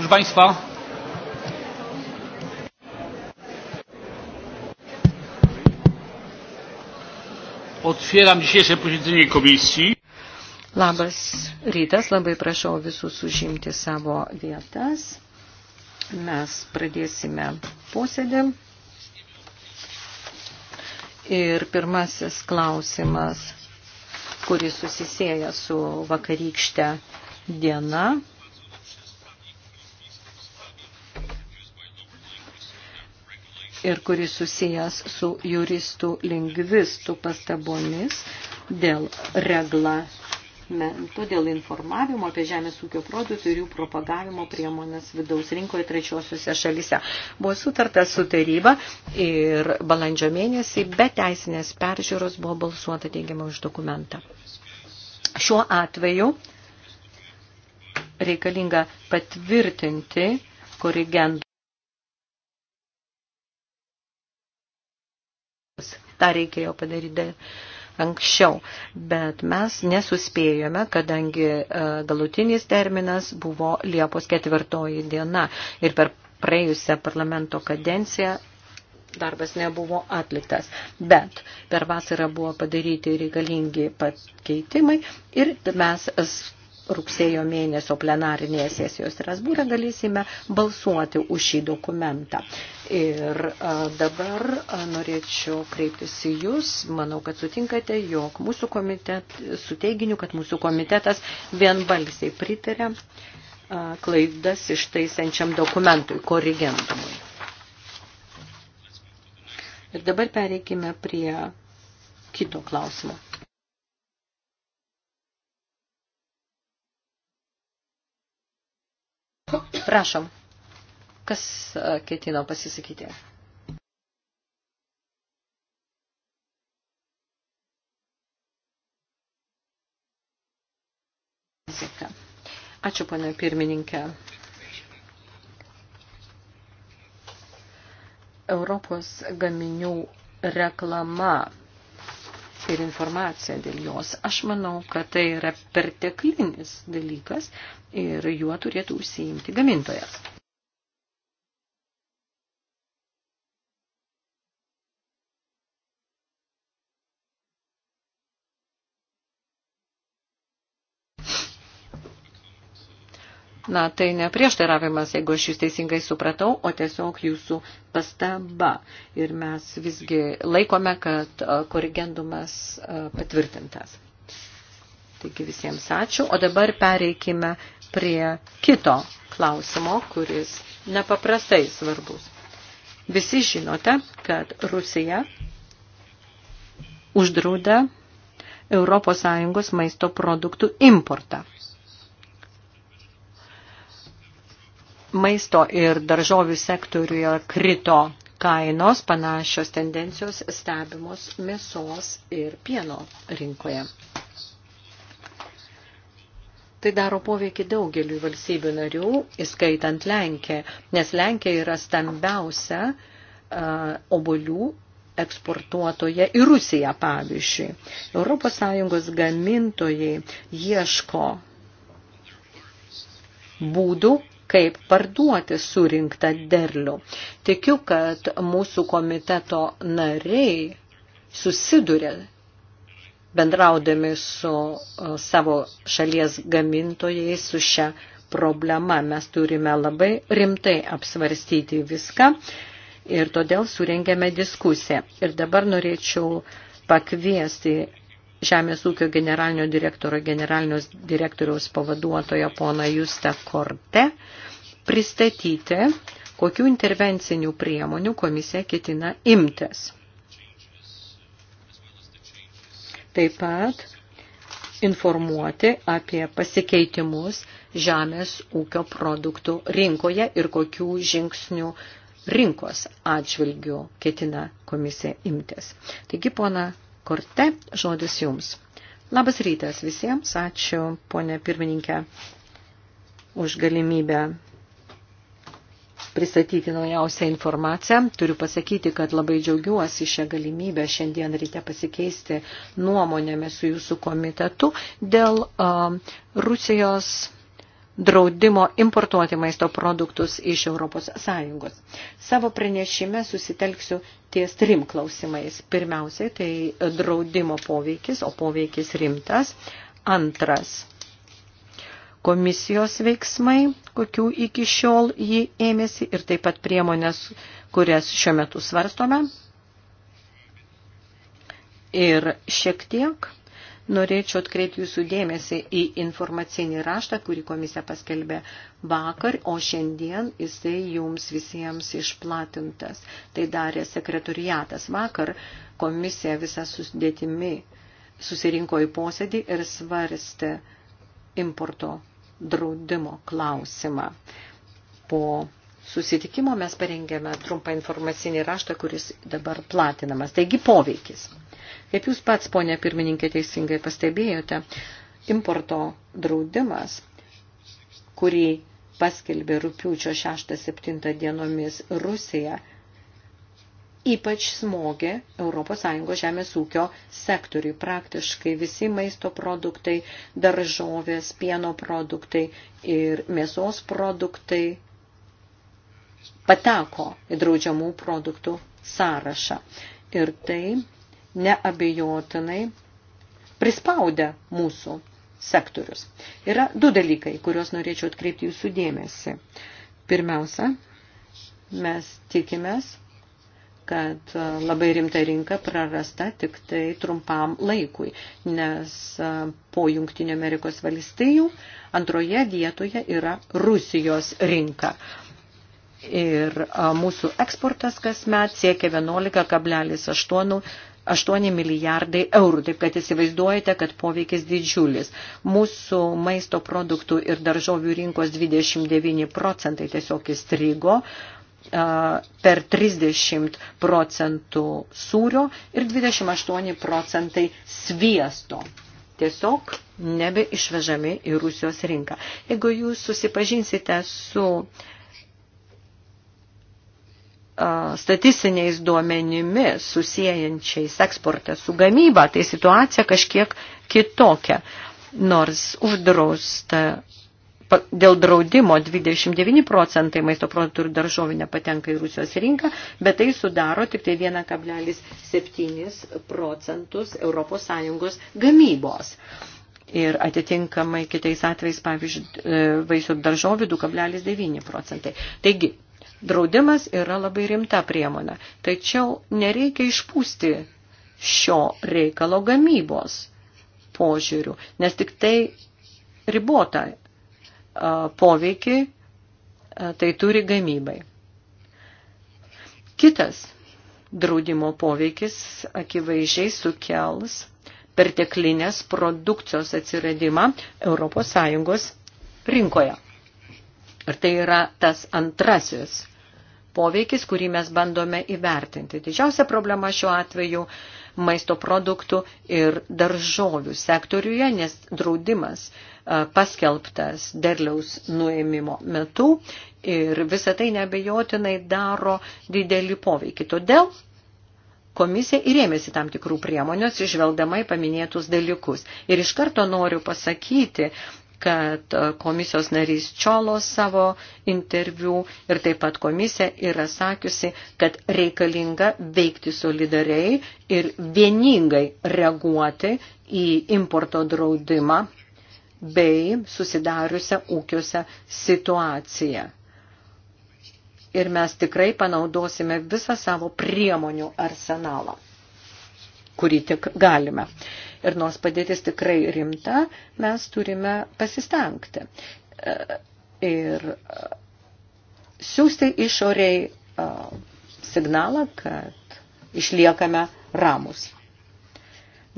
Proszę Państwa, otwieram dzisiejsze posiedzenie komisji. Labas rytas, labai prašau visus užimti savo vietas. Mes pradėsime posėdį. Ir pirmasis klausimas, kuris susisėja su vakarykšte diena, ir kuris susijęs su juristų lingvistų pastabomis dėl reglamentų, dėl informavimo apie žemės ūkio produktų ir jų propagavimo priemonės vidaus rinkoje trečiosiuose šalise. Buvo sutarta su taryba ir balandžio mėnesį be teisinės peržiūros buvo balsuota teigiamai už dokumentą. Šiuo atveju reikalinga patvirtinti korrigendų tą reikėjo padaryti anksčiau, bet mes nesuspėjome, kadangi e, galutinis terminas buvo Liepos ketvirtoji diena ir per praėjusią parlamento kadenciją darbas nebuvo atliktas. Bet per vasarą buvo padaryti reikalingi pakeitimai ir mes rugsėjo mėnesio plenarinėje sesijoje Strasbūrė galėsime balsuoti už šį dokumentą. Ir dabar norėčiau kreiptis į Jūs. Manau, kad sutinkate, jog mūsų komitet, su teiginiu, kad mūsų komitetas vienbalsiai pritarė klaidas ištaisančiam dokumentui, korigendumui. Ir dabar pereikime prie kito klausimo. Prašom, kas e, ketino pasisakyti? Ačiū, ponė pirmininkė. Europos gaminių reklama ir informaciją dėl jos. Aš manau, kad tai yra perteklinis dalykas ir juo turėtų užsiimti gamintojas. Na, tai ne prieštaravimas, jeigu aš jūs teisingai supratau, o tiesiog jūsų pastaba. Ir mes visgi laikome, kad korigendumas patvirtintas. Taigi visiems ačiū. O dabar pereikime prie kito klausimo, kuris nepaprastai svarbus. Visi žinote, kad Rusija uždraudė ES maisto produktų importą. maisto ir daržovių sektoriuje krito kainos, panašios tendencijos stebimos mėsos ir pieno rinkoje. Tai daro poveikį daugeliu valstybių narių, įskaitant Lenkiją, nes Lenkija yra stambiausia uh, obolių eksportuotoje į Rusiją, pavyzdžiui. ES gamintojai ieško būdų, kaip parduoti surinktą derlių. Tikiu, kad mūsų komiteto nariai susiduria bendraudami su e, savo šalies gamintojais, su šia problema. Mes turime labai rimtai apsvarstyti viską ir todėl surengėme diskusiją. Ir dabar norėčiau pakviesti Žemės ūkio generalinio direktoro generalinios direktoriaus pavaduotojo pona Justą Korte pristatyti, kokių intervencinių priemonių komisija ketina imtis. Taip pat informuoti apie pasikeitimus žemės ūkio produktų rinkoje ir kokių žingsnių rinkos atžvilgių ketina komisija imtis. Taigi, pona korte. Žodis jums. Labas rytas visiems. Ačiū, ponė pirmininkė, už galimybę pristatyti naujausią informaciją. Turiu pasakyti, kad labai džiaugiuosi šią galimybę šiandien ryte pasikeisti nuomonėme su jūsų komitetu dėl uh, Rusijos draudimo importuoti maisto produktus iš ES. Savo pranešime susitelksiu ties trim klausimais. Pirmiausiai, tai draudimo poveikis, o poveikis rimtas. Antras, komisijos veiksmai, kokių iki šiol jį ėmėsi ir taip pat priemonės, kurias šiuo metu svarstome. Ir šiek tiek norėčiau atkreipti jūsų dėmesį į informacinį raštą, kurį komisija paskelbė vakar, o šiandien jisai jums visiems išplatintas. Tai darė sekretoriatas. Vakar komisija visą susidėtimi susirinko į posėdį ir svarstė importo draudimo klausimą po susitikimo mes parengėme trumpą informacinį raštą, kuris dabar platinamas. Taigi poveikis. Kaip jūs pats, ponė pirmininkė, teisingai pastebėjote, importo draudimas, kurį paskelbė rūpiučio 6-7 dienomis Rusija, ypač smogė ES žemės ūkio sektoriui. Praktiškai visi maisto produktai, daržovės, pieno produktai ir mėsos produktai pateko į draudžiamų produktų sąrašą. Ir tai neabejotinai prispaudė mūsų sektorius. Yra du dalykai, kuriuos norėčiau atkreipti jūsų dėmesį. Pirmiausia, mes tikimės, kad labai rimta rinka prarasta tik tai trumpam laikui, nes po Junktinio Amerikos valstijų antroje vietoje yra Rusijos rinka ir mūsų eksportas kasmet siekia 11,8 8 milijardai eurų, taip kad įsivaizduojate, kad poveikis didžiulis. Mūsų maisto produktų ir daržovių rinkos 29 procentai tiesiog įstrigo, per 30 procentų sūrio ir 28 procentai sviesto. Tiesiog nebeišvežami į Rusijos rinką. Jeigu jūs susipažinsite su uh, statistiniais duomenimis susijęjančiais eksportą su gamyba, tai situacija kažkiek kitokia. Nors uždrausta dėl draudimo 29 procentai maisto produktų ir daržovių nepatenka į Rusijos rinką, bet tai sudaro tik tai 1,7 procentus ES gamybos. Ir atitinkamai kitais atvejais, pavyzdžiui, e, vaisių daržovių 2,9 procentai. Taigi, Draudimas yra labai rimta priemonė, tačiau nereikia išpūsti šio reikalo gamybos požiūrių, nes tik tai ribota poveikį tai turi gamybai. Kitas draudimo poveikis akivaizdžiai sukels perteklinės produkcijos atsiradimą ES rinkoje. Ir tai yra tas antrasis poveikis, kurį mes bandome įvertinti. Didžiausia problema šiuo atveju maisto produktų ir daržovių sektoriuje, nes draudimas e, paskelbtas derliaus nuėmimo metu ir visą tai nebejotinai daro didelį poveikį. Todėl komisija įrėmėsi tam tikrų priemonių, atsižvelgdama į paminėtus dalykus. Ir iš karto noriu pasakyti, kad e, komisijos narys Čiolos savo interviu ir taip pat komisija yra sakiusi, kad reikalinga veikti solidariai ir vieningai reaguoti į importo draudimą bei susidariusią ūkiuose situaciją. Ir mes tikrai panaudosime visą savo priemonių arsenalą, kurį tik galime. Uh, Ir nors padėtis tikrai rimta, mes turime pasistengti. E, ir e, siūsti išoriai e, signalą, kad išliekame ramus.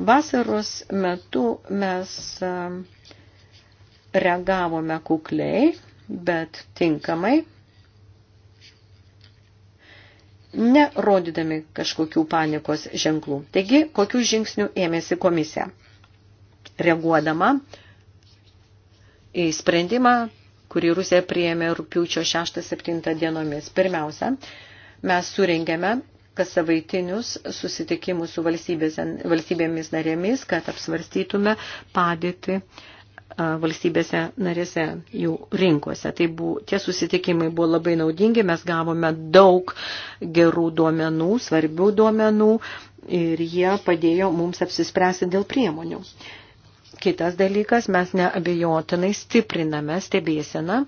Vasaros metu mes reagavome kukliai, bet tinkamai nerodydami kažkokių panikos ženklų. Taigi, kokių žingsnių ėmėsi komisija? Reaguodama į sprendimą, kurį Rusija priėmė rūpiučio 6-7 dienomis. Pirmiausia, mes surengėme kas savaitinius susitikimus su valstybėmis narėmis, kad apsvarstytume padėti uh, valstybėse narėse, jų rinkose. Tai buvo, tie susitikimai buvo labai naudingi, mes gavome daug gerų duomenų, svarbių duomenų ir jie padėjo mums apsispręsti dėl priemonių. Kitas dalykas, mes neabejotinai stipriname stebėseną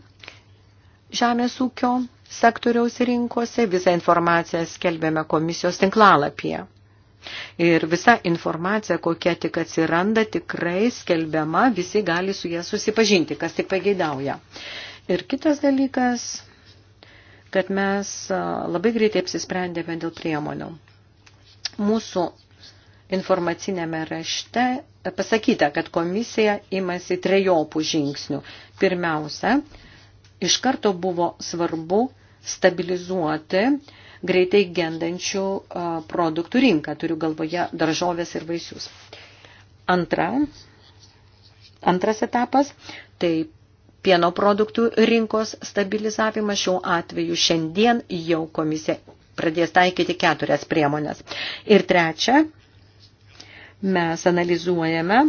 žemės ūkio sektoriaus rinkose, visą informaciją skelbėme komisijos tinklalapyje. Ir visa informacija, kokia tik atsiranda, tikrai skelbiama, visi gali su ją susipažinti, kas tik pageidauja. Ir kitas dalykas, kad mes labai greitai apsisprendėme dėl priemonių. Mūsų informacinėme rašte pasakyta, kad komisija imasi trejopų žingsnių. Pirmiausia, iš karto buvo svarbu stabilizuoti greitai gendančių produktų rinką, turiu galvoje daržovės ir vaisius. Antra, antras etapas – tai pieno produktų rinkos stabilizavimas. Šiuo atveju šiandien jau komisija pradės taikyti keturias priemonės. Ir trečia, mes analizuojame,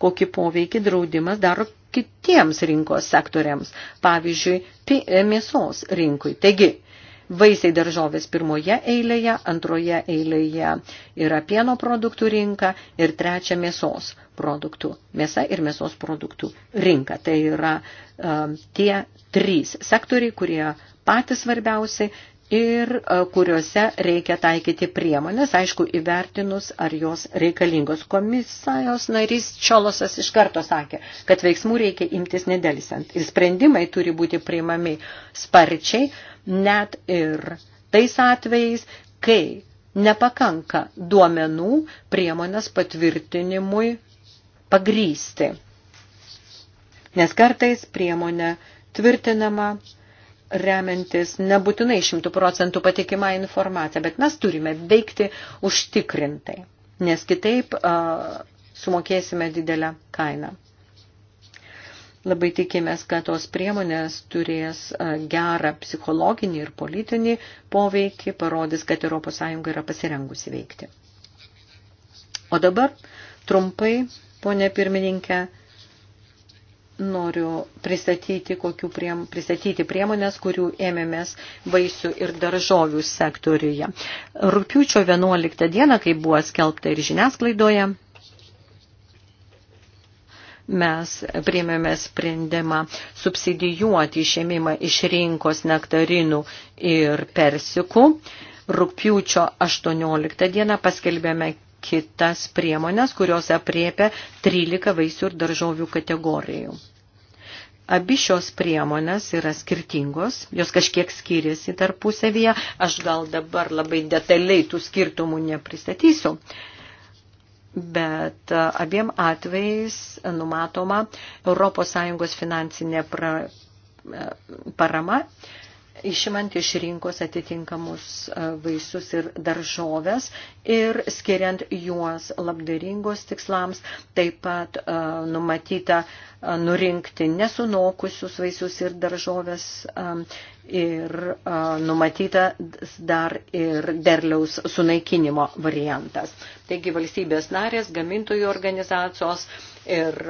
kokį poveikį draudimas daro kitiems rinkos sektoriams, pavyzdžiui, mėsos rinkui. Taigi, Vaisiai daržovės pirmoje eilėje, antroje eilėje yra pieno produktų rinka ir trečia mėsos produktų. Mėsa ir mėsos produktų rinka. Tai yra um, tie trys sektoriai, kurie patys svarbiausi ir e, kuriuose reikia taikyti priemonės, aišku, įvertinus, ar jos reikalingos. Komisijos narys Čiolosas iš karto sakė, kad veiksmų reikia imtis nedėlisant ir sprendimai turi būti priimami sparčiai, net ir tais atvejais, kai nepakanka duomenų priemonės patvirtinimui pagrysti. Nes kartais priemonė tvirtinama remiantis nebūtinai šimtų procentų patikimą informaciją, bet mes turime veikti užtikrintai, nes kitaip a, sumokėsime didelę kainą. Labai tikimės, kad tos priemonės turės gerą psichologinį ir politinį poveikį, parodys, kad ES yra pasirengusi veikti. O dabar trumpai, ponė pirmininkė, noriu pristatyti, priem, pristatyti priemonės, kurių ėmėmės vaisių ir daržovių sektoriuje. Rūpiučio 11 dieną, kai buvo skelbta ir žiniasklaidoje, mes priėmėme sprendimą subsidijuoti išėmimą iš rinkos nektarinų ir persikų. Rūpiučio 18 dieną paskelbėme kitas priemonės, kurios apriepia 13 vaisių ir daržovių kategorijų. Abi šios priemonės yra skirtingos, jos kažkiek skiriasi tarpusavyje, aš gal dabar labai detaliai tų skirtumų nepristatysiu, bet abiem atvejais numatoma ES finansinė pra, parama išimant iš rinkos atitinkamus e, vaisius ir daržovės ir skiriant juos labdaringos tikslams, taip pat e, numatyta e, nurinkti nesunokusius vaisius ir daržovės ir numatyta dar ir derliaus sunaikinimo variantas. Taigi valstybės narės, gamintojų organizacijos ir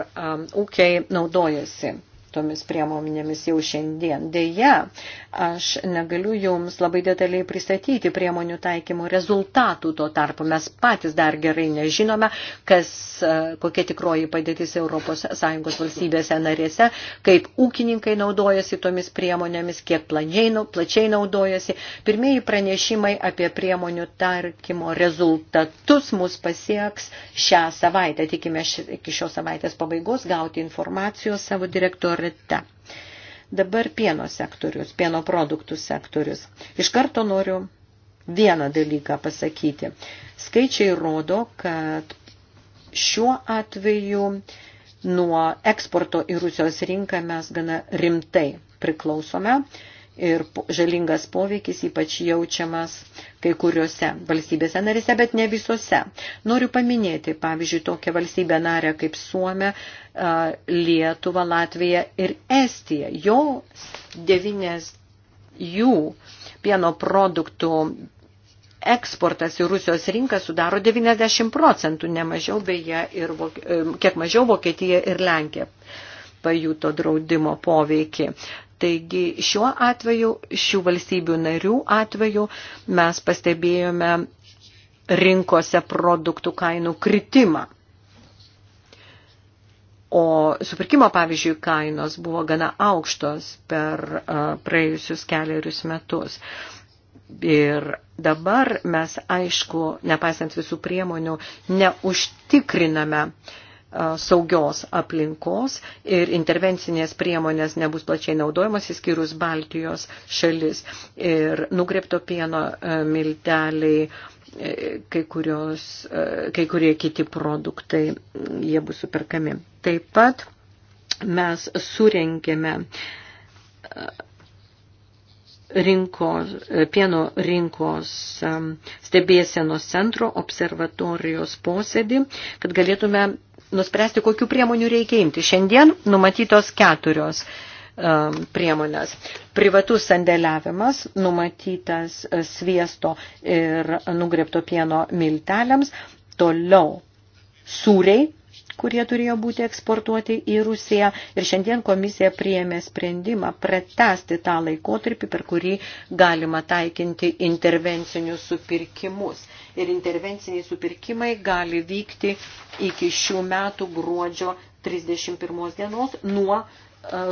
ūkiai naudojasi tomis priemonėmis jau šiandien. Deja, aš negaliu jums labai detaliai pristatyti priemonių taikymų rezultatų tuo tarpu. Mes patys dar gerai nežinome, kas, e, kokia tikroji padėtis ES valstybėse narėse, kaip ūkininkai naudojasi tomis priemonėmis, kiek plačiai, plačiai naudojasi. Pirmieji pranešimai apie priemonių tarkymo rezultatus mus pasieks šią savaitę. Tikime iki šios savaitės pabaigos gauti informacijos savo direktorą priorite. Dabar pieno sektorius, pieno produktų sektorius. Iš karto noriu vieną dalyką pasakyti. Skaičiai rodo, kad šiuo atveju nuo eksporto į Rusijos rinką mes gana rimtai priklausome ir žalingas poveikis ypač jaučiamas kai kuriuose valstybėse narise, bet ne visose. Noriu paminėti, pavyzdžiui, tokią valstybę narę kaip Suome, Lietuva, Latvija ir Estija. Jo devynės jų pieno produktų eksportas į Rusijos rinką sudaro 90 procentų, nemažiau beje ir e, kiek mažiau Vokietija ir Lenkija pajuto draudimo poveikį. Taigi šiuo atveju, šių valstybių narių atveju mes pastebėjome rinkose produktų kainų kritimą. O supirkimo, pavyzdžiui, kainos buvo gana aukštos per praėjusius keliarius metus. Ir dabar mes, aišku, nepaisant visų priemonių, neužtikriname uh, saugios aplinkos ir intervencinės priemonės nebus plačiai naudojamas, įskyrus Baltijos šalis. Ir nugrepto pieno milteliai, e, kai, kurios, kai kurie kiti produktai, jie bus superkami. Taip pat mes surenkėme rinkos, e, pieno rinkos stebėsenos centro observatorijos posėdį, kad galėtume nuspręsti, kokiu priemonių reikia imti. Šiandien numatytos keturios um, priemonės. Privatus sandėliavimas numatytas e, sviesto ir nugrepto pieno milteliams, toliau sūriai, kurie turėjo būti eksportuoti į Rusiją. Ir šiandien komisija priėmė sprendimą pratesti tą laikotarpį, per kurį galima taikinti intervencinius supirkimus ir intervenciniai supirkimai gali vykti iki šių metų gruodžio 31 dienos nuo e,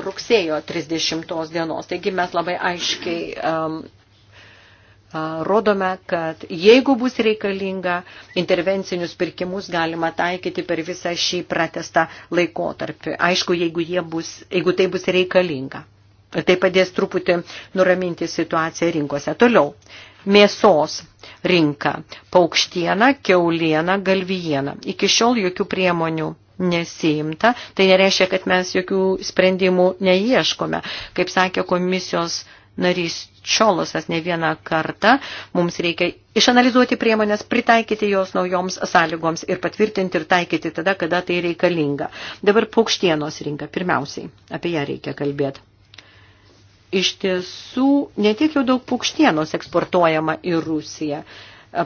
rugsėjo 30 dienos. Taigi mes labai aiškiai um, rodome, kad jeigu bus reikalinga, intervencinius pirkimus galima taikyti per visą šį pratestą laikotarpį. Aišku, jeigu, bus, jeigu tai bus reikalinga. Tai padės truputį nuraminti situaciją rinkose. Toliau, mėsos rinką – paukštieną, keulieną, galvijieną. Iki šiol jokių priemonių nesiimta, tai nereiškia, kad mes jokių sprendimų neieškome. Kaip sakė komisijos narys Čiolosas ne vieną kartą, mums reikia išanalizuoti priemonės, pritaikyti jos naujoms sąlygoms ir patvirtinti ir taikyti tada, kada tai reikalinga. Dabar paukštienos rinka pirmiausiai, apie ją reikia kalbėti iš tiesų netiek jau daug paukštienos eksportuojama į Rusiją.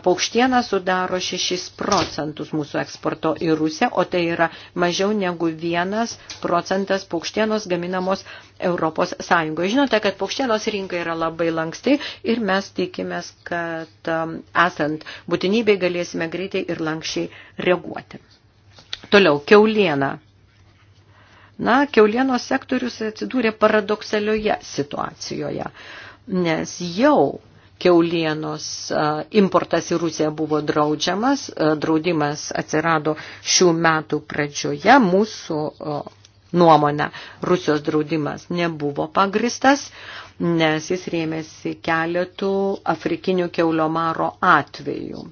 Paukštiena sudaro 6 procentus mūsų eksporto į Rusiją, o tai yra mažiau negu 1 procentas paukštienos gaminamos Europos Sąjungoje. Žinote, kad paukštienos rinka yra labai lanksti ir mes tikimės, kad um, esant būtinybei galėsime greitai ir lankščiai reaguoti. Toliau, keuliena Na, keulienos sektorius atsidūrė paradoksalioje situacijoje, nes jau keulienos importas į Rusiją buvo draudžiamas, draudimas atsirado šių metų pradžioje, mūsų nuomonę Rusijos draudimas nebuvo pagristas, nes jis rėmėsi keletų afrikinių keulio maro atvejų.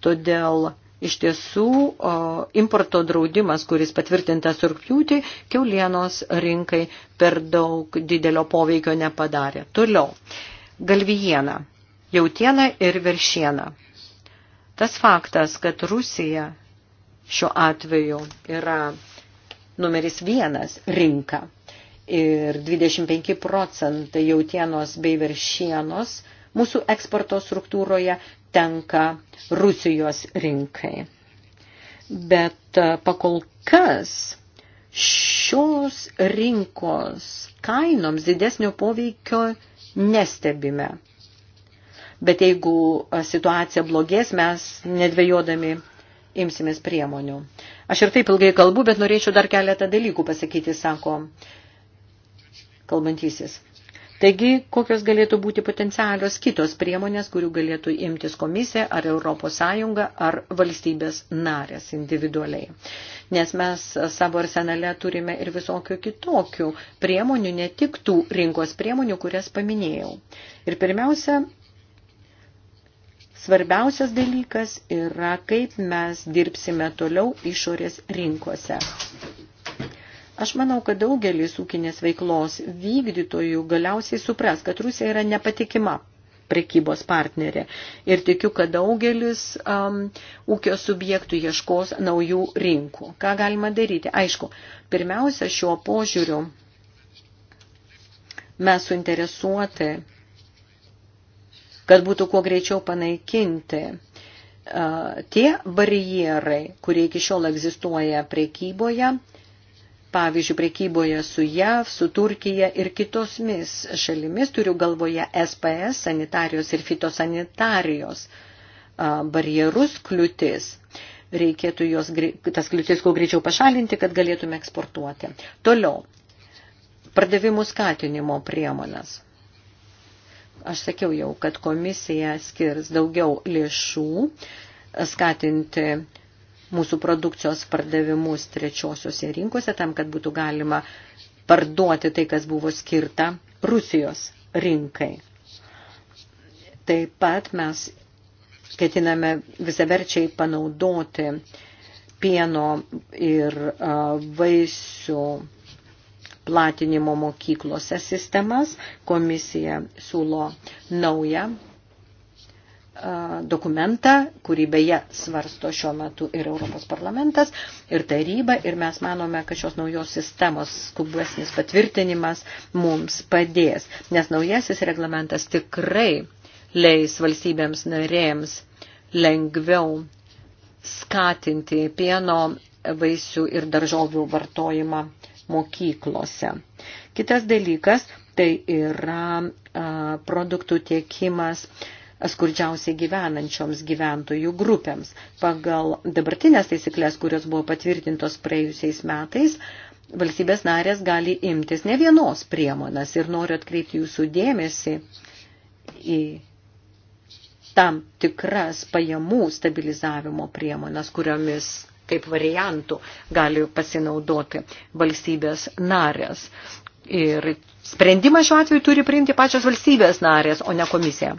Todėl Iš tiesų, o, importo draudimas, kuris patvirtintas rūpjūtį, keulienos rinkai per daug didelio poveikio nepadarė. Toliau, galvijena, jautiena ir veršiena. Tas faktas, kad Rusija šiuo atveju yra numeris vienas rinka ir 25 procentai jautienos bei veršienos mūsų eksporto struktūroje tenka Rusijos rinkai. Bet e, pakol kas šios rinkos kainoms didesnio poveikio nestebime. Bet jeigu e, situacija blogės, mes nedvėjodami imsimės priemonių. Aš ir taip ilgai kalbu, bet norėčiau dar keletą dalykų pasakyti, sako kalbantysis. Taigi, kokios galėtų būti potencialios kitos priemonės, kurių galėtų imtis komisija ar Europos Sąjunga ar valstybės narės individualiai. Nes mes savo arsenale turime ir visokių kitokių priemonių, ne tik tų rinkos priemonių, kurias paminėjau. Ir pirmiausia, Svarbiausias dalykas yra, kaip mes dirbsime toliau išorės rinkose. Aš manau, kad daugelis ūkinės veiklos vykdytojų galiausiai supras, kad Rusija yra nepatikima prekybos partnerė. Ir tikiu, kad daugelis um, ūkio subjektų ieškos naujų rinkų. Ką galima daryti? Aišku, pirmiausia, šiuo požiūriu mes suinteresuoti, kad būtų kuo greičiau panaikinti uh, tie barjerai, kurie iki šiol egzistuoja prekyboje, uh, pavyzdžiui, prekyboje su JAV, su Turkija ir kitosmis šalimis, turiu galvoje SPS, sanitarijos ir fitosanitarijos barjerus, kliūtis. Reikėtų jos, tas kliūtis kuo greičiau pašalinti, kad galėtume eksportuoti. Toliau, pardavimų skatinimo priemonas. Aš sakiau jau, kad komisija skirs daugiau lėšų skatinti mūsų produkcijos pardavimus trečiosiuose rinkose, tam, kad būtų galima parduoti tai, kas buvo skirta Rusijos rinkai. Taip pat mes ketiname visaverčiai panaudoti pieno ir vaisių platinimo mokyklose sistemas. Komisija siūlo naują dokumentą, kurį beje svarsto šiuo metu ir Europos parlamentas, ir taryba, ir mes manome, kad šios naujos sistemos skubesnis patvirtinimas mums padės, nes naujasis reglamentas tikrai leis valstybėms narėms lengviau skatinti pieno vaisių ir daržovių vartojimą mokyklose. Kitas dalykas tai yra a, produktų tiekimas a, skurdžiausiai gyvenančioms gyventojų grupėms. Pagal dabartinės taisyklės, kurios buvo patvirtintos praėjusiais metais, valstybės narės gali imtis ne vienos priemonės ir noriu atkreipti jūsų dėmesį į tam tikras pajamų stabilizavimo priemonės, kuriomis kaip variantų gali pasinaudoti valstybės narės. Ir sprendimą šiuo atveju turi priimti pačios valstybės narės, o ne komisija.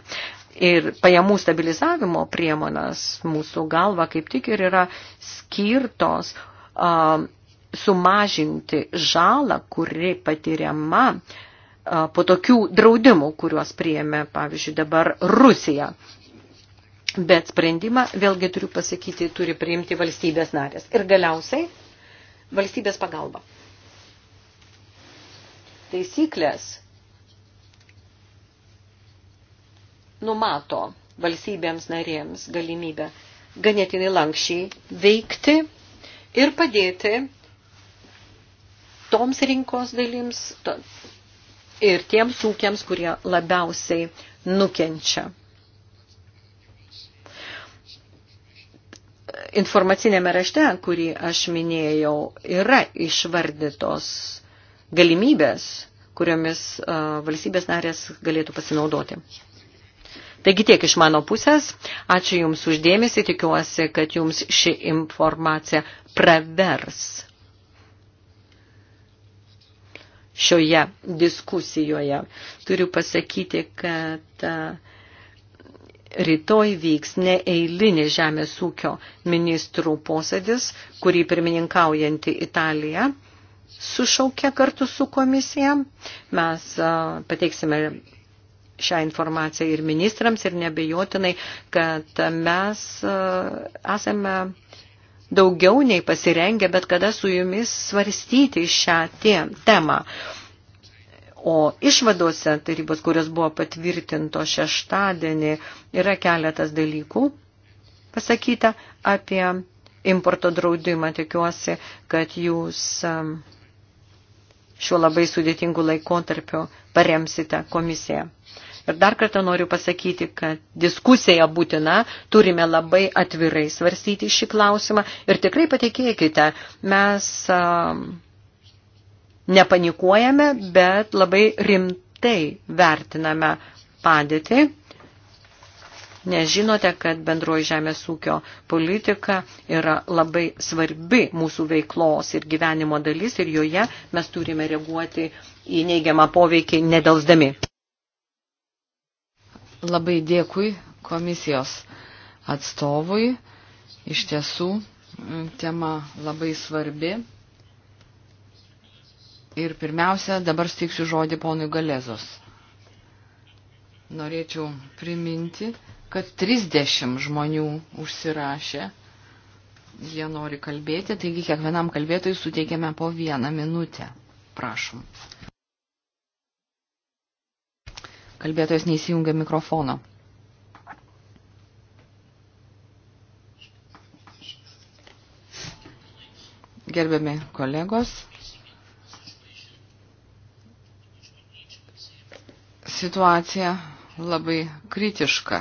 Ir pajamų stabilizavimo priemonas mūsų galva kaip tik ir yra skirtos a, sumažinti žalą, kuri patiriama a, po tokių draudimų, kuriuos priėmė, pavyzdžiui, dabar Rusija. Bet sprendimą, vėlgi turiu pasakyti, turi priimti valstybės narės. Ir galiausiai valstybės pagalba. Taisyklės numato valstybėms narėms galimybę ganėtinai lankščiai veikti ir padėti toms rinkos dalims to, ir tiems ūkiams, kurie labiausiai nukenčia. Informacinėme rašte, kurį aš minėjau, yra išvardytos galimybės, kuriomis uh, valstybės narės galėtų pasinaudoti. Taigi tiek iš mano pusės. Ačiū Jums uždėmesi, tikiuosi, kad Jums ši informacija pravers šioje diskusijoje. Turiu pasakyti, kad rytoj vyks neeilinis žemės ūkio ministrų posėdis, kurį pirmininkaujanti Italija sušaukė kartu su komisija. Mes pateiksime šią informaciją ir ministrams ir nebejotinai, kad mes e, esame daugiau nei pasirengę, bet kada su jumis svarstyti šią temą. O išvadose tarybos, kurios buvo patvirtinto šeštadienį, yra keletas dalykų pasakyta apie importo draudimą. Tikiuosi, kad jūs e, šiuo labai sudėtingu laikotarpiu paremsite komisiją. Ir dar kartą noriu pasakyti, kad diskusija būtina, turime labai atvirai svarstyti šį klausimą ir tikrai patikėkite, mes nepanikuojame, bet labai rimtai vertiname padėtį nes žinote, kad bendroji žemės ūkio politika yra labai svarbi mūsų veiklos ir gyvenimo dalis ir joje mes turime reaguoti į neigiamą poveikį nedelsdami. Labai dėkui komisijos atstovui. Iš tiesų, tema labai svarbi. Ir pirmiausia, dabar steiksiu žodį ponui Galezos. Norėčiau priminti, kad 30 žmonių užsirašė. Jie nori kalbėti, taigi kiekvienam kalbėtojui suteikėme po vieną minutę. Prašom. Kalbėtojas neįsijungia mikrofono. Gerbiami kolegos, situacija labai kritiška.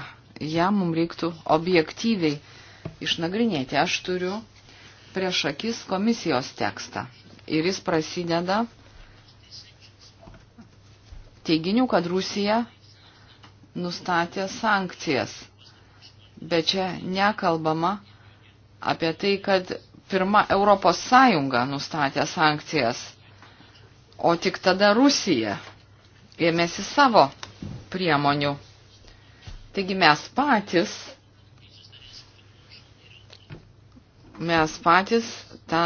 Ja mums reiktų objektyviai išnagrinėti. Aš turiu prieš akis komisijos tekstą ir jis prasideda teiginių, kad Rusija nustatė sankcijas. Bet čia nekalbama apie tai, kad pirma Europos Sąjunga nustatė sankcijas, o tik tada Rusija ėmėsi savo priemonių. Taigi mes patys, mes patys tą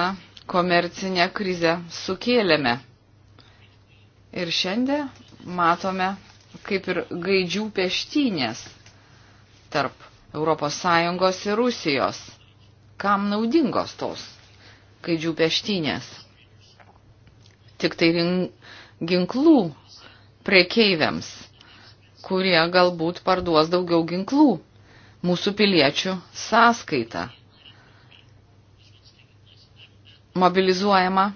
komercinę krizę sukėlėme. Ir šiandien matome kaip ir gaidžių peštynės tarp ES ir Rusijos. Kam naudingos tos gaidžių peštynės? Tik tai ginklų prekeiviams, kurie galbūt parduos daugiau ginklų mūsų piliečių sąskaita. Mobilizuojama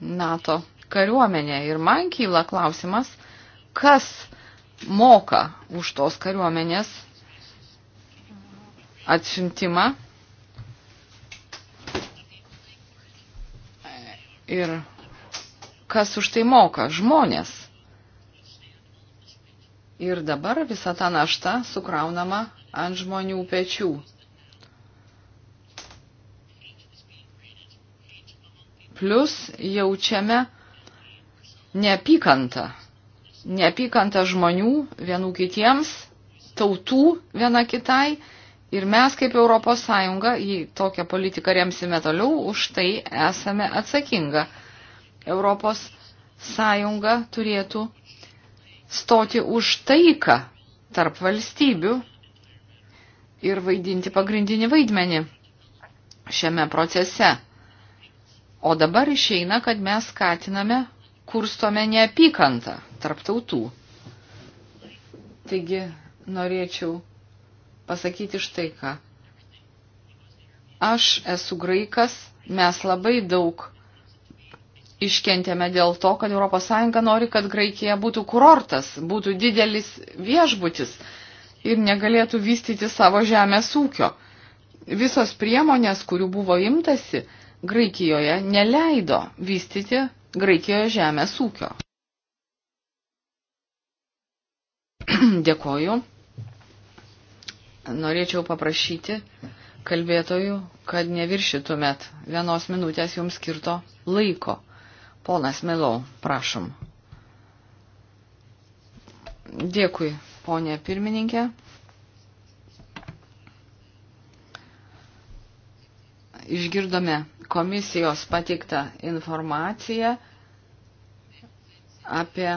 NATO kariuomenė. Ir man kyla klausimas, kas moka už tos kariuomenės atsiuntimą. Ir kas už tai moka? Žmonės. Ir dabar visa ta našta sukraunama ant žmonių pečių. Plus jaučiame, neapykanta. Neapykanta žmonių vienų kitiems, tautų viena kitai. Ir mes kaip Europos Sąjunga, jei tokią politiką remsime toliau, už tai esame atsakinga. Europos Sąjunga turėtų stoti už taiką tarp valstybių ir vaidinti pagrindinį vaidmenį šiame procese. O dabar išeina, kad mes skatiname kurstome neapykantą tarp tautų. Taigi norėčiau pasakyti štai ką. Aš esu graikas, mes labai daug iškentėme dėl to, kad ES nori, kad Graikija būtų kurortas, būtų didelis viešbutis ir negalėtų vystyti savo žemės ūkio. Visos priemonės, kurių buvo imtasi, Graikijoje neleido vystyti Graikijoje žemės ūkio. Dėkoju. Norėčiau paprašyti kalbėtojų, kad neviršytumėt vienos minutės jums skirto laiko. Ponas Milau, prašom. Dėkui, ponė pirmininkė. Išgirdome komisijos pateiktą informaciją apie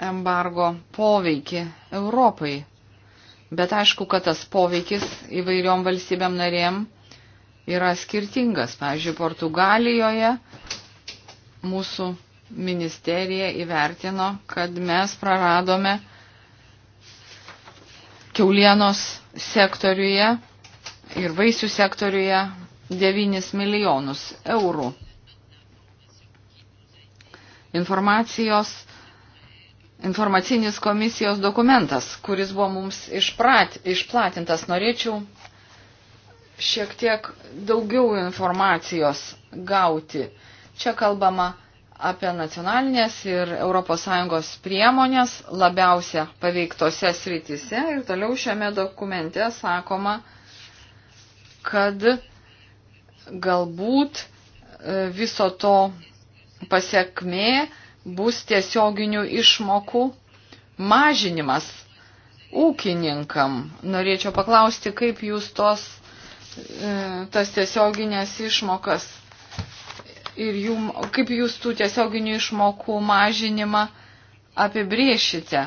embargo poveikį Europai. Bet aišku, kad tas poveikis įvairiom valstybėm narėm yra skirtingas. Pavyzdžiui, Portugalijoje mūsų ministerija įvertino, kad mes praradome keulienos sektoriuje ir vaisių sektoriuje 9 milijonus eurų. Informacijos, informacinis komisijos dokumentas, kuris buvo mums išprat, išplatintas, norėčiau šiek tiek daugiau informacijos gauti. Čia kalbama apie nacionalinės ir ES priemonės labiausia paveiktose srityse ir toliau šiame dokumente sakoma, kad galbūt e, viso to pasiekmė bus tiesioginių išmokų mažinimas ūkininkam. Norėčiau paklausti, kaip jūs tos, e, tas tiesioginės išmokas ir jų, kaip jūs tų tiesioginių išmokų mažinimą apibriešite.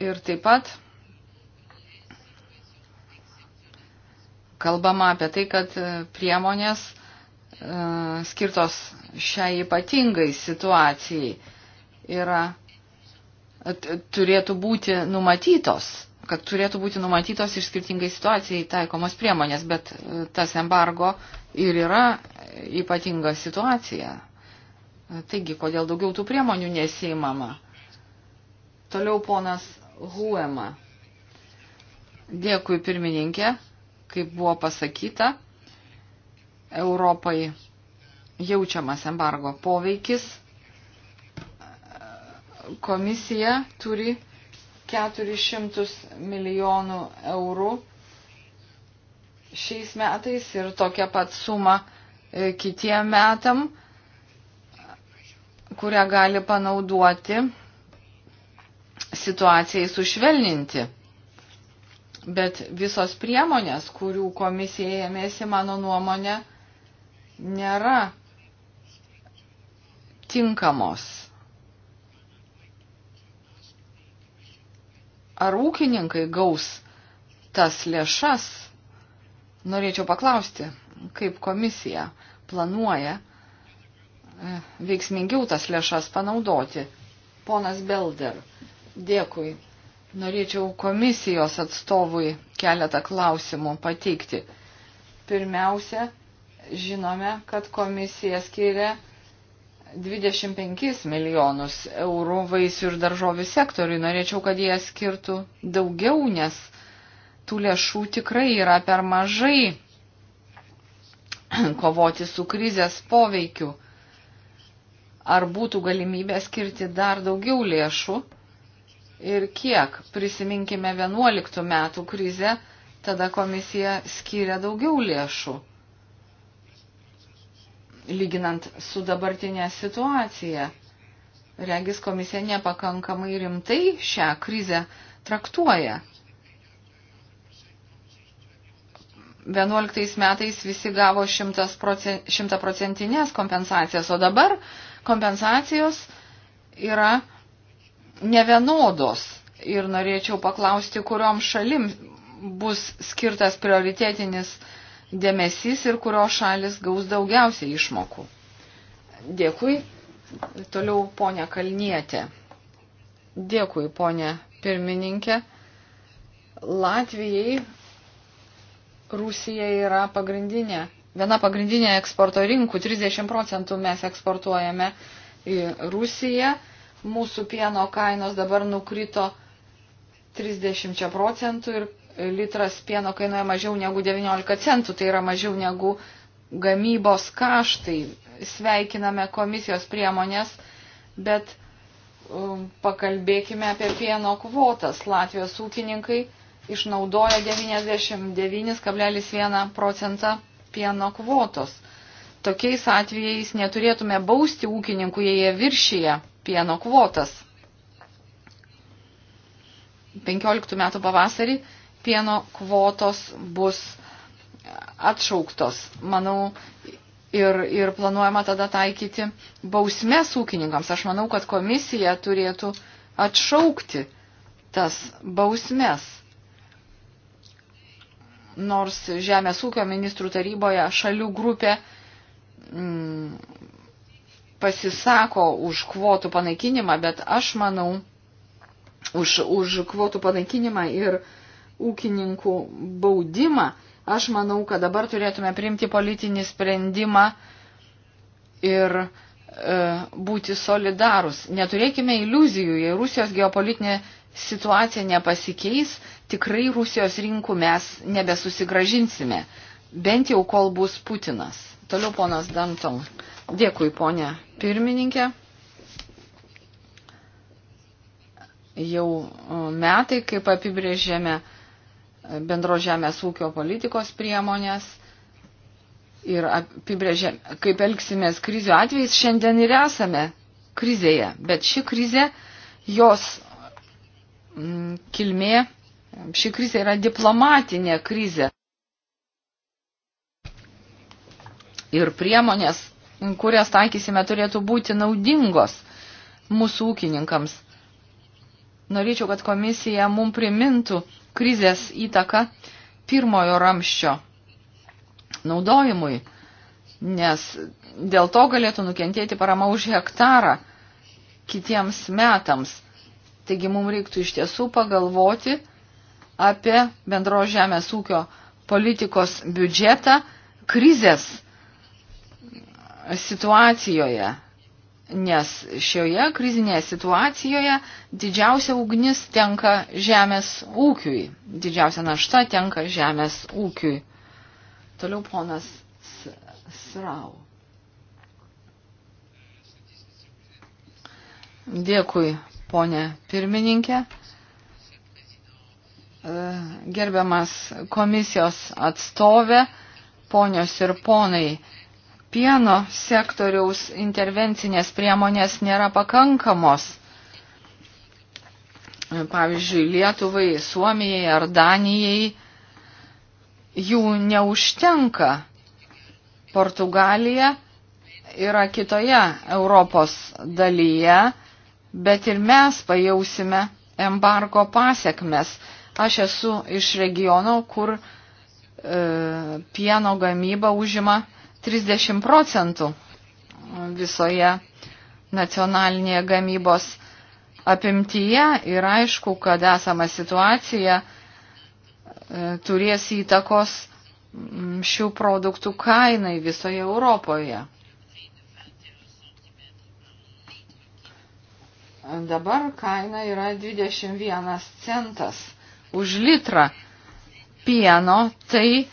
Ir taip pat kalbama apie tai, kad e, priemonės e, skirtos šiai ypatingai situacijai yra, e, turėtų būti numatytos, kad turėtų būti numatytos ir skirtingai situacijai taikomos priemonės, bet tas embargo ir yra ypatinga situacija. Taigi, kodėl daugiau tų priemonių nesįmama? Toliau ponas Huema. Dėkui pirmininkė kaip buvo pasakyta, Europai jaučiamas embargo poveikis. Komisija turi 400 milijonų eurų šiais metais ir tokia pat suma e, kitiem metam, kurią gali panaudoti situacijai sušvelninti. Bet visos priemonės, kurių komisija ėmėsi, mano nuomonė, nėra tinkamos. Ar ūkininkai gaus tas lėšas? Norėčiau paklausti, kaip komisija planuoja e, veiksmingiau tas lėšas panaudoti. Ponas Belder, dėkui. Norėčiau komisijos atstovui keletą klausimų pateikti. Pirmiausia, žinome, kad komisija skiria 25 milijonus eurų vaisių ir daržovių sektoriui. Norėčiau, kad jie skirtų daugiau, nes tų lėšų tikrai yra per mažai kovoti su krizės poveikiu. Ar būtų galimybė skirti dar daugiau lėšų? ir kiek. Prisiminkime 11 metų krizę, tada komisija skyrė daugiau lėšų, lyginant su dabartinė situacija. Regis komisija nepakankamai rimtai šią krizę traktuoja. 2011 metais visi gavo 100 procentinės kompensacijas, o dabar kompensacijos yra nevienodos ir norėčiau paklausti, kuriom šalim bus skirtas prioritėtinis dėmesys ir kurio šalis gaus daugiausiai išmokų. Dėkui. Toliau ponia Kalnietė. Dėkui, ponia pirmininkė. Latvijai Rusija yra pagrindinė, viena pagrindinė eksporto rinkų, 30 procentų mes eksportuojame į Rusiją Mūsų pieno kainos dabar nukrito 30 procentų ir litras pieno kainuoja mažiau negu 19 centų, tai yra mažiau negu gamybos kaštai. Sveikiname komisijos priemonės, bet um, pakalbėkime apie pieno kvotas. Latvijos ūkininkai išnaudoja 99,1 procentą pieno kvotos. Tokiais atvejais neturėtume bausti ūkininkų, jei jie viršyje pieno kvotas. 15 metų pavasarį pieno kvotos bus atšauktos. Manau, ir, ir planuojama tada taikyti bausmės ūkininkams. Aš manau, kad komisija turėtų atšaukti tas bausmės. Nors Žemės ūkio ministrų taryboje šalių grupė mm, pasisako už kvotų panaikinimą, bet aš manau už, už kvotų panaikinimą ir ūkininkų baudimą. Aš manau, kad dabar turėtume priimti politinį sprendimą ir e, būti solidarus. Neturėkime iliuzijų, jei Rusijos geopolitinė situacija nepasikeis, tikrai Rusijos rinkų mes nebesusigražinsime, bent jau kol bus Putinas. Toliau ponas Danton. Dėkui, ponė pirmininkė. Jau e, metai, kaip apibrėžėme e, bendro žemės ūkio politikos priemonės ir apibrėžėme, kaip elgsimės krizių atvejais, šiandien ir esame krizėje. Bet ši krizė, jos mm, kilmė, ši krizė yra diplomatinė krizė. Ir priemonės kurias taikysime, turėtų būti naudingos mūsų ūkininkams. Norėčiau, kad komisija mum primintų krizės įtaką pirmojo ramščio naudojimui, nes dėl to galėtų nukentėti parama už hektarą kitiems metams. Taigi mums reiktų iš tiesų pagalvoti apie bendro žemės ūkio politikos biudžetą krizės situacijoje, nes šioje krizinėje situacijoje didžiausia ugnis tenka žemės ūkiui, didžiausia našta tenka žemės ūkiui. Toliau ponas Srau. Dėkui, ponė pirmininkė. E, gerbiamas komisijos atstovė, ponios ir ponai, pieno sektoriaus intervencinės priemonės nėra pakankamos. Pavyzdžiui, Lietuvai, Suomijai ar Danijai jų neužtenka. Portugalija yra kitoje Europos dalyje, bet ir mes pajausime embargo pasiekmes. Aš esu iš regiono, kur e, pieno gamyba užima e, 30 procentų visoje nacionalinėje gamybos apimtyje ir aišku, kad esama situacija e, turės įtakos šių produktų kainai visoje Europoje. Dabar kaina yra 21 centas už litrą pieno, tai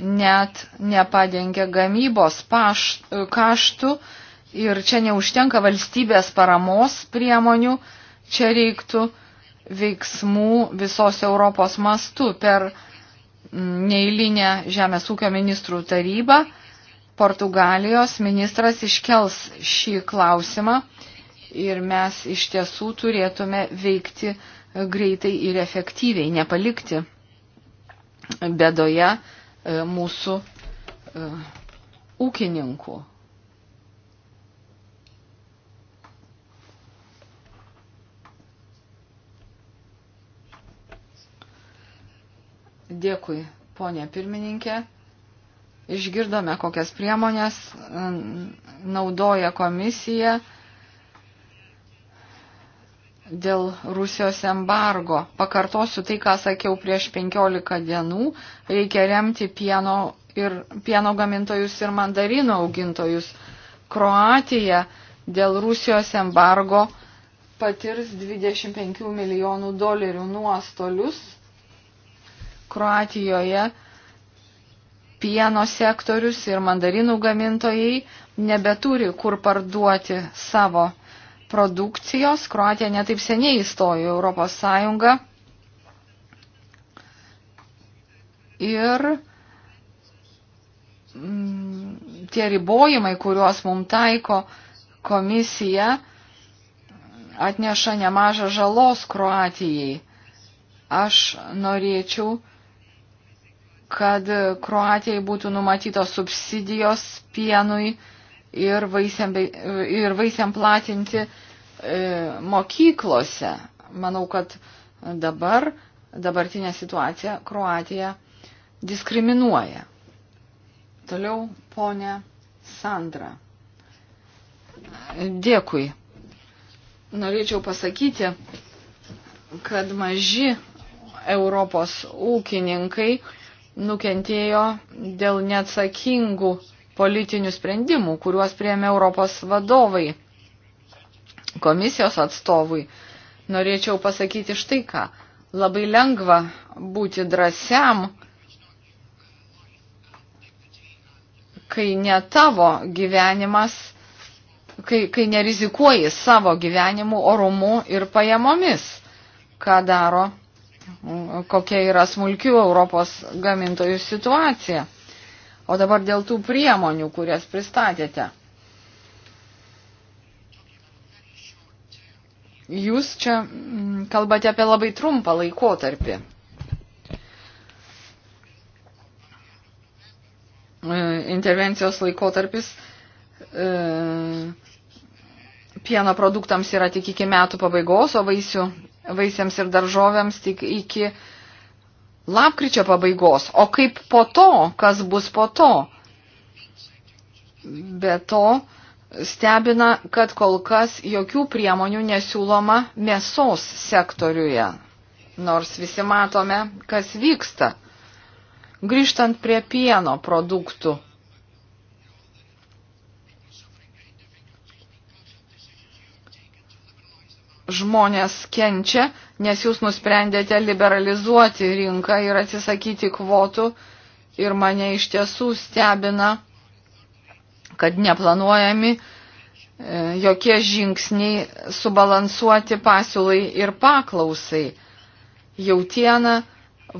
net nepadengia gamybos paš, kaštų ir čia neužtenka valstybės paramos priemonių, čia reiktų veiksmų visos Europos mastu per neįlinę Žemės ūkio ministrų tarybą. Portugalijos ministras iškels šį klausimą ir mes iš tiesų turėtume veikti greitai ir efektyviai, nepalikti bedoje E, mūsų e, ūkininkų. Dėkui, ponė pirmininkė. Išgirdome, kokias priemonės naudoja komisija dėl Rusijos embargo. Pakartosiu tai, ką sakiau prieš 15 dienų. Reikia remti pieno, ir, pieno gamintojus ir mandarino augintojus. Kroatija dėl Rusijos embargo patirs 25 milijonų dolerių nuostolius. Kroatijoje pieno sektorius ir mandarinų gamintojai nebeturi kur parduoti savo produkcijos. Kroatija netaip seniai įstojo Europos Sąjungą. Ir mm, tie ribojimai, kuriuos mum taiko komisija, atneša nemažą žalos Kroatijai. Aš norėčiau, kad Kroatijai būtų numatytos subsidijos pienui ir vaisiam, ir vaisiam platinti e, mokyklose. Manau, kad dabar, dabartinė situacija Kroatija diskriminuoja. Toliau, ponė Sandra. Dėkui. Norėčiau pasakyti, kad maži Europos ūkininkai nukentėjo dėl neatsakingų politinių sprendimų, kuriuos prieėmė Europos vadovai, komisijos atstovui, norėčiau pasakyti štai ką. Labai lengva būti drąsiam, kai ne tavo gyvenimas, kai, kai nerizikuoji savo gyvenimu, orumu ir pajamomis, ką daro, kokia yra smulkių Europos gamintojų situacija. O dabar dėl tų priemonių, kurias pristatėte. Jūs čia mm, kalbate apie labai trumpą laikotarpį. E, intervencijos laikotarpis e, pieno produktams yra tik iki metų pabaigos, o vaisių, vaisiams ir daržovėms tik iki lapkričio pabaigos, o kaip po to, kas bus po to. Be to, stebina, kad kol kas jokių priemonių nesiūloma mėsos sektoriuje, nors visi matome, kas vyksta. Grįžtant prie pieno produktų žmonės kenčia, nes jūs nusprendėte liberalizuoti rinką ir atsisakyti kvotų ir mane iš tiesų stebina, kad neplanuojami e, jokie žingsniai subalansuoti pasiūlai ir paklausai. Jautiena,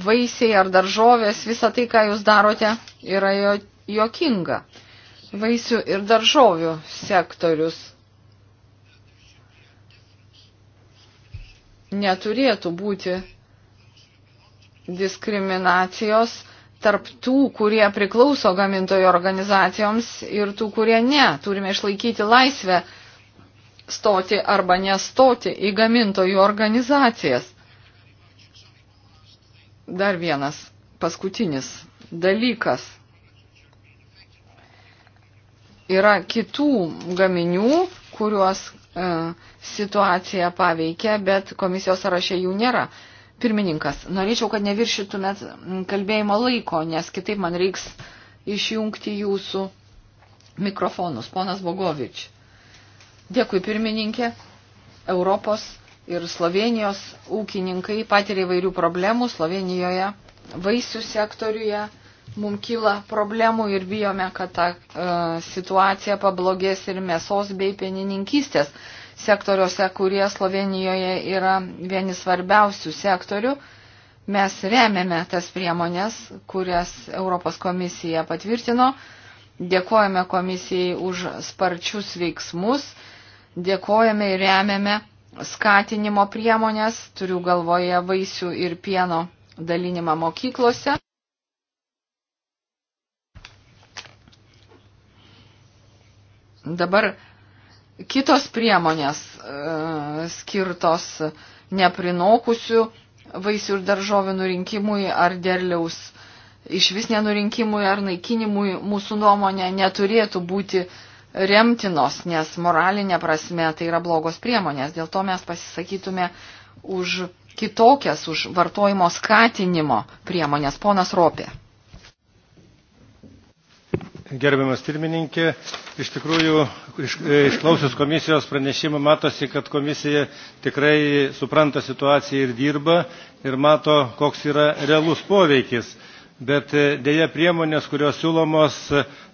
vaisiai ar daržovės, visa tai, ką jūs darote, yra jo, jokinga. Vaisių ir daržovių sektorius neturėtų būti diskriminacijos tarp tų, kurie priklauso gamintojų organizacijoms ir tų, kurie ne. Turime išlaikyti laisvę stoti arba nestoti į gamintojų organizacijas. Dar vienas paskutinis dalykas. Yra kitų gaminių, kuriuos E, situacija paveikia, bet komisijos sąraše jų nėra. Pirmininkas, norėčiau, kad neviršytumėt kalbėjimo laiko, nes kitaip man reiks išjungti jūsų mikrofonus. Ponas Bogovič. Dėkui pirmininkė. Europos ir Slovenijos ūkininkai patiria įvairių problemų Slovenijoje vaisių sektoriuje mums kyla problemų ir bijome, kad ta e, situacija pablogės ir mėsos bei pienininkystės sektoriuose, kurie Slovenijoje yra vieni svarbiausių sektorių. Mes remiame tas priemonės, kurias Europos komisija patvirtino. Dėkojame komisijai už sparčius veiksmus, dėkojame ir remiame skatinimo priemonės, turiu galvoje vaisių ir pieno dalinimą mokyklose. Dabar kitos priemonės e, skirtos neprinokusių vaisių ir daržovių nurinkimui ar derliaus iš vis nenurinkimui ar naikinimui mūsų nuomonė neturėtų būti remtinos, nes moralinė prasme tai yra blogos priemonės. Dėl to mes pasisakytume už kitokias, už vartojimo skatinimo priemonės. Ponas Ropė gerbiamas pirmininke iš tikrųjų išklausius komisijos pranešimą matosi kad komisija tikrai supranta situaciją ir dirba ir mato koks yra realus poveikis bet e, deja priemonės kurios siūlomos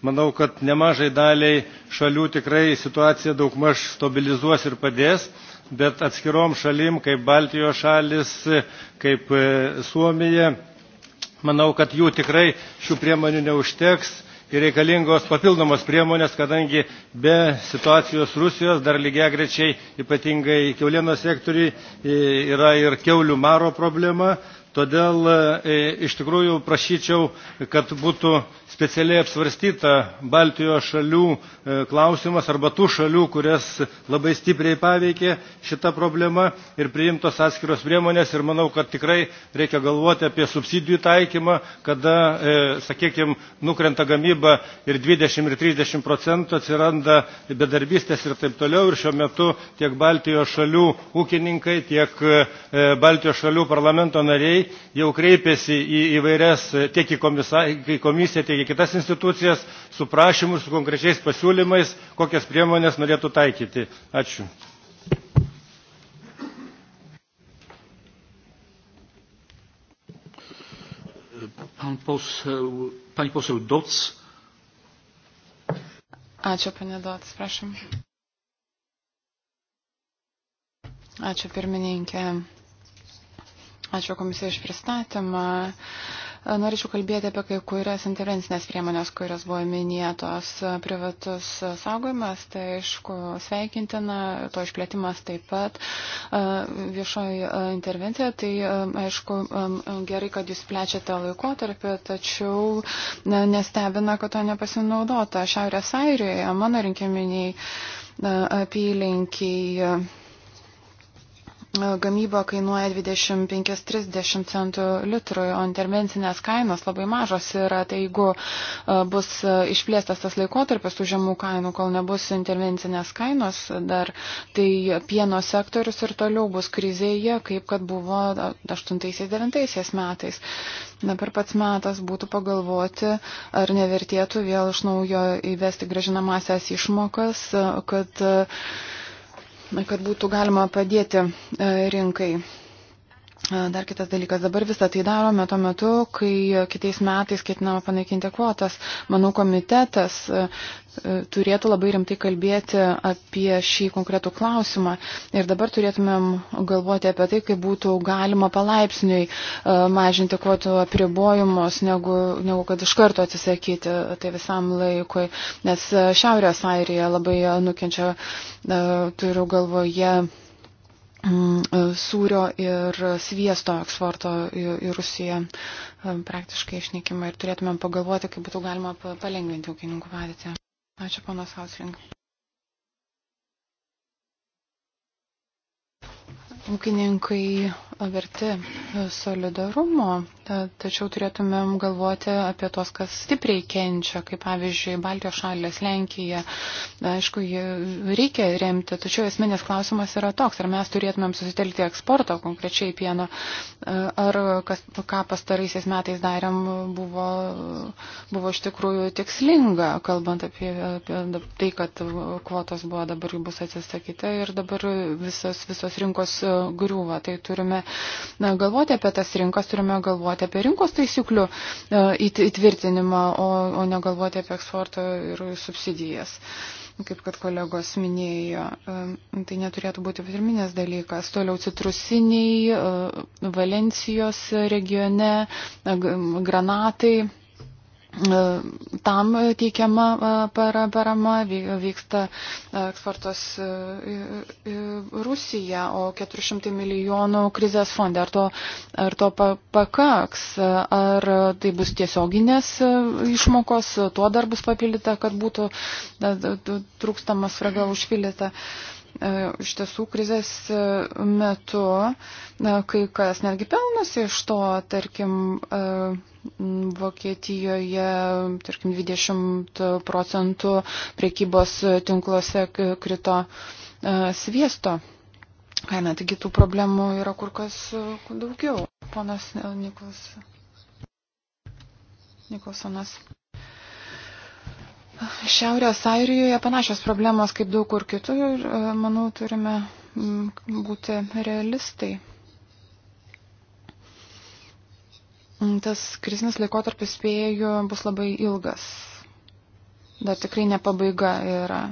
manau kad nemažai daliai šalių tikrai situaciją daugmaž stabilizuos ir padės bet atskirom šalim kaip baltijos šalis kaip e, suomija manau kad jų tikrai šių priemonių neužteks ir reikalingos papildomos priemonės, kadangi be situacijos Rusijos dar lygiai grečiai ypatingai keulienos sektoriui yra ir keulių maro problema Todėl e, iš tikrųjų prašyčiau, kad būtų specialiai apsvarstyta Baltijos šalių e, klausimas arba tų šalių, kurias labai stipriai paveikė šita problema ir priimtos atskiros priemonės. Ir manau, kad tikrai reikia galvoti apie subsidijų taikymą, kada, e, sakykime, nukrenta gamyba ir 20 ir 30 procentų atsiranda bedarbystės ir taip toliau. Ir šiuo metu tiek Baltijos šalių ūkininkai, tiek Baltijos šalių parlamento nariai nariai jau kreipėsi į įvairias tiek į, komisa, į komisiją, tiek į kitas institucijas su prašymu, su konkrečiais pasiūlymais, kokias priemonės norėtų taikyti. Ačiū. Pan poseł, pani poseł Doc. Ačiū, panė Dots, prašom. Ačiū, pirmininkė. Ačiū komisijai iš pristatymą. Norėčiau kalbėti apie kai kurias intervencinės priemonės, kurios buvo minėtos. Privatus saugojimas, tai aišku, sveikintina, to išplėtimas taip pat. Viešoji intervencija, tai aišku, gerai, kad jūs plečiate laikotarpį, tačiau nestebina, kad to nepasinaudota. Šiaurės Airijoje, mano rinkiminiai apylinkiai E, gamyba kainuoja 25-30 centų litrui, o intervencinės kainos labai mažos yra. Tai jeigu e, bus e, išplėstas tas laikotarpis tų žemų kainų, kol nebus intervencinės kainos dar, tai pieno sektorius ir toliau bus krizėje, kaip kad buvo 8-9 metais. Dabar pats metas būtų pagalvoti, ar nevertėtų vėl iš naujo įvesti gražinamasias išmokas, kad uh, kad būtų galima padėti e, rinkai. Dar kitas dalykas, dabar visą tai darome tuo metu, kai kitais metais ketinama panaikinti kvotas. Manau, komitetas turėtų labai rimtai kalbėti apie šį konkretų klausimą. Ir dabar turėtumėm galvoti apie tai, kaip būtų galima palaipsniui mažinti kvotų apribojimus, negu, negu kad iš karto atsisakyti tai visam laikui. Nes Šiaurės Airija labai nukenčia, turiu galvoje Mm, sūrio ir sviesto eksporto į Rusiją e, praktiškai išnykimą ir turėtumėm pagalvoti, kaip būtų galima palengvinti ūkininkų padėtį. Ačiū, ponas Hausling. Ūkininkai verti solidarumo tačiau turėtumėm galvoti apie tos, kas stipriai kenčia, kaip pavyzdžiui Baltijos šalės, Lenkija. Aišku, reikia remti, tačiau esminės klausimas yra toks, ar mes turėtumėm susitelkti eksporto, konkrečiai pieno, ar kas, ką pastaraisiais metais darėm buvo, buvo iš tikrųjų tikslinga, kalbant apie, apie tai, kad kvotos buvo dabar bus atsisakyta ir dabar visos, visos rinkos griūva. Tai turime na, galvoti apie tas rinkas, turime galvoti galvoti apie rinkos taisyklių e, įtvirtinimą, o, o negalvoti apie eksportą ir subsidijas kaip kad kolegos minėjo, e, tai neturėtų būti pirminės dalykas. Toliau citrusiniai, e, Valencijos regione, granatai E, tam teikiama e, parama vyksta eksportas į Rusiją, o 400 milijonų krizės fonde. Ar to, ar to pakaks? Ar tai bus tiesioginės išmokos, tuo dar bus papildyta, kad būtų e, trūkstamas fraga užpildyta? Uh, E, iš tiesų krizės e, metu e, kai kas netgi pelnosi iš to, tarkim, Vokietijoje, tarkim, 20 procentų priekybos tinkluose krito sviesto kaina. Taigi tų problemų yra kur kas daugiau. Ponas Nikolas. Nikolsonas. Šiaurės Airijoje panašios problemos kaip daug kur kitur ir, e, manau, turime būti realistai. Mm, tas krizinis laikotarpis, spėju, bus labai ilgas. Dar tikrai ne pabaiga yra.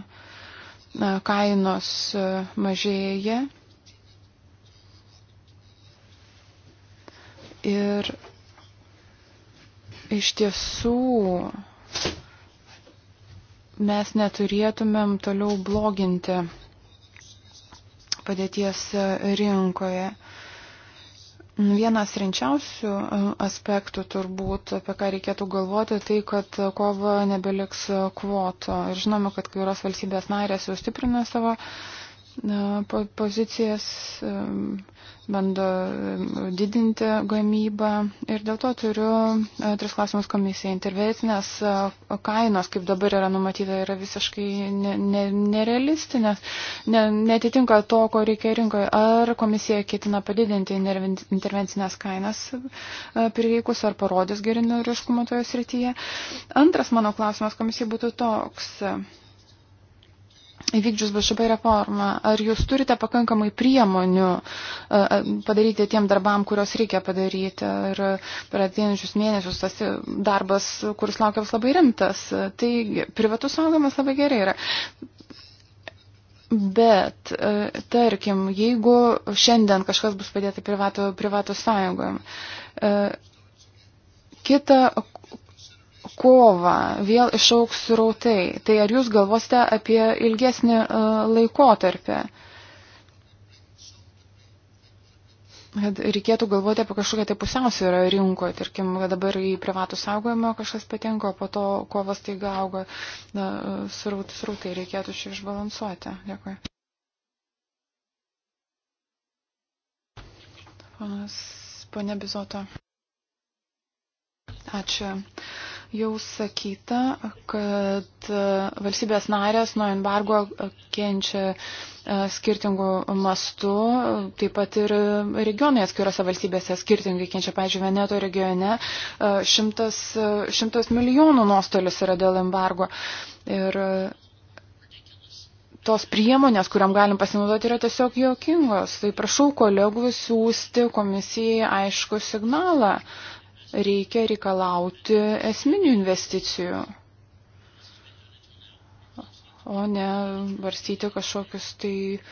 Kainos e, mažėja. Ir iš tiesų mes neturėtumėm toliau bloginti padėties rinkoje. Vienas rinčiausių aspektų turbūt, apie ką reikėtų galvoti, tai, kad kovo nebeliks kvoto. Ir žinome, kad kai kurios valstybės narės jau stiprina savo uh, pozicijas, bando didinti gamybą. Ir dėl to turiu e, tris klausimus komisijai. Intervencinės e, kainos, kaip dabar yra numatyta, yra visiškai nerealistinės, ne, ne, netitinka to, ko reikia rinkoje. Ar komisija ketina padidinti intervencinės kainas e, prireikus, ar parodys gerinio ryškumo toje srityje? Antras mano klausimas komisijai būtų toks įvykdžius BŠP reformą, ar jūs turite pakankamai priemonių e, e, padaryti tiem darbam, kurios reikia padaryti ir per ateinančius mėnesius tas darbas, kuris laukia bus labai rimtas. Tai privatus saugomas labai gerai yra. Bet, e, tarkim, jeigu šiandien kažkas bus padėta privato, privato sąjungoje, kitą kovą vėl išauks rautai, tai ar jūs galvosite apie ilgesnį e, laikotarpį? kad reikėtų galvoti apie kažkokią tai pusiausvyrą rinkoje, tarkim, kad dabar į privatų saugojimą kažkas patenka, o po to kovas taiga auga srautai, sraut, reikėtų šį išbalansuoti. Dėkui. Pane Bizoto. Ačiū. Jau sakyta, kad e, valstybės narės nuo embargo kenčia e, skirtingų mastų, taip pat ir regionai atskirose valstybėse skirtingai kenčia, pavyzdžiui, Veneto regione e, šimtas, šimtas milijonų nuostolis yra dėl embargo. Ir tos priemonės, kuriam galim pasinaudoti, yra tiesiog jokingos. Tai prašau kolegų siūsti komisijai aišku signalą reikia reikalauti esminių investicijų, o ne varstyti kažkokius tai uh,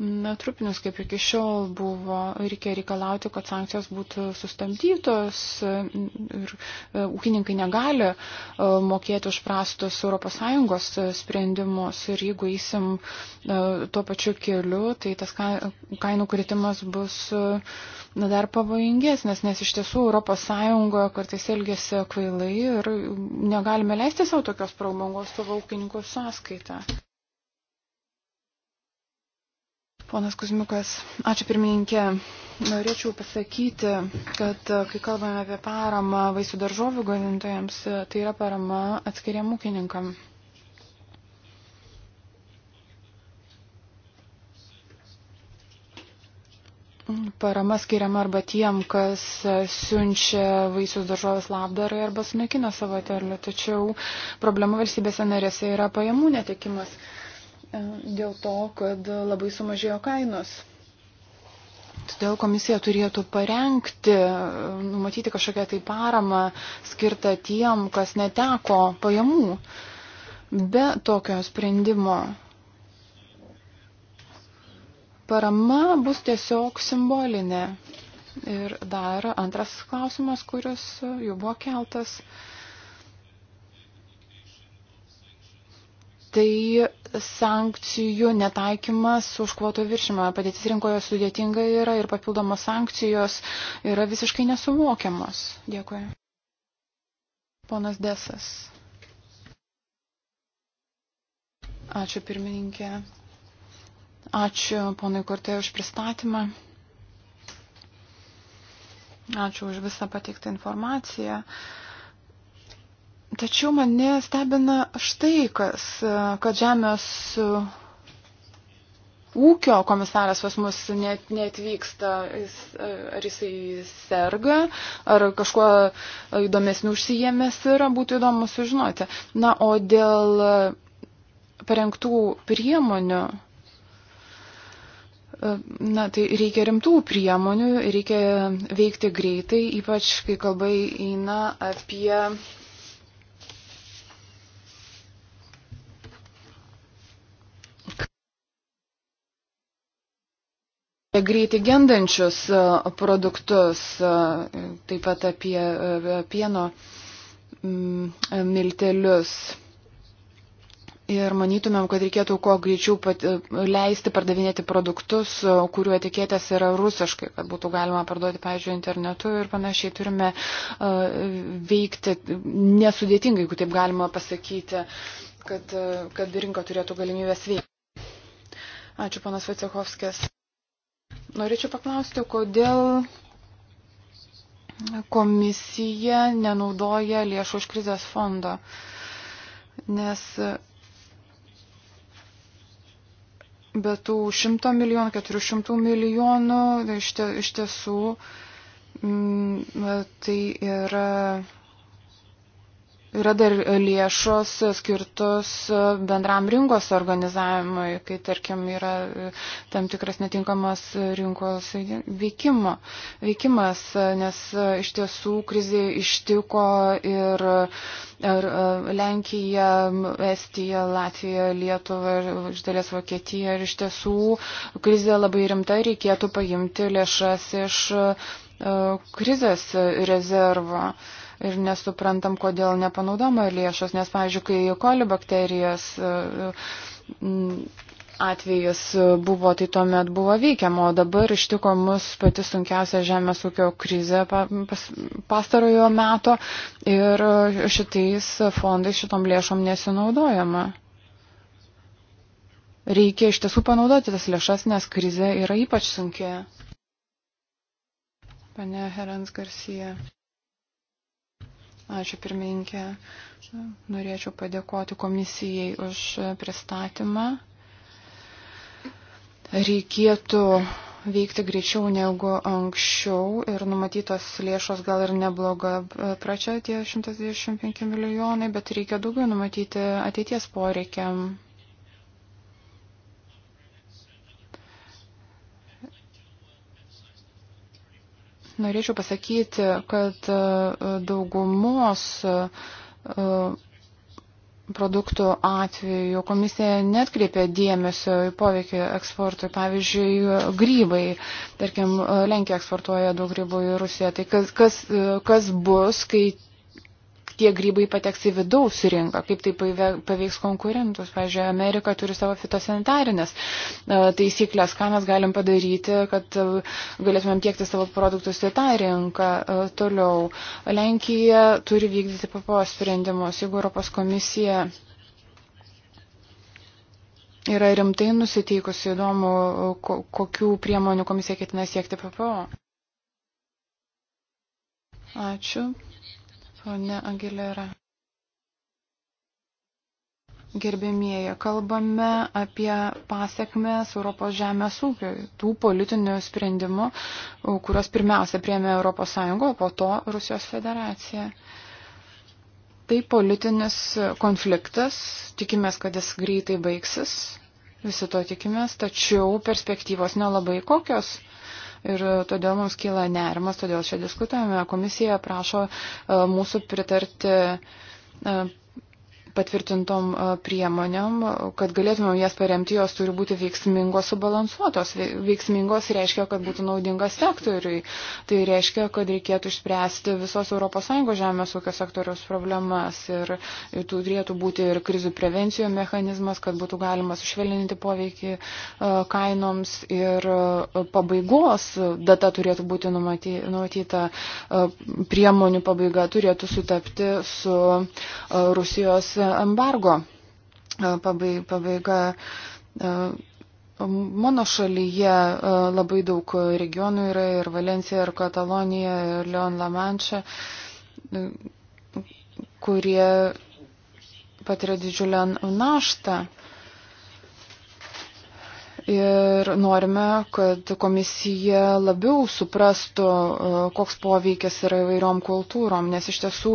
na, trupinius, kaip iki šiol buvo. Reikia reikalauti, kad sankcijos būtų sustabdytos ir e, ūkininkai negali e, mokėti už prastus ES sprendimus. Ir jeigu eisim e, tuo pačiu keliu, tai tas kainų kritimas bus na, dar pavojingesnis, nes iš tiesų ES kartais elgėsi kvailai ir negalime leisti savo tokios praumangos savo ūkininkų sąskaitą. Ponas Kuzmiukas, ačiū pirmininkė. Norėčiau pasakyti, kad e, kai kalbame apie paramą vaisių daržovių gavintojams, e, tai yra parama atskiriam ūkininkam. Parama skiriama arba tiem, kas e, siunčia vaisius daržovės labdarai arba sunaikina savo terlių. Tačiau problema valstybėse narėse yra pajamų netikimas. E, dėl to, kad labai sumažėjo kainos. Todėl komisija turėtų parengti, numatyti kažkokią tai paramą skirtą tiem, kas neteko pajamų. Be tokio sprendimo parama bus tiesiog simbolinė. Ir dar antras klausimas, kuris jau buvo keltas. Tai sankcijų netaikymas už kvotų viršimą. Padėtis rinkoje sudėtinga yra ir papildomos sankcijos yra visiškai nesuvokiamos. Dėkui. Ponas Desas. Ačiū pirmininkė. Ačiū ponui Kortė už pristatymą. Ačiū už visą pateiktą informaciją. Uh, Tačiau mane stebina štai kas, kad žemės ūkio komisaras pas mus net, netvyksta, jis, ar jisai serga, ar kažkuo įdomesnių užsijėmęs yra, būtų įdomu sužinoti. Na, o dėl parengtų priemonių, na, tai reikia rimtų priemonių, reikia veikti greitai, ypač kai kalbai eina apie apie greitai gendančius e, produktus, e, taip pat apie e, pieno mm, miltelius. Ir manytumėm, kad reikėtų kuo greičiau pat, leisti pardavinėti produktus, kurių etiketės yra rusiškai, kad būtų galima parduoti, pavyzdžiui, internetu ir panašiai turime uh, veikti nesudėtingai, jeigu taip galima pasakyti, kad, uh, kad rinka turėtų galimybės veikti. Ačiū, panas Vacekovskis. Norėčiau paklausti, kodėl komisija nenaudoja lėšų iš krizės fondo, nes be tų 100 milijonų, 400 milijonų tai iš, te, iš tiesų m, mm, tai yra Yra dar lėšos skirtos bendram rinkos organizavimui, kai tarkim yra e, tam tikras netinkamas rinkos veikimo, veikimas, nes e, iš tiesų krizė ištiko ir, ir e, Lenkija, Estija, Latvija, Lietuva ir iš dalies Vokietija. Ir iš tiesų krizė labai rimta, reikėtų paimti lėšas iš krizės rezervo. Uh, ir nesuprantam, kodėl nepanaudoma lėšos, nes, pavyzdžiui, kai kolibakterijas e. e, e, atvejis buvo, tai tuomet buvo veikiama, o dabar ištiko mus pati sunkiausia žemės ūkio krize pastarojo meto ir šitais fondais šitom lėšom nesinaudojama reikia iš tiesų panaudoti tas lėšas, nes krize yra ypač sunki. Pane Herans Garcia. Ačiū pirmininkė. Norėčiau padėkoti komisijai už pristatymą. Reikėtų veikti greičiau negu anksčiau ir numatytos lėšos gal ir nebloga pračia tie 125 milijonai, bet reikia daugiau numatyti ateities poreikiam. Norėčiau pasakyti, kad e, daugumos e, produktų atveju komisija netkreipia dėmesio į poveikį eksportui. Pavyzdžiui, grybai, tarkim, Lenkija eksportuoja daug grybų į Rusiją. Tai kas, kas, e, kas bus, kai tie grybai pateks į vidaus rinką, kaip tai paveiks konkurentus. Pavyzdžiui, Amerika turi savo fitosanitarinės e, taisyklės, ką mes galim padaryti, kad e, galėtumėm tiekti savo produktus į tą rinką e, toliau. Lenkija turi vykdyti PPO sprendimus, jeigu Europos komisija yra rimtai nusiteikusi, įdomu, kokių priemonių komisija ketina siekti PPO. Ačiū. Pone Aguilera. Gerbėmieji, kalbame apie pasiekmes Europos žemės ūkio, tų politinių sprendimų, kuriuos pirmiausia priemė ES, o po to Rusijos federacija. Tai politinis konfliktas, tikimės, kad jis greitai baigsis, visi to tikimės, tačiau perspektyvos nelabai kokios ir todėl mums kyla nerimas, todėl čia diskutuojame. Komisija prašo e, mūsų pritarti e, patvirtintom e, priemonėm, kad galėtumėm jas paremti, jos turi būti veiksmingos, subalansuotos. Veiksmingos reiškia, kad būtų naudingas sektoriui. Tai reiškia, kad reikėtų išspręsti visos ES žemės ūkio sektoriaus problemas ir, ir turėtų būti ir krizių prevencijų mechanizmas, kad būtų galima sušvelninti poveikį e, kainoms ir e, pabaigos data turėtų būti numatyta, priemonių pabaiga turėtų sutapti su Rusijos embargo e, pabaiga. E, mano šalyje e, labai daug regionų yra ir Valencija, ir Katalonija, ir Leon Lamančia, kurie patiria didžiulę naštą ir norime, kad komisija labiau suprastų, e, koks poveikis yra įvairiom kultūrom, nes iš tiesų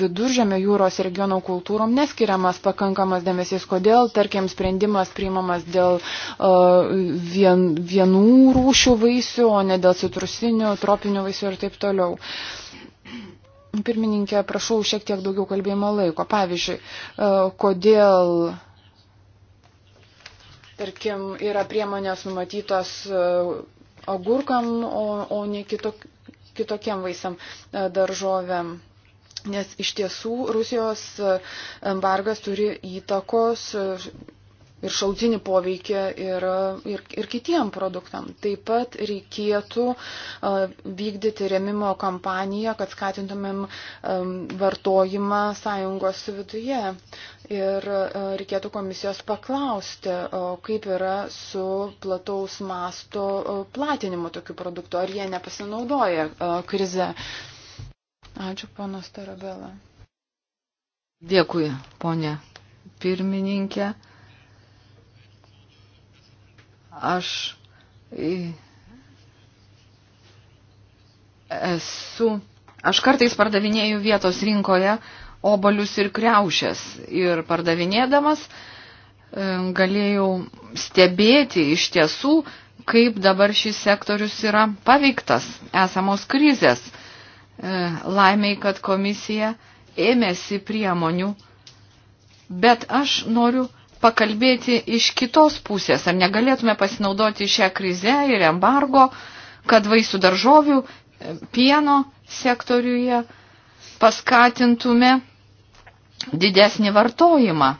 viduržėmio jūros regiono kultūrom neskiriamas pakankamas dėmesys, kodėl, tarkim, sprendimas priimamas dėl e, vien, vienų rūšių vaisių, o ne dėl citrusinių, tropinių vaisių ir taip toliau. Pirmininkė, prašau šiek tiek daugiau kalbėjimo laiko. Pavyzdžiui, e, kodėl Tarkim, yra priemonės numatytos e, agurkam, o, o ne kitok, kitokiem vaisiam e, daržovėm. Nes iš tiesų Rusijos e, embargas turi įtakos ir šautinį poveikį ir, ir, ir kitiem produktam. Taip pat reikėtų vykdyti remimo kampaniją, kad skatintumėm vartojimą sąjungos viduje. Ir reikėtų komisijos paklausti, kaip yra su plataus masto platinimu tokių produktų, ar jie nepasinaudoja krize. Ačiū, ponas Tarabela. Dėkui, ponė pirmininkė. Aš esu, aš kartais pardavinėju vietos rinkoje obalius ir kreušės ir pardavinėdamas e, galėjau stebėti iš tiesų, kaip dabar šis sektorius yra paveiktas esamos krizės. E, laimiai, kad komisija ėmėsi priemonių, bet aš noriu pakalbėti iš kitos pusės, ar negalėtume pasinaudoti šią krizę ir embargo, kad vaisių daržovių, pieno sektoriuje paskatintume didesnį vartojimą.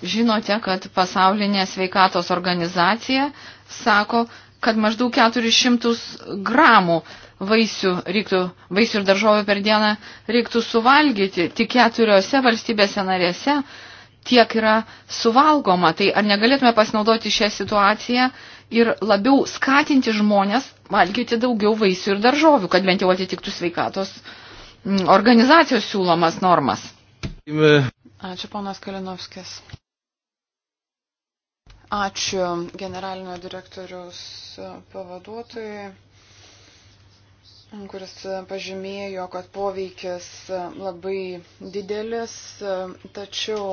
Žinote, kad pasaulinė sveikatos organizacija sako, kad maždaug 400 gramų vaisių, reiktų, vaisių ir daržovių per dieną reiktų suvalgyti. Tik keturiose valstybėse narėse tiek yra suvalgoma. Tai ar negalėtume pasinaudoti šią situaciją ir labiau skatinti žmonės valgyti daugiau vaisių ir daržovių, kad bent jau atitiktų sveikatos mm, organizacijos siūlomas normas? Ačiū, ponas Kalinovskis. Ačiū generalinio direktoriaus pavaduotojai kuris pažymėjo, kad poveikis labai didelis, tačiau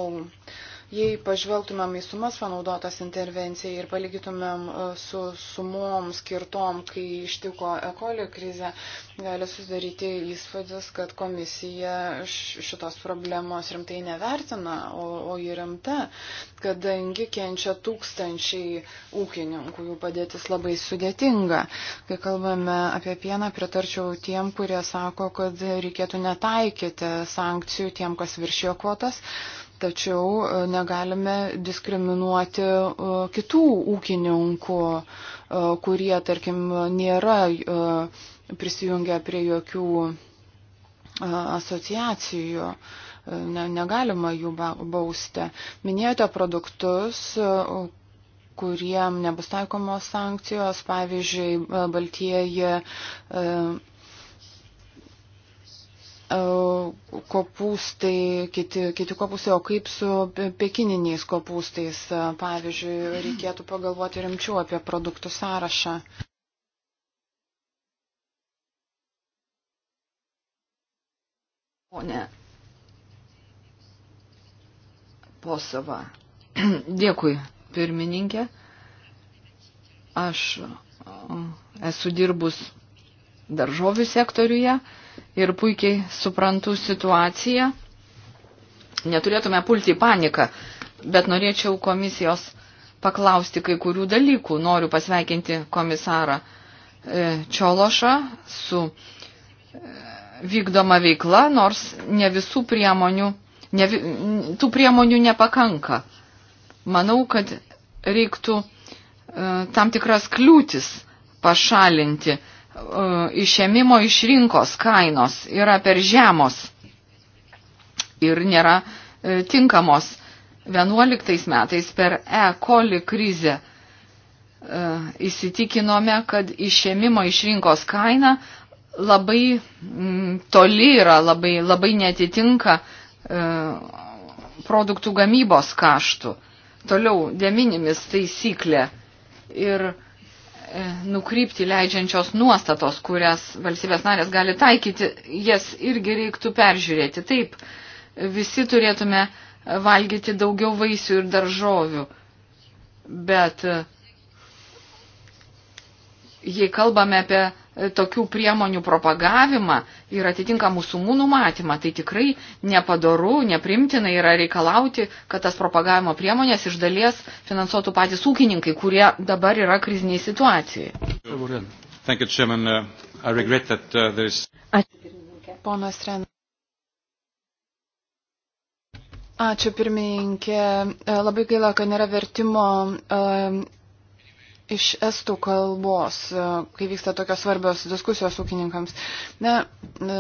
Jei pažvelgtumėm į sumas panaudotas intervencijai ir palygytumėm e, su sumom skirtom, kai ištiko ekolio krize, gali susidaryti įspūdis, kad komisija šitos problemos rimtai nevertina, o, o jį rimta, kadangi kenčia tūkstančiai ūkininkų, jų padėtis labai sudėtinga. Kai kalbame apie pieną, pritarčiau tiem, kurie sako, kad reikėtų netaikyti sankcijų tiem, kas viršijo kvotas. Tačiau e, negalime diskriminuoti e, kitų ūkininkų, e, kurie, tarkim, nėra prisijungę prie jokių asociacijų. Ne, negalima jų bausti. Minėjote produktus, kuriem nebus taikomos sankcijos, pavyzdžiui, baltieji E, kopūstai, kiti, kiti kopūstai, o kaip su pekininiais kopūstais, e, pavyzdžiui, reikėtų pagalvoti rimčiau apie produktų sąrašą. Pone Posava. Dėkui, pirmininkė. Aš e, esu dirbus daržovių sektoriuje ir puikiai suprantu situaciją. Neturėtume pulti į paniką, bet norėčiau komisijos paklausti kai kurių dalykų. Noriu pasveikinti komisarą e, Čiološą su e, vykdoma veikla, nors ne visų priemonių, ne, tų priemonių nepakanka. Manau, kad reiktų e, tam tikras kliūtis pašalinti E, išėmimo iš rinkos kainos yra per žemos ir nėra e, tinkamos. 11 metais per E. coli krizę e, įsitikinome, kad išėmimo iš rinkos kaina labai mm, toli yra, labai, labai netitinka produktų gamybos kaštų. Toliau deminimis taisyklė ir E, nukrypti leidžiančios nuostatos, kurias valstybės narės gali taikyti, jas irgi reiktų peržiūrėti. Taip, visi turėtume valgyti daugiau vaisių ir daržovių, bet e, jei kalbame apie tokių priemonių propagavimą ir atitinkamų sumų numatymą, tai tikrai nepadaru, neprimtina yra reikalauti, kad tas propagavimo priemonės iš dalies finansuotų patys ūkininkai, kurie dabar yra kriziniai situacijai. Uh, uh, Ačiū, ponas Ren. Ačiū pirmininkė. Uh, labai gaila, kad nėra vertimo iš estų kalbos, e, kai vyksta tokios svarbios diskusijos ūkininkams. Na, e,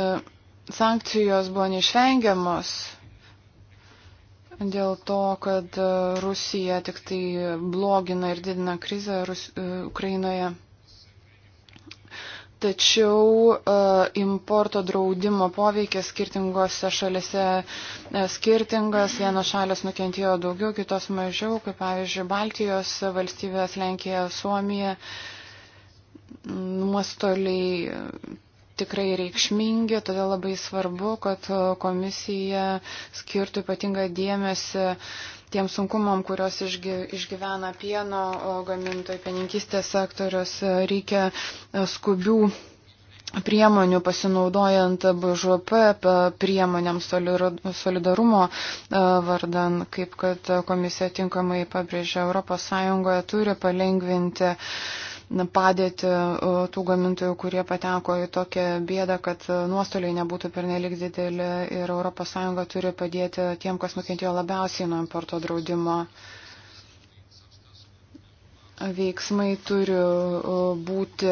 sankcijos buvo neišvengiamos dėl to, kad e, Rusija tik tai blogina ir didina krizę Rus Ukrainoje. Tačiau e, importo draudimo poveikis skirtingose šalise e, skirtingas, vienos šalis nukentėjo daugiau, kitos mažiau, kaip pavyzdžiui Baltijos valstybės, Lenkija, Suomija. Nuostoliai e, tikrai reikšmingi, todėl labai svarbu, kad komisija skirtų ypatingą dėmesį tiem sunkumam, kurios išgyvena pieno gamintojai, pieninkistės sektorius, e, reikia e, skubių priemonių pasinaudojant BŽP priemonėms solidarumo e, vardan, kaip kad komisija tinkamai pabrėžė, ES turi palengvinti uh, padėti e, tų gamintojų, kurie pateko į tokią bėdą, kad e, nuostoliai nebūtų pernelik dideli ir ES turi padėti tiem, kas nukentėjo labiausiai nuo importo draudimo. Veiksmai turi e, būti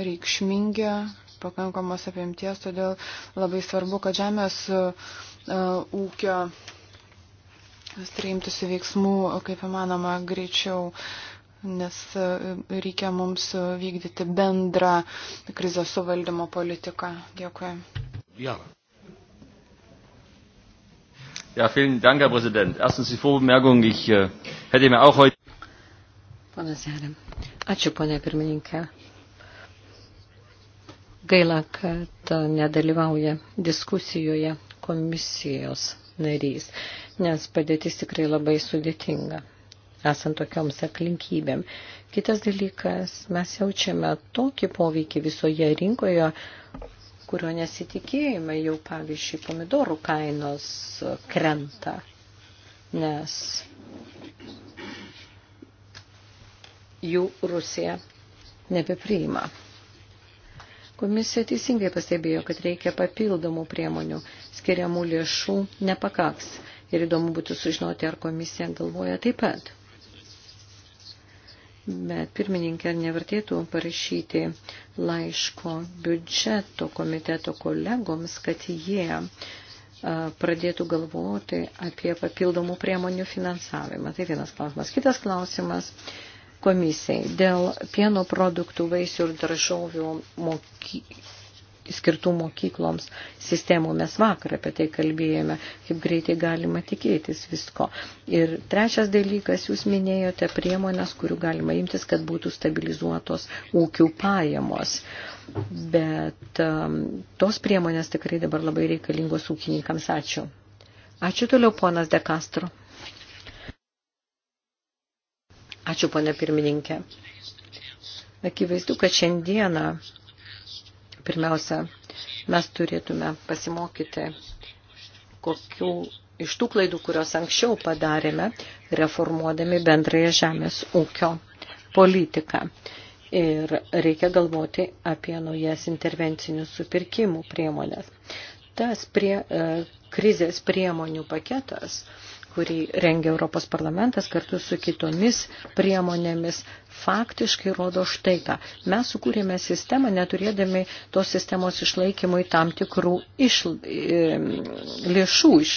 reikšmingi, pakankamos apimties, todėl labai svarbu, kad žemės ūkio streimtųsi veiksmų, kaip įmanoma, greičiau. Uh, nes e, reikia mums e, vykdyti bendrą krizės suvaldymo politiką. Dėkui. Ja. Ja, vielen Dank, Herr Präsident. Erstens die Vorbemerkung, ich äh, hätte mir auch heute. Ponas Jarim. Ačiū, ponė pirmininkė. Gaila, kad e, nedalyvauja diskusijoje komisijos narys, nes padėtis tikrai labai sudėtinga esant tokioms aplinkybėm. Kitas dalykas, mes jaučiame tokį poveikį visoje rinkoje, kurio nesitikėjome, jau pavyzdžiui, pomidorų kainos krenta, nes jų Rusija nebepriima. Komisija teisingai pastebėjo, kad reikia papildomų priemonių, skiriamų lėšų nepakaks. Ir įdomu būtų sužinoti, ar komisija galvoja taip pat. Bet pirmininkė, ar nevertėtų parašyti laiško biudžeto komiteto kolegoms, kad jie pradėtų galvoti apie papildomų priemonių finansavimą. Tai vienas klausimas. Kitas klausimas komisijai. Dėl pieno produktų, vaisių ir daržovių moky skirtų mokykloms sistemų. Mes vakar apie tai kalbėjome, kaip greitai galima tikėtis visko. Ir trečias dalykas, jūs minėjote priemonės, kurių galima imtis, kad būtų stabilizuotos ūkių pajamos. Bet um, tos priemonės tikrai dabar labai reikalingos ūkininkams. Ačiū. Ačiū toliau, ponas De Castro. Ačiū, ponė pirmininkė. Akivaizdu, kad šiandieną Pirmiausia, mes turėtume pasimokyti, kokių iš tų klaidų, kurios anksčiau padarėme, reformuodami bendrąją žemės ūkio politiką. Ir reikia galvoti apie naujas intervencinių supirkimų priemonės. Tas prie, e, krizės priemonių paketas kurį rengia Europos parlamentas kartu su kitomis priemonėmis, faktiškai rodo štai ką. Mes sukūrėme sistemą, neturėdami tos sistemos išlaikymui tam tikrų išl... lėšų iš...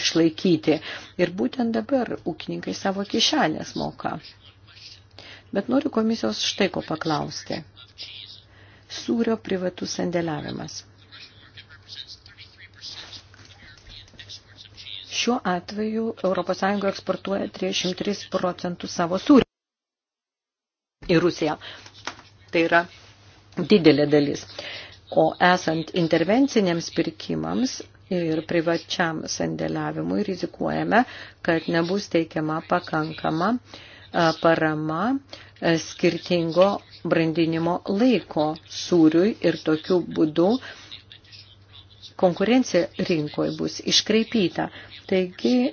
išlaikyti. Ir būtent dabar ūkininkai savo kišenės moka. Bet noriu komisijos štai ko paklausti. Sūrio privatus sandėliavimas. šiuo atveju ES eksportuoja 33 procentų savo sūrį į Rusiją. Tai yra didelė dalis. O esant intervenciniams pirkimams ir privačiam sandėliavimui rizikuojame, kad nebus teikiama pakankama parama skirtingo brandinimo laiko sūriui ir tokiu būdu konkurencija rinkoje bus iškreipyta. Taigi,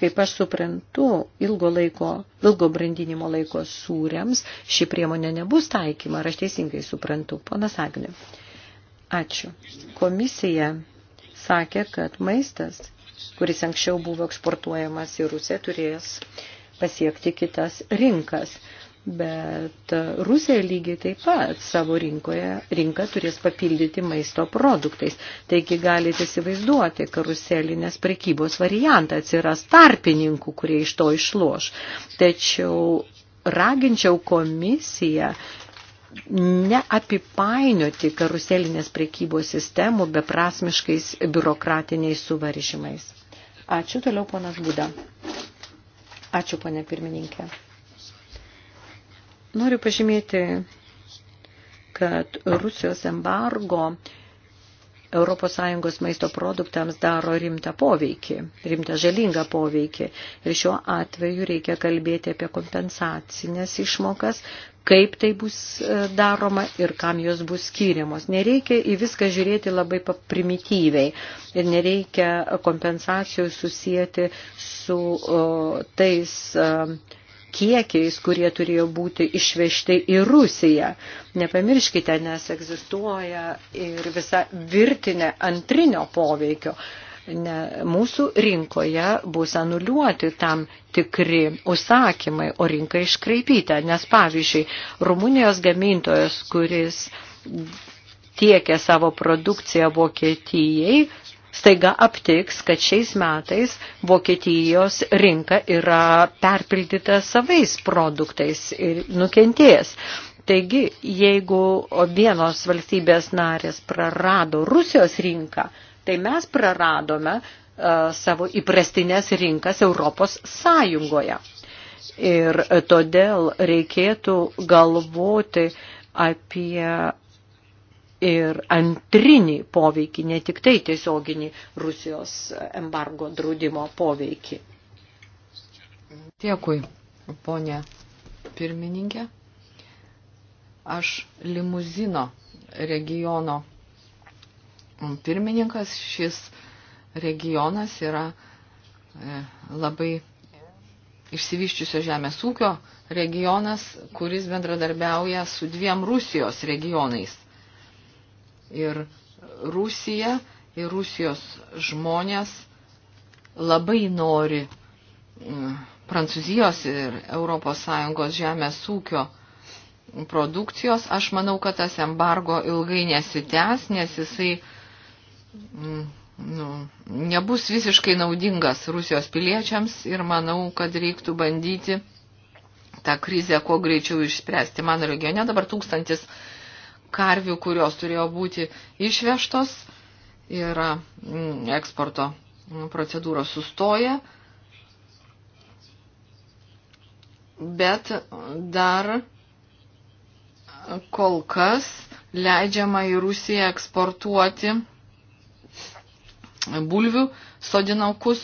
kaip aš suprantu, ilgo, laiko, ilgo brandinimo laiko sūriams ši priemonė nebus taikyma, ar aš teisingai suprantu, ponas Agnė. Ačiū. Komisija sakė, kad maistas, kuris anksčiau buvo eksportuojamas į Rusiją, turės pasiekti kitas rinkas. Bet e, Rusija lygiai taip pat savo rinkoje, rinką turės papildyti maisto produktais. Taigi galite įsivaizduoti karuselinės prekybos variantą, atsiras tarpininkų, kurie iš to išloš. Tačiau raginčiau komisiją neapipainioti karuselinės prekybos sistemų beprasmiškais biurokratiniais suvaržymais. Ačiū toliau, ponas Būda. Ačiū, ponė pirmininkė. Noriu pažymėti, kad Rusijos embargo ES maisto produktams daro rimtą poveikį, rimtą žalingą poveikį. Ir šiuo atveju reikia kalbėti apie kompensacinės išmokas, kaip tai bus e, daroma ir kam jos bus skiriamos. Nereikia į viską žiūrėti labai primityviai ir nereikia kompensacijų susijęti su o, tais. O, e, kiekiais, kurie turėjo būti išvežti į Rusiją. Nepamirškite, nes egzistuoja ir visa virtinė antrinio poveikio. Ne, mūsų rinkoje bus anuliuoti tam tikri užsakymai, o rinka iškreipyta. Nes pavyzdžiui, Rumunijos gamintojas, kuris tiekia savo produkciją Vokietijai, staiga aptiks, kad šiais metais Vokietijos rinka yra perpildyta savais produktais ir nukentėjęs. Taigi, jeigu vienos valstybės narės prarado Rusijos rinką, tai mes praradome uh, savo įprastinės rinkas Europos Sąjungoje. Ir todėl reikėtų galvoti apie ir antrinį poveikį, ne tik tai tiesioginį Rusijos embargo draudimo poveikį. Dėkui, ponė pirmininkė. Aš limuzino regiono pirmininkas. Šis regionas yra e, labai išsivyščiusio žemės ūkio regionas, kuris bendradarbiauja su dviem Rusijos regionais ir Rusija, ir Rusijos žmonės labai nori mm, Prancūzijos ir ES žemės ūkio produkcijos. Aš manau, kad tas embargo ilgai nesitęs, nes jisai mm, nu, nebus visiškai naudingas Rusijos piliečiams ir manau, kad reiktų bandyti tą krizę kuo greičiau išspręsti. Mano regione dabar tūkstantis karvių, kurios turėjo būti išvežtos ir mm, eksporto procedūros sustoja. Bet dar kol kas leidžiama į Rusiją eksportuoti bulvių sodinaukus,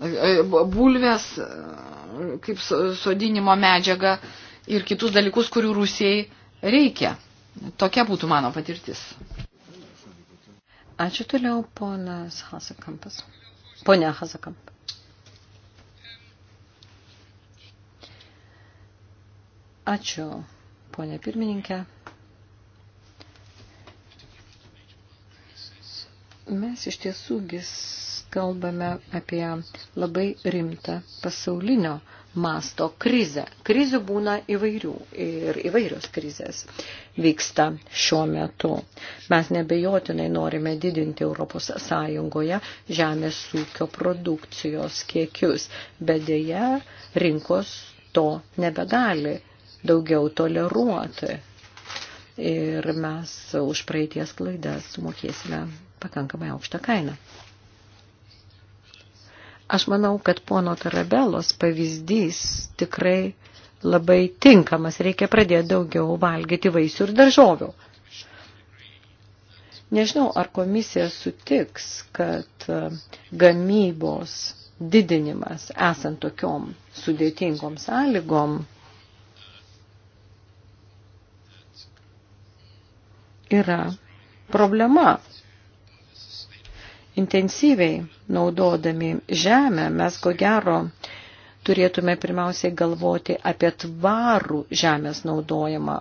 e, e, bulvės e, kaip sodinimo medžiagą ir kitus dalykus, kurių Rusijai reikia. Tokia būtų mano patirtis. Ačiū toliau, ponas Hasakampas. Pone Hasakamp. Ačiū, ponė pirmininkė. Mes iš tiesų vis kalbame apie labai rimtą pasaulinio masto krizę. Krizių būna įvairių ir įvairios krizės vyksta šiuo metu. Mes nebejotinai norime didinti Europos Sąjungoje žemės ūkio produkcijos kiekius, bet dėja rinkos to nebegali daugiau toleruoti. Ir mes už praeities klaidas mokėsime pakankamai aukštą kainą. Aš manau, kad pono Tarabelos pavyzdys tikrai labai tinkamas. Reikia pradėti daugiau valgyti vaisių ir daržovių. Nežinau, ar komisija sutiks, kad e, gamybos didinimas esant tokiom sudėtingom sąlygom yra problema intensyviai naudodami žemę, mes ko gero turėtume pirmiausiai galvoti apie tvarų žemės naudojimą,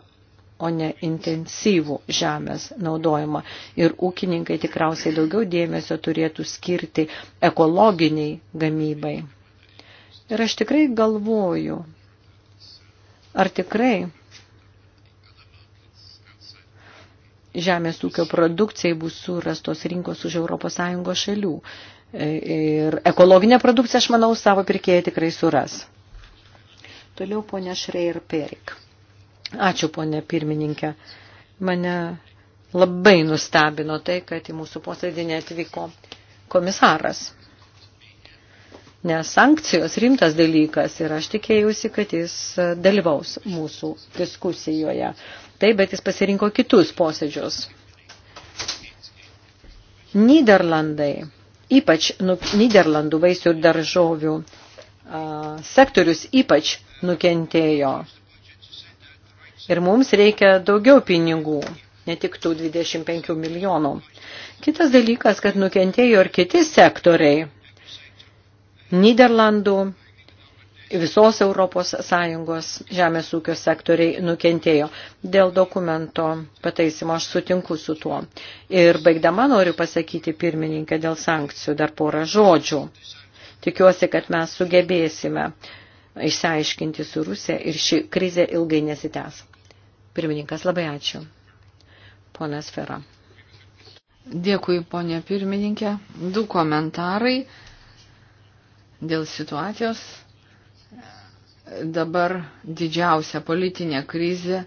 o ne intensyvų žemės naudojimą. Ir ūkininkai tikriausiai daugiau dėmesio turėtų skirti ekologiniai gamybai. Ir aš tikrai galvoju, ar tikrai žemės ūkio produkcijai bus surastos rinkos už ES šalių. E, ir ekologinė produkcija, aš manau, savo pirkėjai tikrai suras. Toliau ponė Šreir Perik. Ačiū ponė pirmininkė. Mane labai nustebino tai, kad į mūsų posėdį neatvyko komisaras. Nes sankcijos rimtas dalykas ir aš tikėjausi, kad jis dalyvaus mūsų diskusijoje. Taip, bet jis pasirinko kitus posėdžius. Niderlandai, ypač nu, Niderlandų vaisių ir daržovių a, sektorius ypač nukentėjo. Ir mums reikia daugiau pinigų, ne tik tų 25 milijonų. Kitas dalykas, kad nukentėjo ir kiti sektoriai. Niderlandų visos ES žemės ūkio sektoriai nukentėjo. Dėl dokumento pataisimo aš sutinku su tuo. Ir baigdama noriu pasakyti pirmininkę dėl sankcijų dar porą žodžių. Tikiuosi, kad mes sugebėsime išsiaiškinti su Rusija ir ši krizė ilgai nesitęs. Pirmininkas, labai ačiū. Ponas Fera. Dėkui, ponė pirmininkė. Du komentarai dėl situacijos dabar didžiausia politinė krizė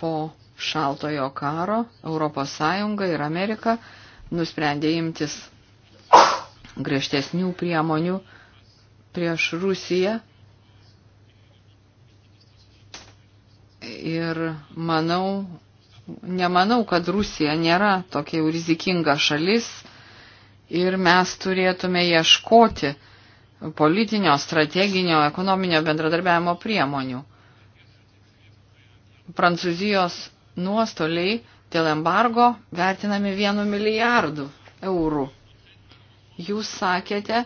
po šaltojo karo ES ir Amerika nusprendė imtis griežtesnių priemonių prieš Rusiją. Ir manau, nemanau, kad Rusija nėra tokia jau rizikinga šalis ir mes turėtume ieškoti politinio, strateginio, ekonominio bendradarbiavimo priemonių. Prancūzijos nuostoliai dėl embargo vertinami vienu milijardu eurų. Jūs sakėte,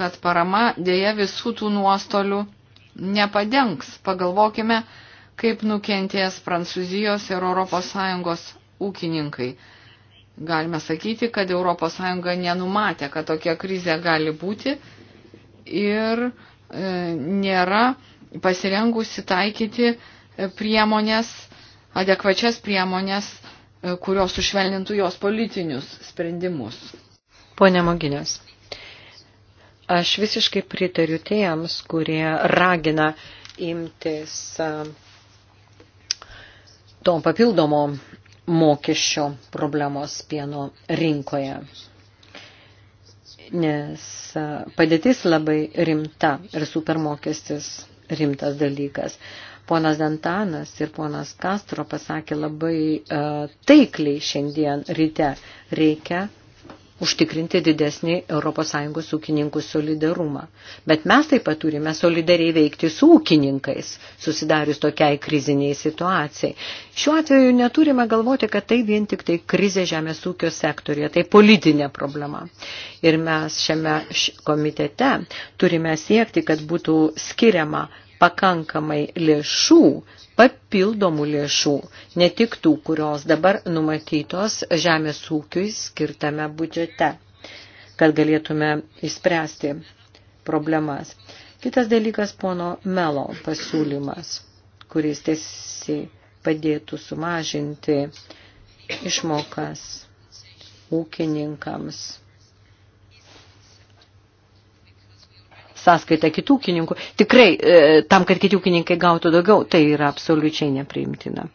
kad parama dėja visų tų nuostolių nepadengs. Pagalvokime, kaip nukentės Prancūzijos ir ES ūkininkai. Galime sakyti, kad ES nenumatė, kad tokia krizė gali būti ir e, nėra pasirengusi taikyti e, priemonės, adekvačias priemonės, e, kurios sušvelnintų jos politinius sprendimus. Pone Moginės, aš visiškai pritariu tiems, kurie ragina imtis e, to papildomo mokesčio problemos pieno rinkoje nes padėtis labai rimta ir supermokestis rimtas dalykas. Ponas Dantanas ir ponas Castro pasakė labai uh, taikliai šiandien ryte, reikia užtikrinti didesnį ES ūkininkų solidarumą. Bet mes taip pat turime solidariai veikti su ūkininkais, susidarius tokiai kriziniai situacijai. Šiuo atveju neturime galvoti, kad tai vien tik tai krizė žemės ūkio sektorija, tai politinė problema. Ir mes šiame komitete turime siekti, kad būtų skiriama pakankamai lėšų, papildomų lėšų, ne tik tų, kurios dabar numatytos žemės ūkiui skirtame budžete, kad galėtume įspręsti problemas. Kitas dalykas pono Melo pasiūlymas, kuris tiesi padėtų sumažinti išmokas ūkininkams sąskaitą kitų ūkininkų, tikrai e, tam, kad kiti ūkininkai gautų daugiau, tai yra absoliučiai nepriimtina.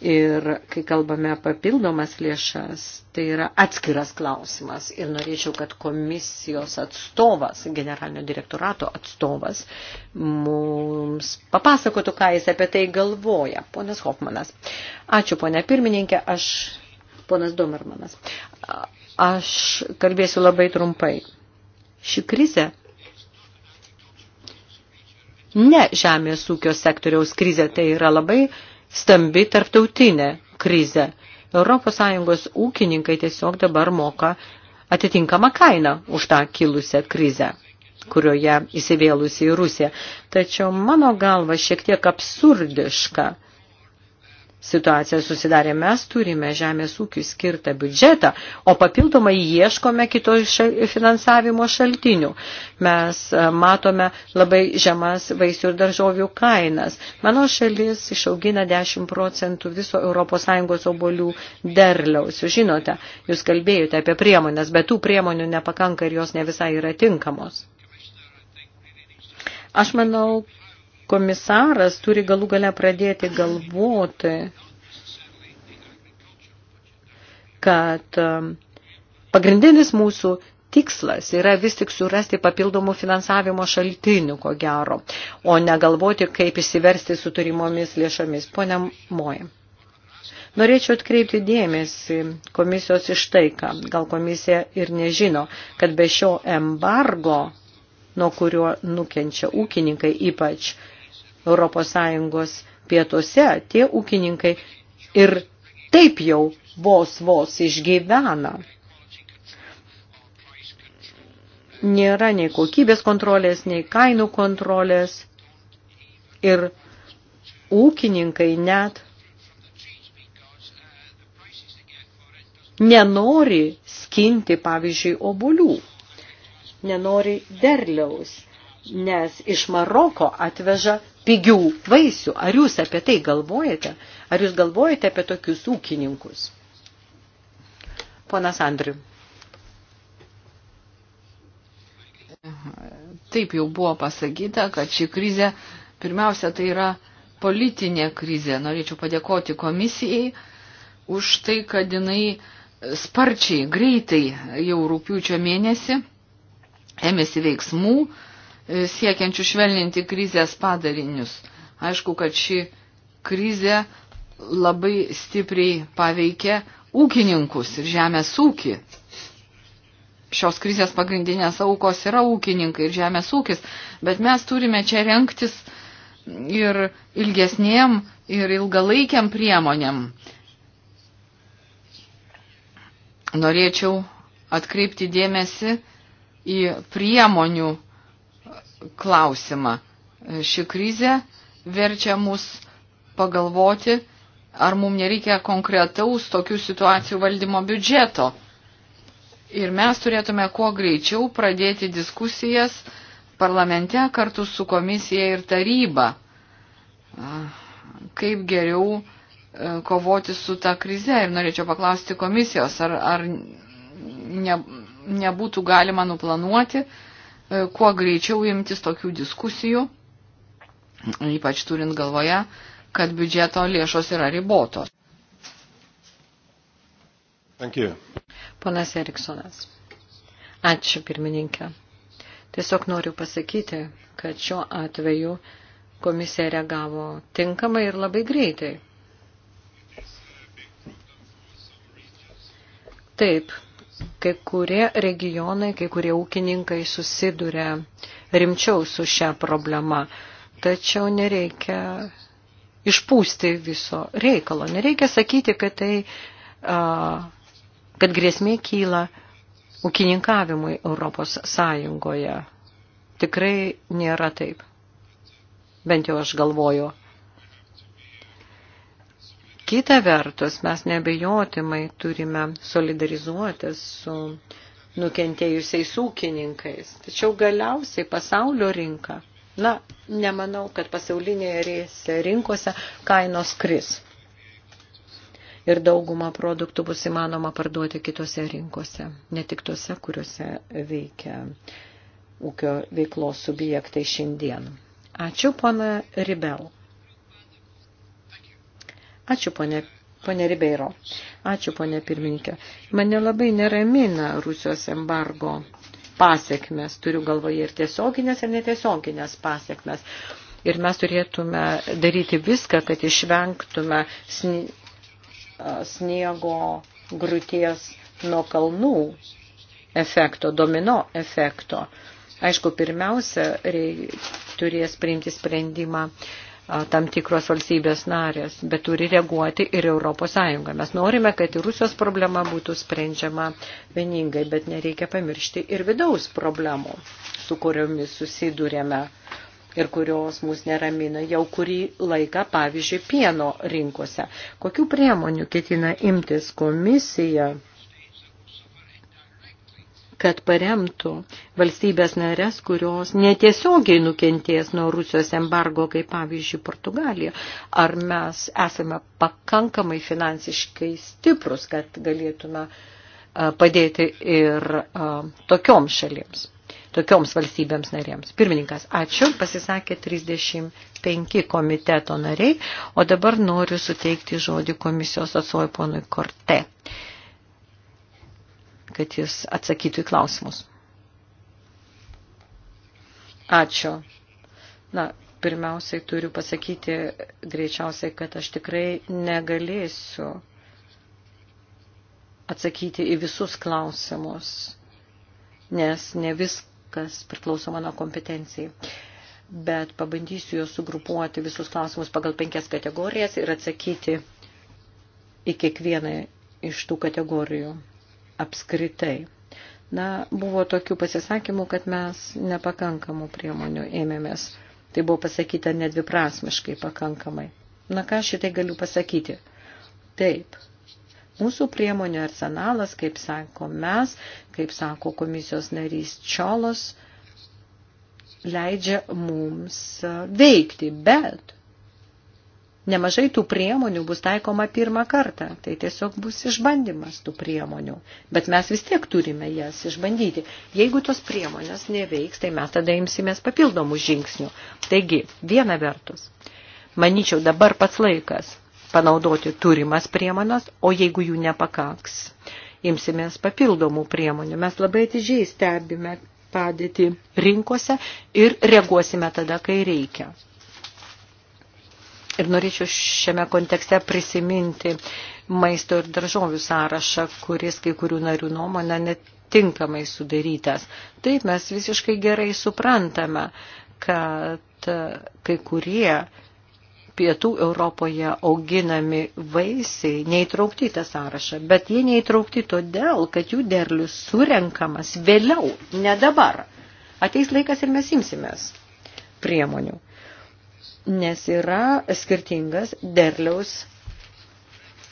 Ir kai kalbame papildomas lėšas, tai yra atskiras klausimas. Ir norėčiau, kad komisijos atstovas, generalinio direktorato atstovas, mums papasakotų, ką jis apie tai galvoja. Ponas Hofmanas. Ačiū, ponė pirmininkė. Aš, ponas Domermanas. Aš kalbėsiu labai trumpai ši krizė ne žemės ūkio sektoriaus krizė, tai yra labai stambi tarptautinė krizė. ES ūkininkai tiesiog dabar moka atitinkamą kainą už tą kilusią krizę kurioje įsivėlusi į Rusiją. Tačiau mano galva šiek tiek absurdiška situacija susidarė. Mes turime žemės ūkiui skirtą biudžetą, o papildomai ieškome kito šal, finansavimo šaltinių. Mes e, matome labai žemas vaisių ir daržovių kainas. Mano šalis išaugina 10 procentų viso ES obolių derliaus. Jūs žinote, jūs kalbėjote apie priemonės, bet tų priemonių nepakanka ir jos ne visai yra tinkamos. Aš manau, komisaras turi galų gale pradėti galvoti, kad um, pagrindinis mūsų tikslas yra vis tik surasti papildomų finansavimo šaltinių, ko gero, o negalvoti, kaip įsiversti su turimomis lėšomis. Pone Moja, norėčiau atkreipti dėmesį komisijos iš tai, ką gal komisija ir nežino, kad be šio embargo, nuo kurio nukenčia ūkininkai, ypač ES pietuose tie ūkininkai ir taip jau vos vos išgyvena. Nėra nei kokybės kontrolės, nei kainų kontrolės ir ūkininkai net nenori skinti, pavyzdžiui, obulių, nenori derliaus, nes iš Maroko atveža pigių vaisių. Ar jūs apie tai galvojate? Ar jūs galvojate apie tokius ūkininkus? Ponas Andriu. Taip jau buvo pasakyta, kad ši krizė pirmiausia tai yra politinė krizė. Norėčiau padėkoti komisijai už tai, kad jinai sparčiai, greitai jau rūpiučio mėnesį ėmėsi veiksmų, E, siekiančių švelninti krizės padarinius. Aišku, kad ši krizė labai stipriai paveikė ūkininkus ir žemės ūkį. Šios krizės pagrindinės aukos yra ūkininkai ir žemės ūkis, bet mes turime čia renktis ir ilgesniem, ir ilgalaikiam priemonėm. Norėčiau atkreipti dėmesį į priemonių klausimą. Ši krizė verčia mus pagalvoti, ar mums nereikia konkretaus tokių situacijų valdymo biudžeto. Ir mes turėtume kuo greičiau pradėti diskusijas parlamente kartu su komisija ir taryba, kaip geriau e, kovoti su ta krize. Ir norėčiau paklausti komisijos, ar, ar ne, nebūtų galima nuplanuoti uh, E, kuo greičiau imtis tokių diskusijų, ypač turint galvoje, kad biudžeto lėšos yra ribotos. Ponas Eriksonas. Ačiū pirmininkė. Tiesiog noriu pasakyti, kad šiuo atveju komisija reagavo tinkamai ir labai greitai. Taip, Kai kurie regionai, kai kurie ūkininkai susiduria rimčiau su šią problemą, tačiau nereikia išpūsti viso reikalo. Nereikia sakyti, kad tai, kad grėsmė kyla ūkininkavimui Europos Sąjungoje. Tikrai nėra taip. Bent jau aš galvoju Kita vertus, mes nebejotimai turime solidarizuotis su nukentėjusiais ūkininkais. Tačiau galiausiai pasaulio rinka, na, nemanau, kad pasaulinėje rinkose kainos kris. Ir daugumą produktų bus įmanoma parduoti kitose rinkose, ne tik tose, kuriuose veikia ūkio veiklos subjektai šiandien. Ačiū, pana Ribel. Ačiū, ponė. Pone Ribeiro, ačiū ponė pirmininkė. Mane labai neramina Rusijos embargo pasiekmes, turiu galvoje ir tiesioginės, ir netiesioginės pasiekmes. Ir mes turėtume daryti viską, kad išvengtume sniego grūties nuo kalnų efekto, domino efekto. Aišku, pirmiausia, rei, turės priimti sprendimą uh, tam tikros valstybės narės, bet turi reaguoti ir Europos Sąjunga. Mes norime, kad ir Rusijos problema būtų sprendžiama vieningai, bet nereikia pamiršti ir vidaus problemų, su kuriomis susidūrėme ir kurios mus neramina jau kurį laiką, pavyzdžiui, pieno rinkose. Kokių priemonių ketina imtis komisija kad paremtų valstybės narės, kurios netiesiogiai nukentės nuo Rusijos embargo, kaip pavyzdžiui Portugalija. Ar mes esame pakankamai finansiškai stiprus, kad galėtume padėti ir tokioms šalims? tokioms valstybėms narėms. Pirmininkas, ačiū, pasisakė 35 komiteto nariai, o dabar noriu suteikti žodį komisijos atsovui ponui Korte kad jis atsakytų į klausimus. Ačiū. Na, pirmiausiai turiu pasakyti greičiausiai, kad aš tikrai negalėsiu atsakyti į visus klausimus, nes ne viskas priklauso mano kompetencijai. Bet pabandysiu juos sugrupuoti visus klausimus pagal penkias kategorijas ir atsakyti į kiekvieną iš tų kategorijų apskritai. Na, buvo tokių pasisakymų, kad mes nepakankamų priemonių ėmėmės. Tai buvo pasakyta nedviprasmiškai pakankamai. Na ką šitai galiu pasakyti? Taip. Mūsų priemonių arsenalas, kaip sako mes, kaip sako komisijos narys Čiolos, leidžia mums veikti, bet nemažai tų priemonių bus taikoma pirmą kartą. Tai tiesiog bus išbandymas tų priemonių. Bet mes vis tiek turime jas išbandyti. Jeigu tos priemonės neveiks, tai mes tada imsimės papildomų žingsnių. Taigi, viena vertus, manyčiau dabar pats laikas panaudoti turimas priemonas, o jeigu jų nepakaks, imsimės papildomų priemonių. Mes labai atidžiai stebime padėti rinkose ir reaguosime tada, kai reikia. Ir norėčiau šiame kontekste prisiminti maisto ir daržovių sąrašą, kuris kai kurių narių nuomonę netinkamai sudarytas. Taip mes visiškai gerai suprantame, kad kai kurie pietų Europoje auginami vaisiai neįtraukti į tą sąrašą, bet jie neįtraukti todėl, kad jų derlius surenkamas vėliau, ne dabar. Ateis laikas ir mes imsimės priemonių nes yra skirtingas derliaus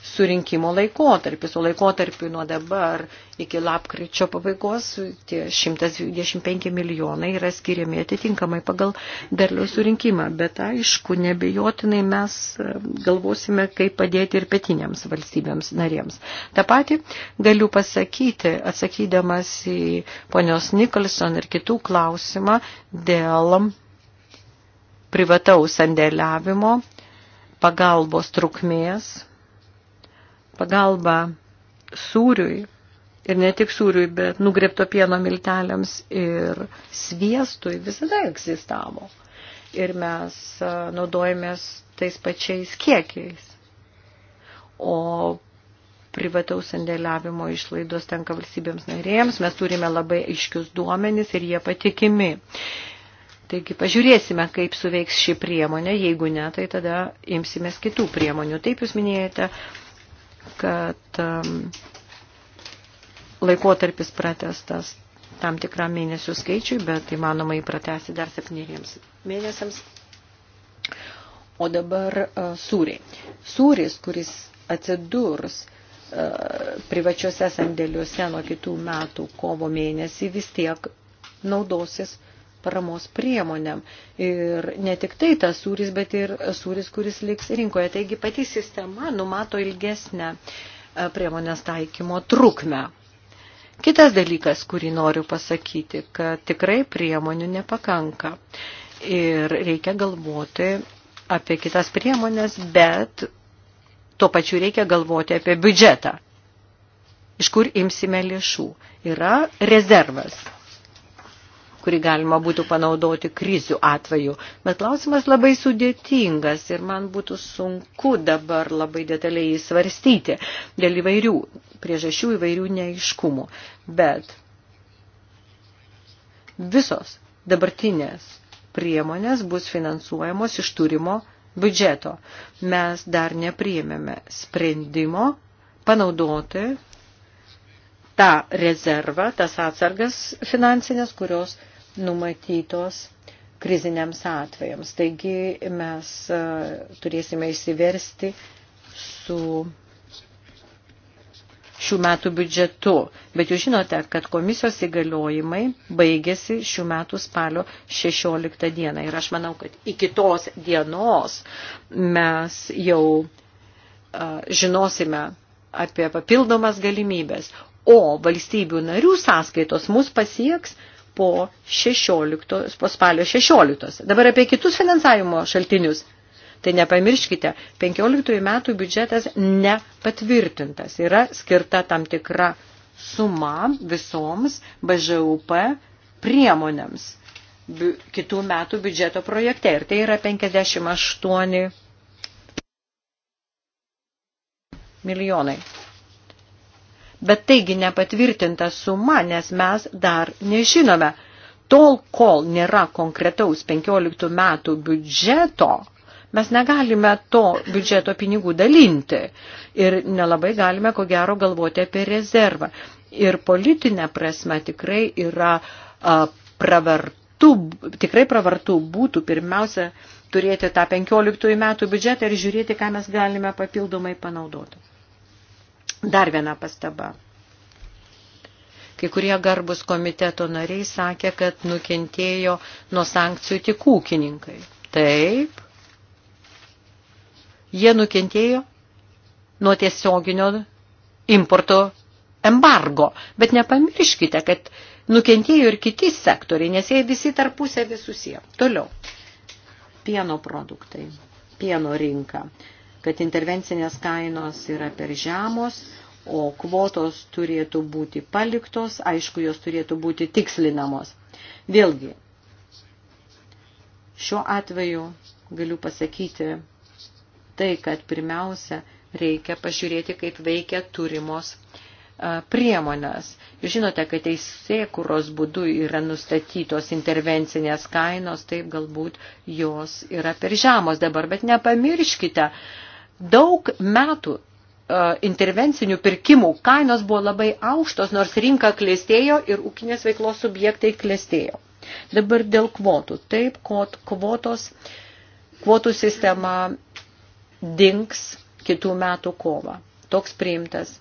surinkimo laikotarpis, o laikotarpiu nuo dabar iki lapkričio pabaigos tie 125 milijonai yra skiriami atitinkamai pagal derlių surinkimą. Bet aišku, nebejotinai mes e, galvosime, kaip padėti ir petiniams valstybėms narėms. Ta pati galiu pasakyti, atsakydamas į ponios Nikolson ir kitų klausimą dėl privataus sandėliavimo, pagalbos trukmės, pagalba sūriui ir ne tik sūriui, bet nugrepto pieno milteliams ir sviestui visada egzistavo. Ir mes naudojamės tais pačiais kiekiais. O privataus sandėliavimo išlaidos tenka valstybėms narėjams, mes turime labai aiškius duomenys ir jie patikimi. Taigi pažiūrėsime, kaip suveiks ši priemonė, jeigu ne, tai tada imsimės kitų priemonių. Taip jūs minėjote, kad um, laikotarpis pratestas tam tikram mėnesių skaičiui, bet įmanoma jį pratesti dar septyneriems mėnesiams. O dabar uh, sūriai. Sūris, kuris atsidurs uh, privačiuose sandėliuose nuo kitų metų kovo mėnesį, vis tiek naudosis uh, paramos priemonėm. Ir ne tik tai tas sūris, bet ir sūris, kuris liks rinkoje. Taigi pati sistema numato ilgesnę e, priemonės taikymo trukmę. Kitas dalykas, kurį noriu pasakyti, kad tikrai priemonių nepakanka. Ir reikia galvoti apie kitas priemonės, bet tuo pačiu reikia galvoti apie biudžetą. Iš kur imsime lėšų? Yra rezervas kurį galima būtų panaudoti krizių atveju. Bet klausimas labai sudėtingas ir man būtų sunku dabar labai detaliai įsvarstyti dėl įvairių priežasčių, įvairių neiškumų. Bet visos dabartinės priemonės bus finansuojamos iš turimo biudžeto. Mes dar nepriėmėme sprendimo panaudoti tą rezervą, tas atsargas finansinės, kurios numatytos kriziniams atvejams. Taigi mes e, turėsime įsiversti su šių metų biudžetu. Bet jūs žinote, kad komisijos įgaliojimai baigėsi šių metų spalio 16 dieną. Ir aš manau, kad iki tos dienos mes jau uh, žinosime apie papildomas galimybės. O valstybių narių sąskaitos mus pasieks uh, po, 16, po spalio 16. Dabar apie kitus finansavimo šaltinius. Tai nepamirškite, 15 metų biudžetas nepatvirtintas. Yra skirta tam tikra suma visoms BŽUP priemonėms kitų metų biudžeto projekte. Ir tai yra 58 milijonai. Bet taigi nepatvirtinta suma, nes mes dar nežinome. Tol, kol nėra konkretaus 15 metų biudžeto, mes negalime to biudžeto pinigų dalinti ir nelabai galime, ko gero, galvoti apie rezervą. Ir politinė prasme tikrai yra a, pravartu, tikrai pravartu būtų pirmiausia turėti tą 15 metų biudžetą ir žiūrėti, ką mes galime papildomai panaudoti. Dar viena pastaba. Kai kurie garbus komiteto nariai sakė, kad nukentėjo nuo sankcijų tik ūkininkai. Taip. Jie nukentėjo nuo tiesioginio importo embargo. Bet nepamirškite, kad nukentėjo ir kiti sektoriai, nes jie visi tarpusė visus jie. Toliau. Pieno produktai. Pieno rinka kad intervencinės kainos yra per žemos, o kvotos turėtų būti paliktos, aišku, jos turėtų būti tikslinamos. Vėlgi, šiuo atveju galiu pasakyti tai, kad pirmiausia reikia pažiūrėti, kaip veikia turimos priemonės. Jūs žinote, kad teisėkuros būdu yra nustatytos intervencinės kainos, taip galbūt jos yra per žemos dabar, bet nepamirškite, uh, Daug metų e, intervencinių pirkimų kainos buvo labai aukštos, nors rinka klėstėjo ir ūkinės veiklos subjektai klėstėjo. Dabar dėl kvotų. Taip, kvotos, kvotų sistema dinks kitų metų kovą. Toks priimtas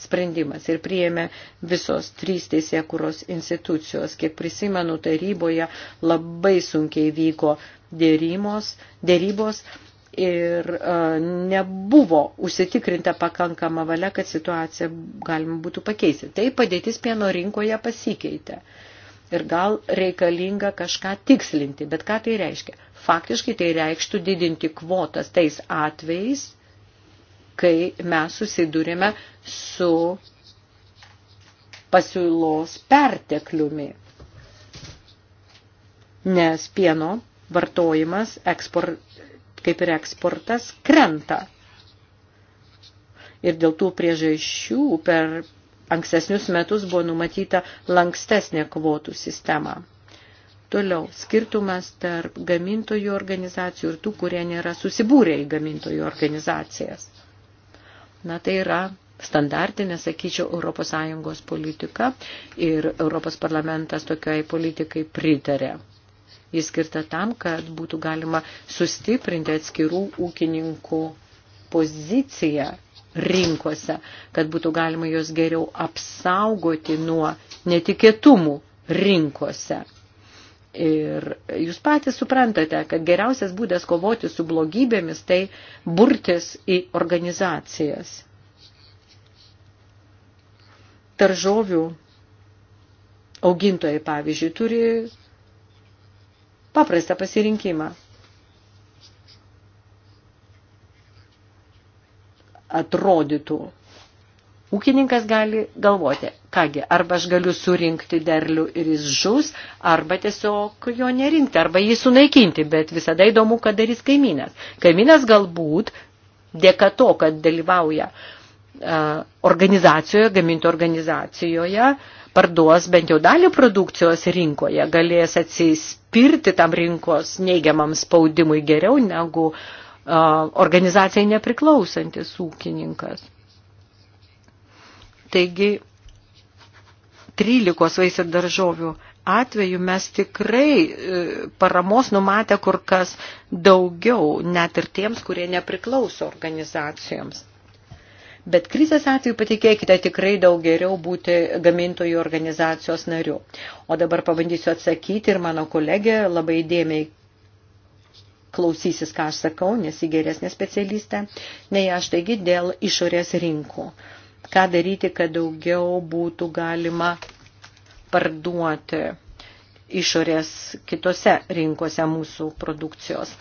sprendimas ir priėmė visos trys teisėkuros institucijos. Kiek prisimenu, taryboje labai sunkiai vyko dėrymos, dėrybos, dėrybos ir e, nebuvo užsitikrinta pakankama valia, kad situaciją galima būtų pakeisti. Tai padėtis pieno rinkoje pasikeitė. Ir gal reikalinga kažką tikslinti. Bet ką tai reiškia? Faktiškai tai reikštų didinti kvotas tais atvejais, kai mes susidūrėme su pasiūlos pertekliumi. Nes pieno vartojimas ekspor, kaip ir eksportas, krenta. Ir dėl tų priežasčių per ankstesnius metus buvo numatyta lankstesnė kvotų sistema. Toliau, skirtumas tarp gamintojų organizacijų ir tų, kurie nėra susibūrę į gamintojų organizacijas. Na, tai yra standartinė, sakyčiau, ES politika ir Europos parlamentas tokiai politikai pritarė. Jis skirta tam, kad būtų galima sustiprinti atskirų ūkininkų poziciją rinkose, kad būtų galima jos geriau apsaugoti nuo netikėtumų rinkose. Ir jūs patys suprantate, kad geriausias būdas kovoti su blogybėmis tai burtis į organizacijas. Taržovių augintojai, pavyzdžiui, turi paprastą pasirinkimą. Atrodytų, ūkininkas gali galvoti, kągi, arba aš galiu surinkti derlių ir jis žus, arba tiesiog jo nerinkti, arba jį sunaikinti, bet visada įdomu, ką darys kaimynas. Kaimynas galbūt dėka to, kad dalyvauja uh, E, organizacijoje, gamintų organizacijoje, parduos bent jau dalį produkcijos rinkoje, galės atsispirti tam rinkos neigiamam spaudimui geriau negu e, organizacijai nepriklausantis ūkininkas. Taigi, 13 vaisių daržovių atveju mes tikrai e, paramos numatę kur kas daugiau, net ir tiems, kurie nepriklauso organizacijoms bet krizės atveju patikėkite tikrai daug geriau būti gamintojų organizacijos nariu. O dabar pabandysiu atsakyti ir mano kolegė labai dėmiai klausysis, ką aš sakau, nes jį geresnė specialistė, nei aš taigi dėl išorės rinkų. Ką daryti, kad daugiau būtų galima parduoti išorės kitose rinkose mūsų produkcijos.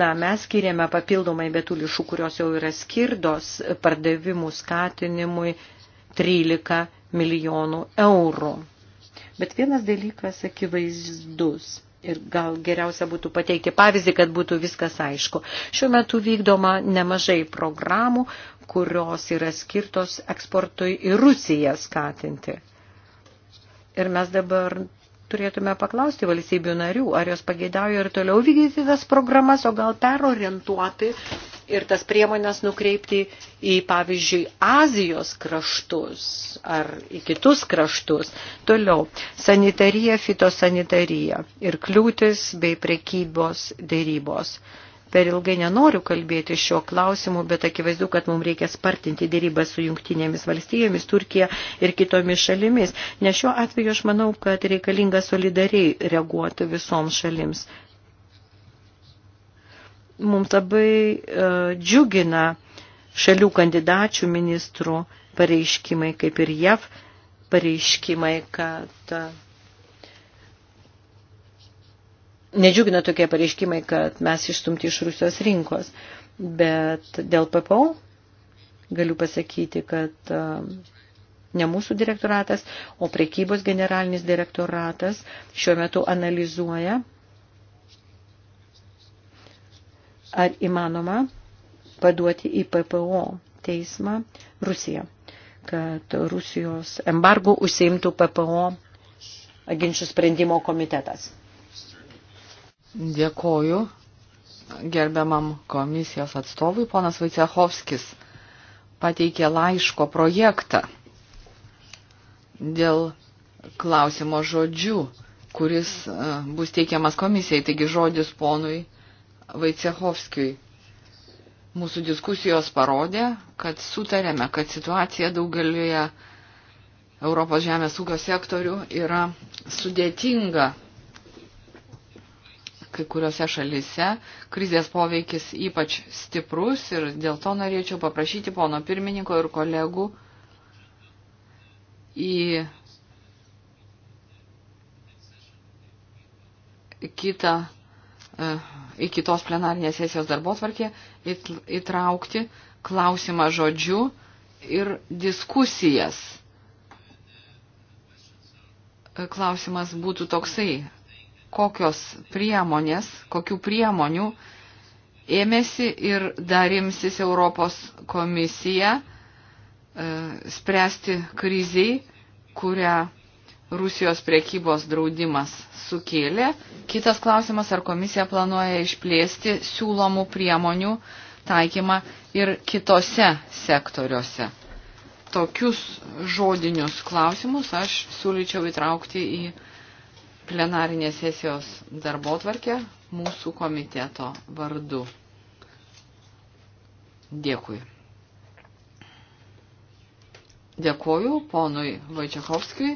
Na, mes skiriame papildomai betų lišų, kurios jau yra skirdos pardavimų skatinimui 13 milijonų eurų. Bet vienas dalykas akivaizdus ir gal geriausia būtų pateikti pavyzdį, kad būtų viskas aišku. Šiuo metu vykdoma nemažai programų, kurios yra skirtos eksportui į Rusiją skatinti. Ir mes dabar turėtume paklausti valstybių narių, ar jos pageidauja ir toliau vykdyti tas programas, o gal perorientuoti ir tas priemonės nukreipti į, pavyzdžiui, Azijos kraštus ar į kitus kraštus. Toliau, sanitarija, fitosanitarija ir kliūtis bei prekybos dėrybos per ilgai nenoriu kalbėti šio klausimu, bet akivaizdu, kad mums reikia spartinti dėrybą su jungtinėmis valstybėmis, Turkija ir kitomis šalimis. Nes šiuo atveju aš manau, kad reikalinga solidariai reaguoti visoms šalims. Mums labai uh, džiugina šalių kandidačių ministrų pareiškimai, kaip ir JAV pareiškimai, kad uh, nedžiugina tokie pareiškimai, kad mes išstumti iš Rusijos rinkos. Bet dėl PPO galiu pasakyti, kad um, ne mūsų direktoratas, o prekybos generalinis direktoratas šiuo metu analizuoja, ar įmanoma paduoti į PPO teismą Rusiją, kad Rusijos embargo užsiimtų PPO ginčių sprendimo komitetas. Dėkoju gerbiamam komisijos atstovui. Ponas Vaicehovskis pateikė laiško projektą dėl klausimo žodžių, kuris e, bus teikiamas komisijai, taigi žodis ponui Vaicehovskijui. Mūsų diskusijos parodė, kad sutarėme, kad situacija daugelioje Europos žemės ūkio sektorių yra sudėtinga kai kuriuose šalise krizės poveikis ypač stiprus ir dėl to norėčiau paprašyti pono pirmininko ir kolegų į kitą, e, į kitos plenarinės sesijos darbo tvarkė įtraukti klausimą žodžiu ir diskusijas. E, klausimas būtų toksai, kokios priemonės, kokių priemonių ėmėsi ir dar imsis Europos komisija e, spręsti kriziai, kurią Rusijos priekybos draudimas sukėlė. Kitas klausimas, ar komisija planuoja išplėsti siūlomų priemonių taikymą ir kitose sektoriuose. Tokius žodinius klausimus aš siūlyčiau įtraukti į plenarinės sesijos darbo tvarkę mūsų komiteto vardu. Dėkui. Dėkuoju ponui Vaičiakovskijui.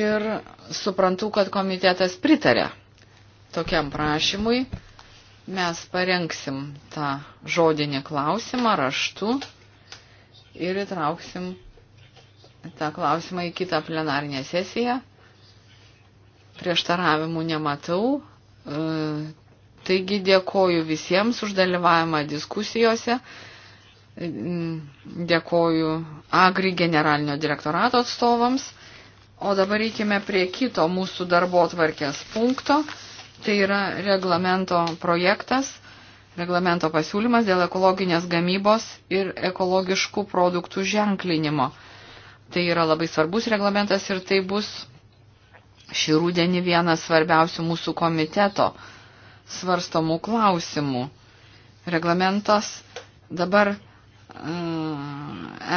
Ir suprantu, kad komitetas pritarė tokiam prašymui. Mes parengsim tą žodinį klausimą raštu ir įtrauksim tą klausimą į kitą plenarinę sesiją. Prieštaravimų nematau. E, taigi dėkoju visiems už dalyvavimą diskusijose. E, dėkoju Agri generalinio direktorato atstovams. O dabar reikime prie kito mūsų darbo tvarkės punkto. Tai yra reglamento projektas, reglamento pasiūlymas dėl ekologinės gamybos ir ekologiškų produktų ženklinimo. Tai yra labai svarbus reglamentas ir tai bus šį rūdienį vienas svarbiausių mūsų komiteto svarstomų klausimų. Reglamentas dabar e,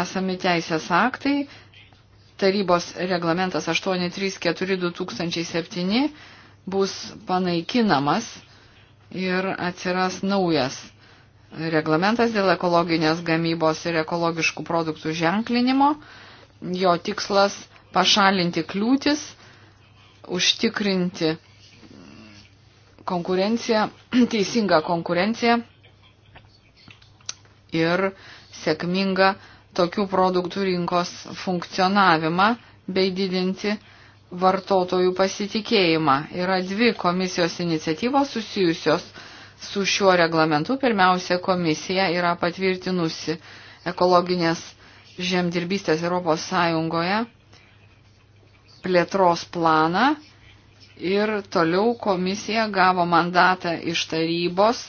esami teisės aktai, tarybos reglamentas 834-2007 bus panaikinamas ir atsiras naujas reglamentas dėl ekologinės gamybos ir ekologiškų produktų ženklinimo. Jo tikslas pašalinti kliūtis, užtikrinti konkurenciją, teisingą konkurenciją ir sėkmingą tokių produktų rinkos funkcionavimą bei didinti vartotojų pasitikėjimą. Yra dvi komisijos iniciatyvos susijusios su šiuo reglamentu. Pirmiausia, komisija yra patvirtinusi ekologinės žemdirbystės Europos Sąjungoje plėtros planą ir toliau komisija gavo mandatą iš tarybos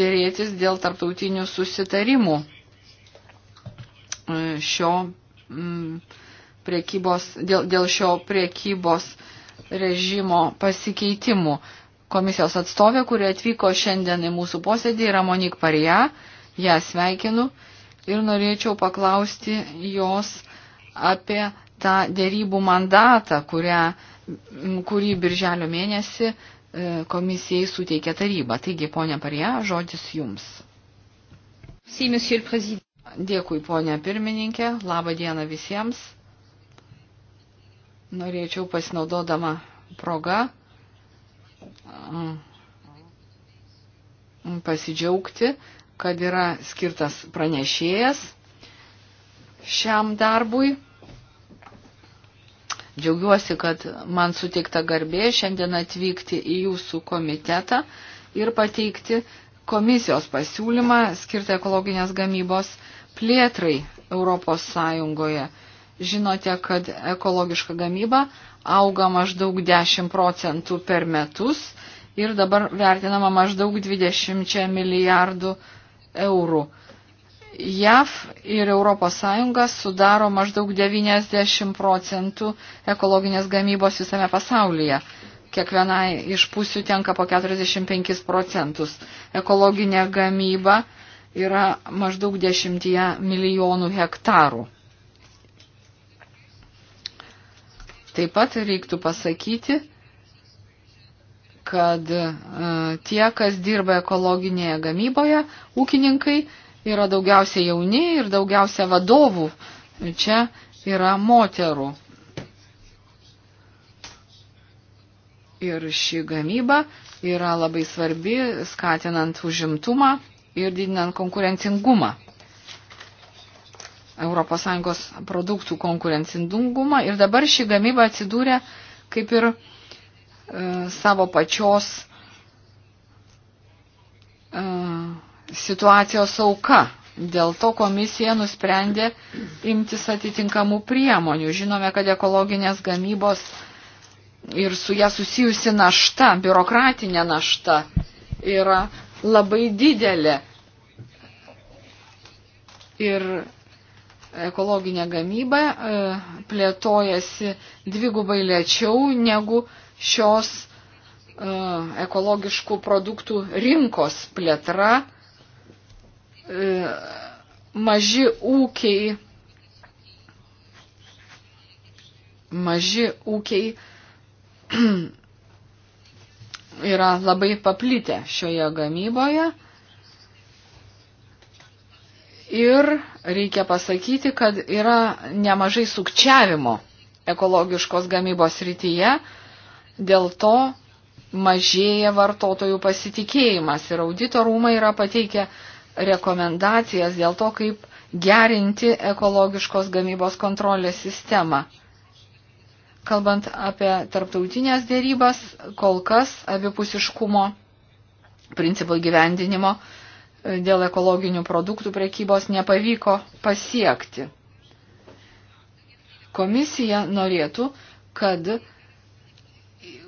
dėrėtis dėl tarptautinių susitarimų e, šio priekybos, dėl, dėl šio priekybos režimo pasikeitimų. Komisijos atstovė, kuri atvyko šiandien į mūsų posėdį, yra Monik Parija. Ja sveikinu ir norėčiau paklausti jos apie tą dėrybų mandatą, kurią, kurį birželio mėnesį e, komisijai suteikė taryba. Taigi, ponia Parija, žodis jums. Si, Dėkui, ponia pirmininkė. Labą dieną visiems. Norėčiau pasinaudodama progą pasidžiaugti kad yra skirtas pranešėjas šiam darbui. Džiaugiuosi, kad man sutikta garbė šiandien atvykti į jūsų komitetą ir pateikti komisijos pasiūlymą skirtą ekologinės gamybos plėtrai Europos Sąjungoje. Žinote, kad ekologiška gamyba auga maždaug 10 procentų per metus ir dabar vertinama maždaug 20 milijardų eurų eurų. JAV ir ES sudaro maždaug 90 procentų ekologinės gamybos visame pasaulyje. Kiekvienai iš pusių tenka po 45 procentus. Ekologinė gamyba yra maždaug 10 milijonų hektarų. Taip pat reiktų pasakyti, kad e, tie, kas dirba ekologinėje gamyboje, ūkininkai, yra daugiausia jauni ir daugiausia vadovų. Čia yra moterų. Ir ši gamyba yra labai svarbi, skatinant užimtumą ir didinant konkurencingumą. ES produktų konkurencingumą. Ir dabar ši gamyba atsidūrė kaip ir E, savo pačios e, situacijos auka. Dėl to komisija nusprendė imtis atitinkamų priemonių. Žinome, kad ekologinės gamybos ir su ją susijusi našta, biurokratinė našta yra labai didelė. Ir ekologinė gamyba e, plėtojasi dvigubai lėčiau negu šios uh, ekologiškų produktų rinkos plėtra. Uh, maži ūkiai, maži ūkiai yra labai paplitę šioje gamyboje. Ir reikia pasakyti, kad yra nemažai sukčiavimo ekologiškos gamybos rytyje, uh, Dėl to mažėja vartotojų pasitikėjimas ir audito rūmai yra pateikę rekomendacijas dėl to, kaip gerinti ekologiškos gamybos kontrolės sistemą. Kalbant apie tarptautinės dėrybas, kol kas abipusiškumo principo gyvendinimo e, dėl ekologinių produktų prekybos nepavyko pasiekti. Komisija norėtų, kad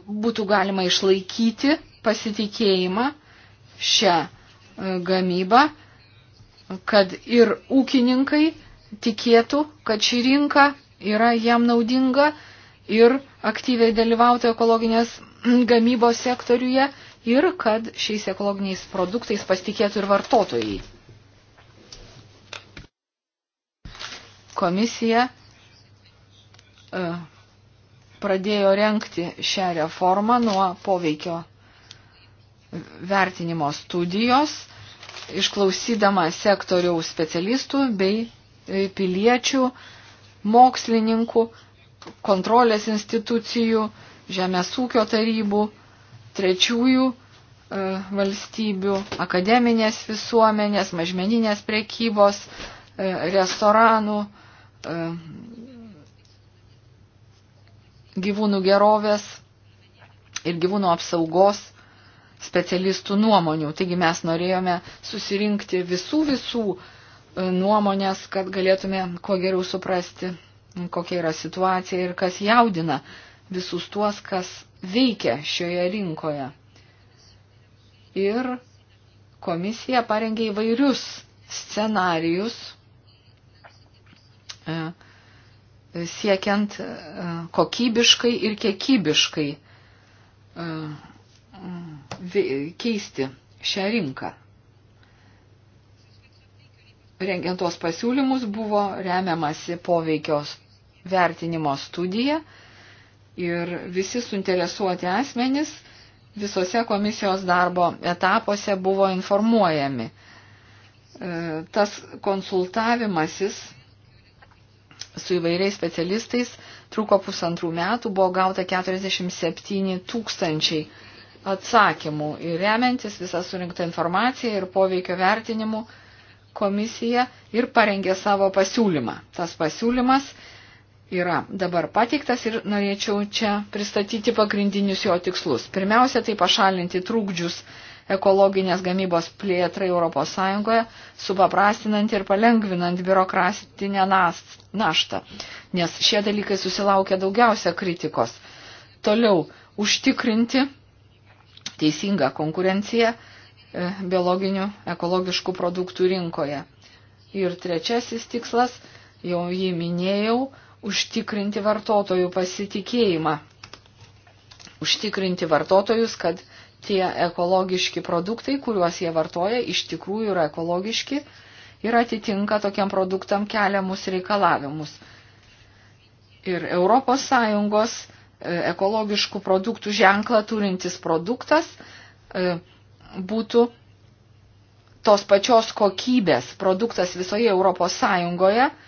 būtų galima išlaikyti pasitikėjimą šią e, gamybą, kad ir ūkininkai tikėtų, kad ši rinka yra jam naudinga ir aktyviai dalyvauti ekologinės gamybos sektoriuje ir kad šiais ekologiniais produktais pasitikėtų ir vartotojai. Komisija uh, pradėjo renkti šią reformą nuo poveikio vertinimo studijos, išklausydama sektoriaus specialistų bei e, piliečių, mokslininkų, kontrolės institucijų, žemės ūkio tarybų, trečiųjų e, valstybių, akademinės visuomenės, mažmeninės prekybos, e, restoranų, gyvūnų gerovės ir gyvūnų apsaugos specialistų nuomonių. Taigi mes norėjome susirinkti visų visų e, nuomonės, kad galėtume kuo geriau suprasti, kokia yra situacija ir kas jaudina visus tuos, kas veikia šioje rinkoje. Ir komisija parengė įvairius scenarijus, e, siekiant e, kokybiškai ir kiekybiškai e, keisti šią rinką. Rengiant tos pasiūlymus buvo remiamasi poveikios vertinimo studija ir visi suinteresuoti asmenys visose komisijos darbo etapuose buvo informuojami. E, tas konsultavimasis su įvairiais specialistais, truko pusantrų metų, buvo gauta 47 tūkstančiai atsakymų ir remiantis visą surinktą informaciją ir poveikio vertinimu komisija ir parengė savo pasiūlymą. Tas pasiūlymas yra dabar pateiktas ir norėčiau čia pristatyti pagrindinius jo tikslus. Pirmiausia, tai pašalinti trūkdžius ekologinės gamybos plėtrai ES, supaprastinant ir palengvinant biurokratinę naštą, nes šie dalykai susilaukia daugiausia kritikos. Toliau užtikrinti teisingą konkurenciją e, biologinių ekologiškų produktų rinkoje. Ir trečiasis tikslas, jau jį minėjau, užtikrinti vartotojų pasitikėjimą. Užtikrinti vartotojus, kad tie ekologiški produktai, kuriuos jie vartoja, iš tikrųjų yra ekologiški ir atitinka tokiam produktam keliamus reikalavimus. Ir ES e, ekologiškų produktų ženklą turintis produktas e, būtų tos pačios kokybės produktas visoje ES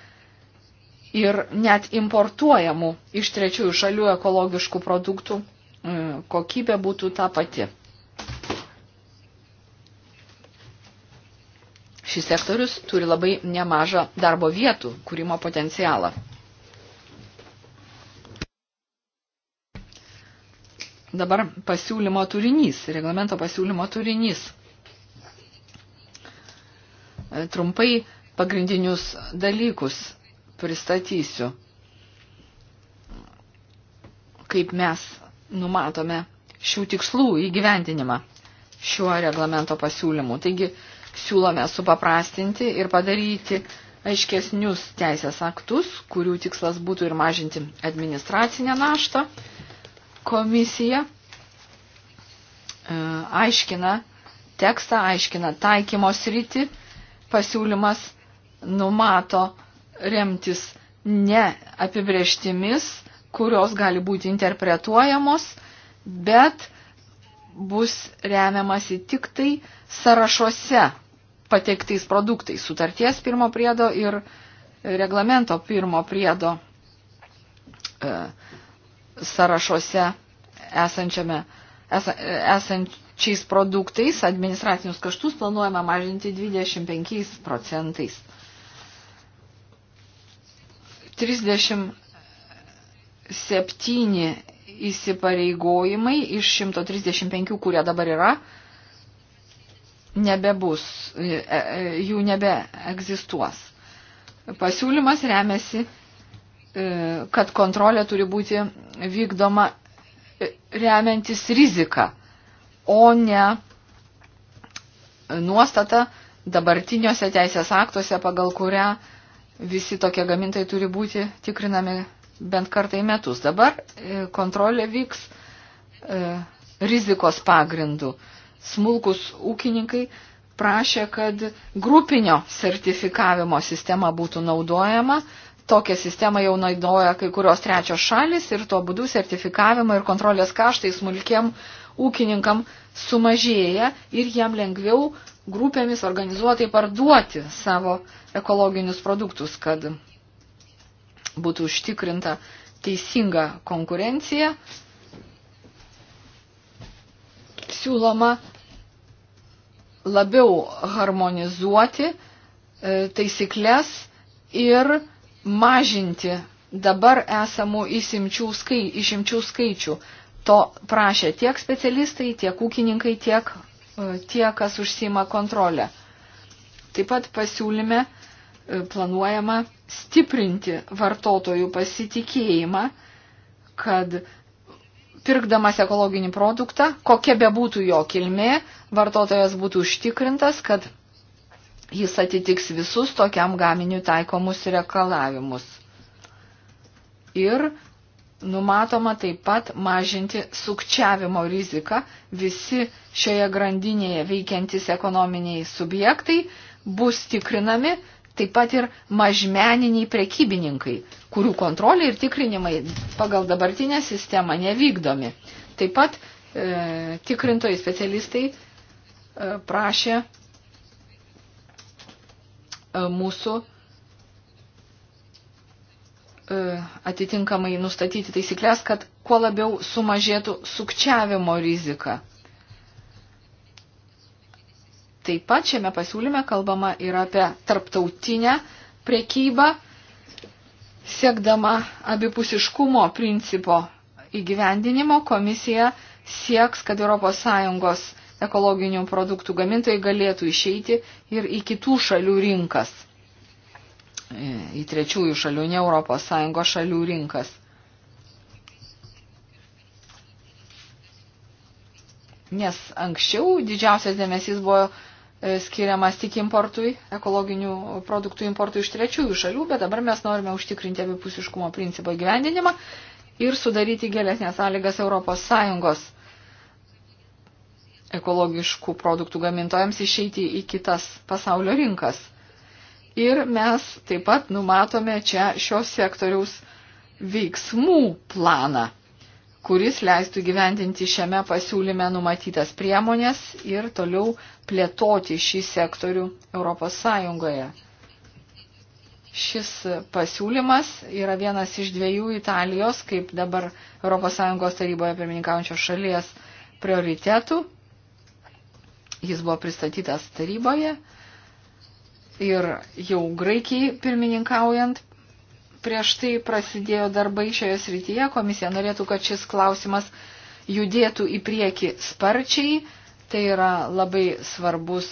ir net importuojamų iš trečiųjų šalių ekologiškų produktų e, kokybė būtų ta pati. šis sektorius turi labai nemažą darbo vietų kūrimo potencialą. Dabar pasiūlymo turinys, reglamento pasiūlymo turinys. Trumpai pagrindinius dalykus pristatysiu, kaip mes numatome šių tikslų įgyvendinimą šiuo reglamento pasiūlymu. Taigi, siūlome supaprastinti ir padaryti aiškesnius teisės aktus, kurių tikslas būtų ir mažinti administracinę naštą. Komisija e, aiškina tekstą, aiškina taikymo sritį, pasiūlymas numato remtis ne apibrieštimis, kurios gali būti interpretuojamos, bet bus remiamasi tik tai sąrašuose pateiktais produktais sutarties pirmo priedo ir e, reglamento pirmo priedo e, sąrašuose esančiame, esa, e, esančiais produktais administracinius kaštus planuojama mažinti 25 procentais. 37 įsipareigojimai iš 135, kurie dabar yra, nebebus, e, e, jų nebeegzistuos. Pasiūlymas remiasi, e, kad kontrolė turi būti vykdoma remiantis riziką, o ne nuostata dabartiniuose teisės aktuose, pagal kurią visi tokie gamintojai turi būti tikrinami bent kartai metus. Dabar kontrolė vyks rizikos pagrindu smulkus ūkininkai prašė, kad grupinio sertifikavimo sistema būtų naudojama. Tokią sistemą jau naudoja kai kurios trečios šalis ir tuo būdu sertifikavimo ir kontrolės kaštai smulkiem ūkininkam sumažėja ir jam lengviau grupėmis organizuotai parduoti savo ekologinius produktus, kad būtų užtikrinta teisinga konkurencija siūloma labiau harmonizuoti e, taisyklės ir mažinti dabar esamų išimčių, skai, išimčių skaičių. To prašė tiek specialistai, tiek ūkininkai, tiek e, tie, kas užsima kontrolę. Taip pat pasiūlyme e, planuojama stiprinti vartotojų pasitikėjimą, kad pirkdamas ekologinį produktą, kokia be būtų jo kilmė, vartotojas būtų užtikrintas, kad jis atitiks visus tokiam gaminiu taikomus reikalavimus. Ir numatoma taip pat mažinti sukčiavimo riziką. Visi šioje grandinėje veikiantys ekonominiai subjektai bus tikrinami taip pat ir mažmeniniai prekybininkai, kurių kontrolė ir tikrinimai pagal dabartinę sistemą nevykdomi. Taip pat e, tikrintojai specialistai e, prašė e, mūsų e, atitinkamai nustatyti taisyklės, kad kuo labiau sumažėtų sukčiavimo rizika. Taip pat šiame pasiūlyme kalbama ir apie tarptautinę prekybą, siekdama abipusiškumo principo įgyvendinimo komisija sieks, kad ES ekologinių produktų gamintojai galėtų išeiti ir į kitų šalių rinkas, e, į trečiųjų šalių, ne ES šalių rinkas. Nes anksčiau didžiausias dėmesys buvo E, skiriamas tik importui, ekologinių produktų importui iš trečiųjų šalių, bet dabar mes norime užtikrinti abipusiškumo principo įgyvendinimą ir sudaryti geresnės sąlygas ES ekologiškų produktų gamintojams išeiti į kitas pasaulio rinkas. Ir mes taip pat numatome čia šios sektoriaus veiksmų planą kuris leistų gyventinti šiame pasiūlyme numatytas priemonės ir toliau plėtoti šį sektorių ES. Šis pasiūlymas yra vienas iš dviejų Italijos, kaip dabar ES taryboje pirmininkaujančios šalies prioritetų. Jis buvo pristatytas taryboje ir jau Graikijai pirmininkaujant prieš tai prasidėjo darbai šioje srityje. Komisija norėtų, kad šis klausimas judėtų į priekį sparčiai. Tai yra labai svarbus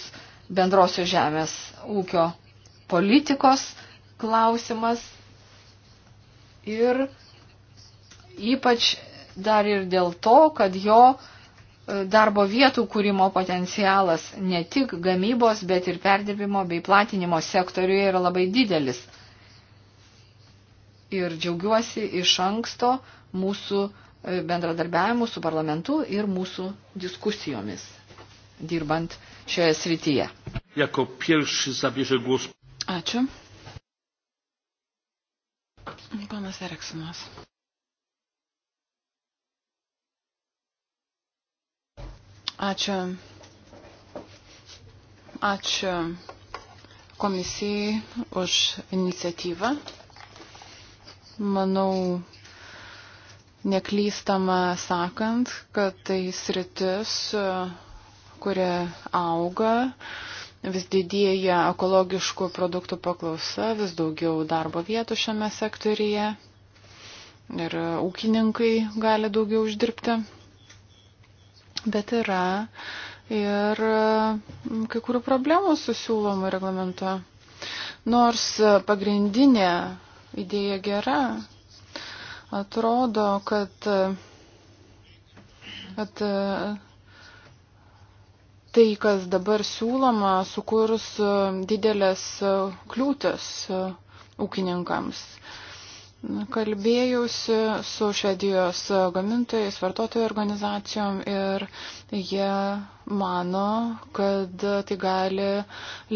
bendrosios žemės ūkio politikos klausimas. Ir ypač dar ir dėl to, kad jo e, darbo vietų kūrimo potencialas ne tik gamybos, bet ir perdirbimo bei platinimo sektoriuje yra labai didelis ir džiaugiuosi iš anksto mūsų e, bendradarbiavimu su parlamentu ir mūsų diskusijomis dirbant šioje srityje. Ačiū. Panas Eriksonas. Ačiū. Ačiū komisijai už iniciatyvą manau, neklystama sakant, kad tai sritis, kuria auga, vis didėja ekologiškų produktų paklausa, vis daugiau darbo vietų šiame sektorije ir ūkininkai gali daugiau uždirbti. Bet yra ir kai kurių problemų su siūlomu reglamentu. Nors pagrindinė idėja gera. Atrodo, kad, kad tai, kas dabar siūloma, sukurs didelės kliūtis ūkininkams. Kalbėjausi su švedijos gamintojais, vartotojų organizacijom ir jie mano, kad tai gali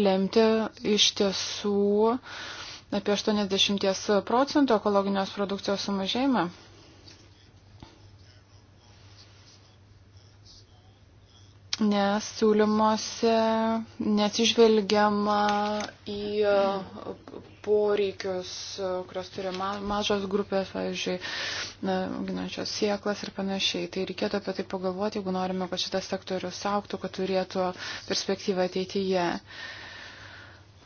lemti iš tiesų uh, apie 80 procentų ekologinės produkcijos sumažėjimą. Nes siūlymuose neatsižvelgiama į poreikius, kurios turi mažos grupės, pavyzdžiui, auginančios sieklas ir panašiai. Tai reikėtų apie tai pagalvoti, jeigu norime, kad šitas sektorius auktų, kad turėtų perspektyvą ateityje. Uh,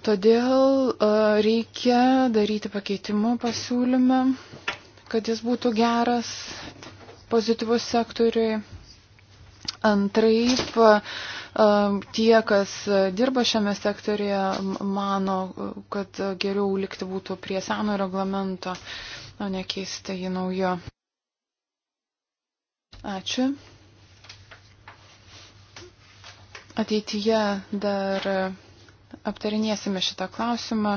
Todėl reikia daryti pakeitimų pasiūlymą, kad jis būtų geras, pozityvus sektoriui. Antraip, tie, kas dirba šiame sektorėje, mano, kad geriau likti būtų prie seno reglamento, o ne keisti į naujo. Ačiū. Ateityje dar aptarinėsime šitą klausimą,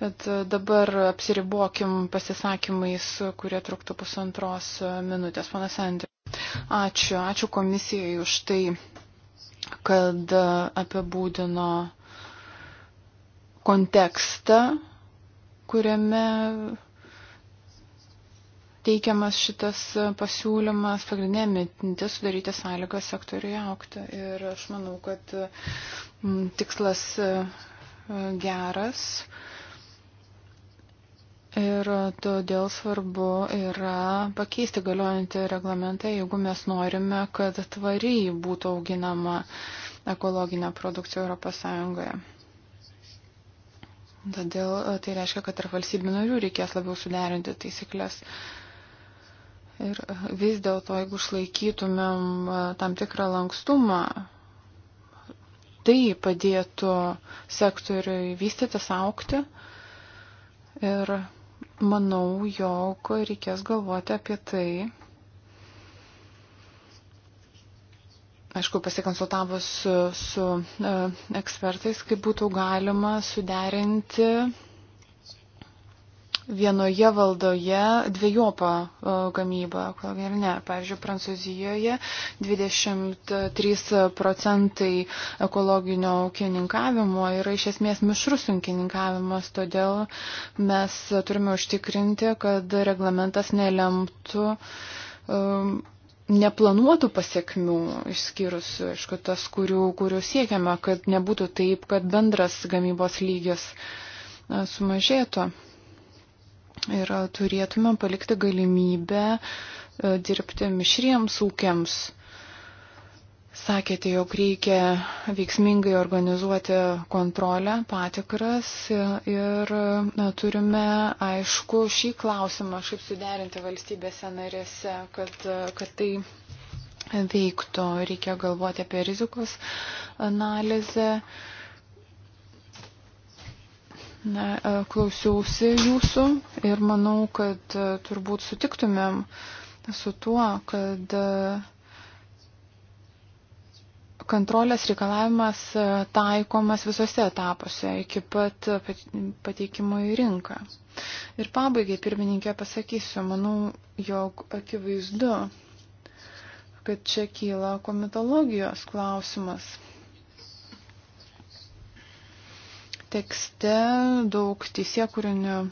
bet dabar apsiribuokim pasisakymais, kurie truktų pusantros minutės. Panas Andriu, ačiū, ačiū komisijai už tai, kad apibūdino kontekstą, kuriame teikiamas šitas pasiūlymas, pagrindinė mintis sudaryti sąlygas sektoriui aukti. Ir aš manau, kad Mm, tikslas e, e, geras. Ir todėl svarbu yra pakeisti galiojantį reglamentą, jeigu mes norime, kad tvariai būtų auginama ekologinė produkcija ES. Todėl e, tai reiškia, kad tarp valstybių narių reikės labiau suderinti taisyklės. Ir vis dėlto, jeigu išlaikytumėm tam tikrą lankstumą, tai padėtų sektoriui vystytis, aukti. Ir manau, jog reikės galvoti apie tai. Aišku, pasikonsultavus su, su e, ekspertais, kaip būtų galima suderinti vienoje valdoje dviejopą e, gamybą, ir ne. Pavyzdžiui, Prancūzijoje 23 procentai ekologinio ūkininkavimo yra iš esmės mišrus ūkininkavimas, todėl mes turime užtikrinti, kad reglamentas nelemtų. Um, neplanuotų pasiekmių, išskyrus, aišku, tas, kurių, kurių siekiama, kad nebūtų taip, kad bendras gamybos lygis e, sumažėtų. Ir turėtume palikti galimybę dirbti mišriems ūkiams. Sakėte, jog reikia veiksmingai organizuoti kontrolę, patikras ir na, turime, aišku, šį klausimą šiaip suderinti valstybėse narėse, kad, kad tai veiktų. Reikia galvoti apie rizikos analizę. Uh, Na, e, klausiausi jūsų ir manau, kad e, turbūt sutiktumėm su tuo, kad e, kontrolės reikalavimas taikomas visose etapuose iki pat pateikimo į rinką. Ir pabaigai, pirmininkė, pasakysiu, manau, jog akivaizdu, kad čia kyla komitologijos klausimas. tekste daug teisėkūrinių e,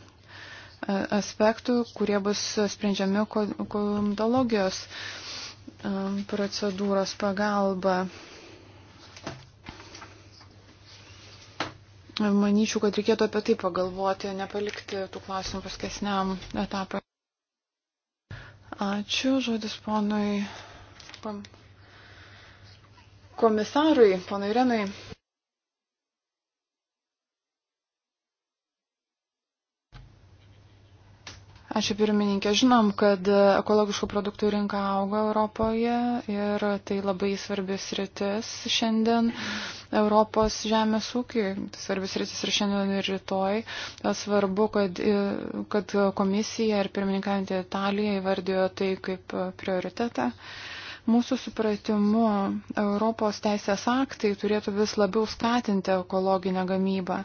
aspektų, kurie bus sprendžiami komitologijos e, procedūros pagalba. Manyčiau, kad reikėtų apie tai pagalvoti, nepalikti tų klausimų paskesniam etapui. Ačiū, žodis ponui komisarui, ponui Renui. Ačiū pirmininkė. Žinom, kad ekologiškų produktų rinka auga Europoje ir tai labai svarbis rytis šiandien Europos žemės ūkiai. Svarbis rytis ir šiandien ir rytoj. Svarbu, kad, kad komisija ir pirmininkavinti Italija įvardėjo tai kaip prioritetą. Mūsų supratimu, Europos teisės aktai turėtų vis labiau skatinti ekologinę gamybą.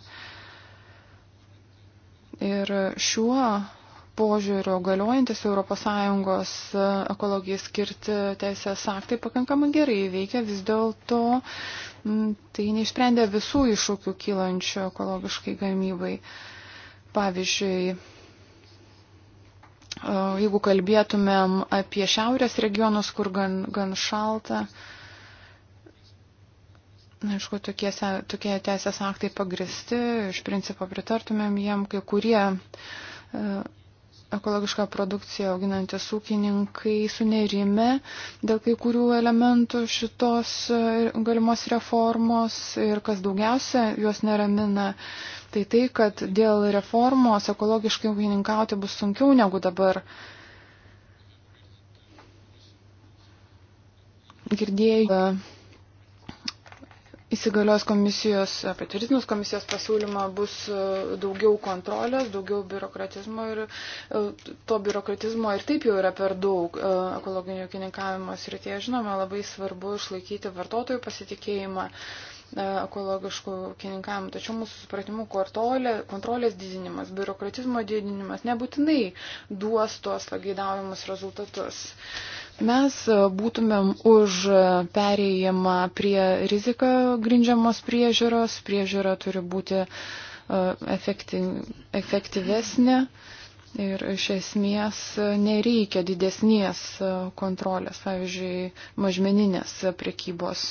Ir šiuo požiūrio galiojantis ES e, ekologijai skirti teisės aktai pakankamai gerai veikia, vis dėlto tai neišsprendė visų iššūkių kylančių ekologiškai gamybai. Pavyzdžiui, e, jeigu kalbėtumėm apie šiaurės regionus, kur gan, gan šalta, Na, aišku, tokie, tokie teisės aktai pagristi, iš principo pritartumėm jiem, kai kurie uh, ekologišką produkciją auginantis ūkininkai sunerime dėl kai kurių elementų šitos e, galimos reformos ir kas daugiausia juos neramina, tai tai, kad dėl reformos ekologiškai ūkininkauti bus sunkiau negu dabar. Girdėjau įsigalios komisijos, patvirtinus komisijos pasiūlymą, bus e, daugiau kontrolės, daugiau biurokratizmo ir e, to biurokratizmo ir taip jau yra per daug e, ekologinio ūkininkavimo srityje. Žinoma, labai svarbu išlaikyti vartotojų pasitikėjimą ekologiškų ūkininkavimų. Tačiau mūsų supratimu, kortolė, kontrolės didinimas, biurokratizmo didinimas nebūtinai duos tuos pageidavimus rezultatus. Uh, Mes e, būtumėm už perėjimą prie riziką grindžiamos priežiūros. Priežiūra turi būti e, efekti, efektyvesnė ir iš esmės nereikia didesnės e, kontrolės, pavyzdžiui, mažmeninės prekybos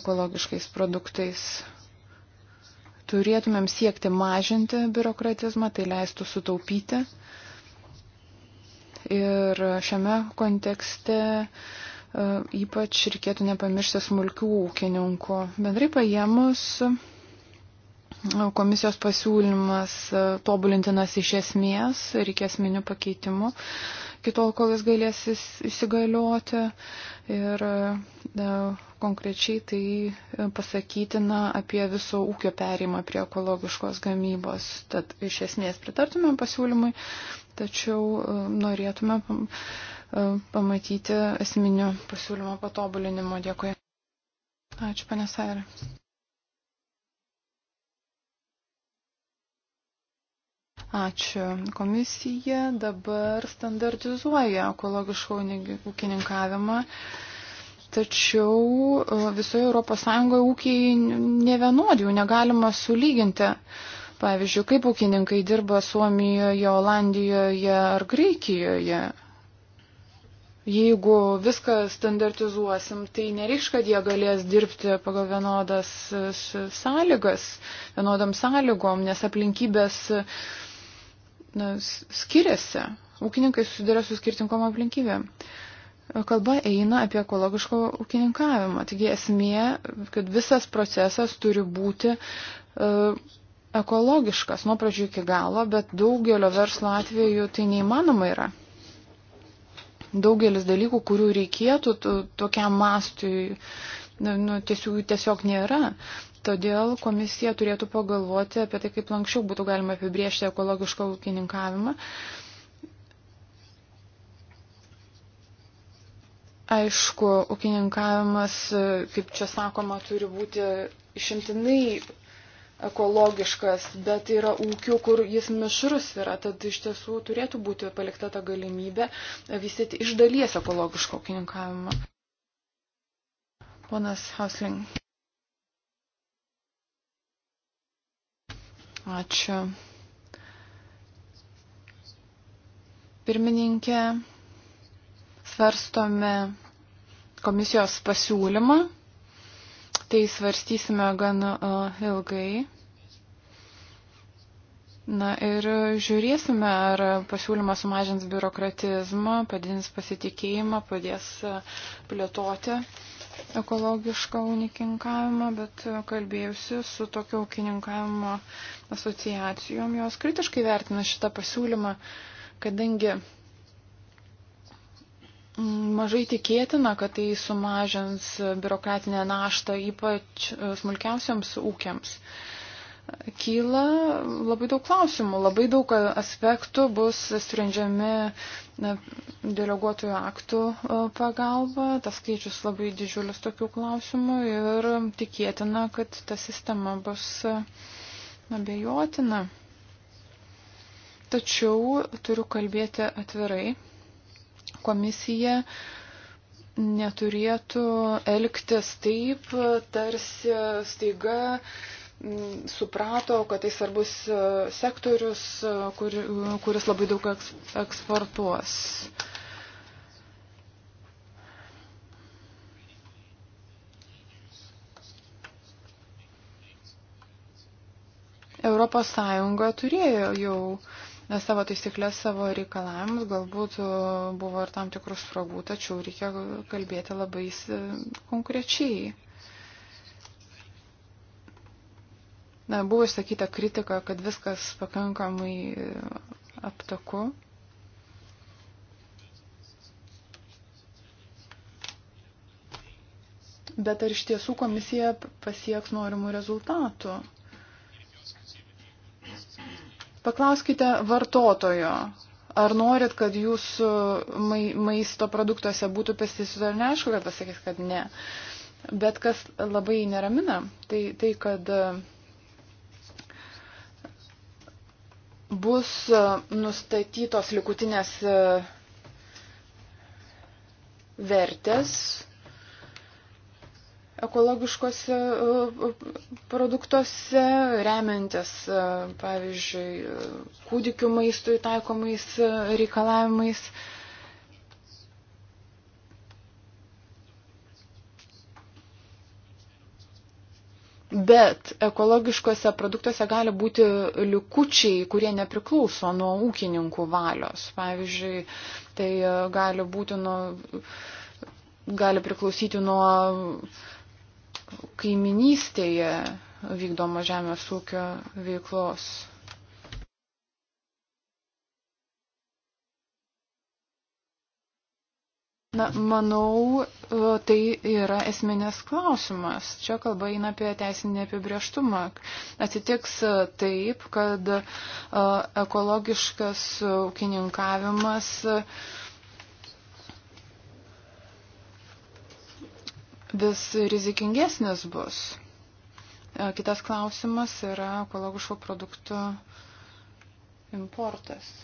ekologiškais produktais. Turėtumėm siekti mažinti biurokratizmą, tai leistų sutaupyti Ir šiame kontekste e, ypač reikėtų nepamiršti smulkių ūkininkų. Bendrai paėmus e, komisijos pasiūlymas e, tobulintinas iš esmės, reikės minių pakeitimų kitol, kol jis galės įsigalioti. Ir da, e, konkrečiai tai e, pasakytina apie viso ūkio perimą prie ekologiškos gamybos. Tad iš esmės pritartume pasiūlymui, tačiau e, norėtume pamatyti esminio pasiūlymo patobulinimo. Dėkui. Ačiū, panė Sairė. Ačiū. Komisija dabar standartizuoja ekologišką ūkininkavimą. Tačiau e, visoje ES ūkiai nevienodi, jų negalima sulyginti. Pavyzdžiui, kaip ūkininkai dirba Suomijoje, Olandijoje ar Graikijoje. Jeigu viską standartizuosim, tai nereikš, kad jie galės dirbti pagal vienodas e, sąlygas, vienodam sąlygom, nes aplinkybės na, skiriasi. Ūkininkai susiduria su skirtingom aplinkybėm. Kalba eina apie ekologišką ūkininkavimą. Taigi esmė, kad visas procesas turi būti uh, ekologiškas nuo pradžių iki galo, bet daugelio verslo atveju tai neįmanoma yra. Daugelis dalykų, kurių reikėtų tokiam mastui, nu, tiesiog, tiesiog nėra. Todėl komisija turėtų pagalvoti apie tai, kaip lankščiau būtų galima apibriežti ekologišką ūkininkavimą. Aišku, ūkininkavimas, kaip čia sakoma, turi būti išimtinai ekologiškas, bet tai yra ūkių, kur jis mišrus yra, tad iš tiesų turėtų būti palikta ta galimybė vystyti iš dalies ekologišką ūkininkavimą. Ponas Hausling. Ačiū. Pirmininkė, svarstome komisijos pasiūlymą. Tai svarstysime gan uh, ilgai. Na ir žiūrėsime, ar pasiūlymas sumažins biurokratizmą, padidins pasitikėjimą, padės e, plėtoti ekologišką unikininkavimą, bet kalbėjusi su tokio ūkininkavimo asociacijom, jos kritiškai vertina šitą pasiūlymą, kadangi mažai tikėtina, kad tai sumažins biurokratinę naštą ypač smulkiausiams ūkiams. Uh, kyla labai daug klausimų, labai daug aspektų bus sprendžiami deleguotojų aktų e, pagalba, tas skaičius labai didžiulis tokių klausimų ir tikėtina, kad ta sistema bus e, abejotina. Tačiau turiu kalbėti atvirai, komisija neturėtų elgtis taip, tarsi staiga suprato, kad tai svarbus e, sektorius, e, kur, e, kuris labai daug eksportuos. Europos Sąjunga turėjo jau savo taisyklės, savo reikalavimus, galbūt buvo ir tam tikrus spragų, tačiau reikia kalbėti labai konkrečiai. Na, buvo išsakyta kritika, kad viskas pakankamai e, aptaku. Bet ar iš tiesų komisija pasieks norimų rezultatų? Paklauskite vartotojo, ar norit, kad jūsų e, maisto produktuose būtų pesticidų ar neaišku, kad pasakys, kad ne. Bet kas labai neramina, tai, tai kad uh, bus e, nustatytos likutinės e, vertės ekologiškose e, produktuose, remiantis, pavyzdžiui, kūdikių maistui taikomais reikalavimais. Bet ekologiškose produktuose gali būti likučiai, kurie nepriklauso nuo ūkininkų valios. Pavyzdžiui, tai e, gali būti nuo, gali priklausyti nuo kaiminystėje vykdomo žemės ūkio veiklos. Na, manau, e, tai yra esminės klausimas. Čia kalba eina apie teisinį apibrieštumą. Atsitiks e, taip, kad e, ekologiškas ūkininkavimas vis rizikingesnis bus. Kitas klausimas yra ekologiškų produktų importas.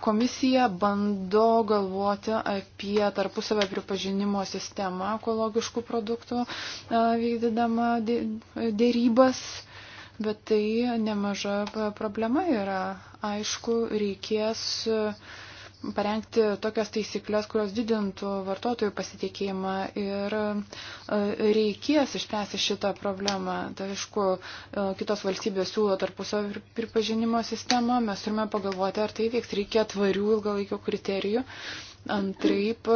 Komisija bando galvoti apie tarpusavę pripažinimo sistemą ekologiškų produktų vykdydama dėrybas, bet tai nemaža problema yra. Aišku, reikės uh, parengti tokias taisyklės, kurios didintų vartotojų pasitikėjimą ir e, reikės išspręsti šitą problemą. Tai aišku, e, kitos valstybės siūlo tarpusavio pripažinimo sistemą, mes turime pagalvoti, ar tai vyks. Reikia tvarių ilgalaikio kriterijų. Antraip,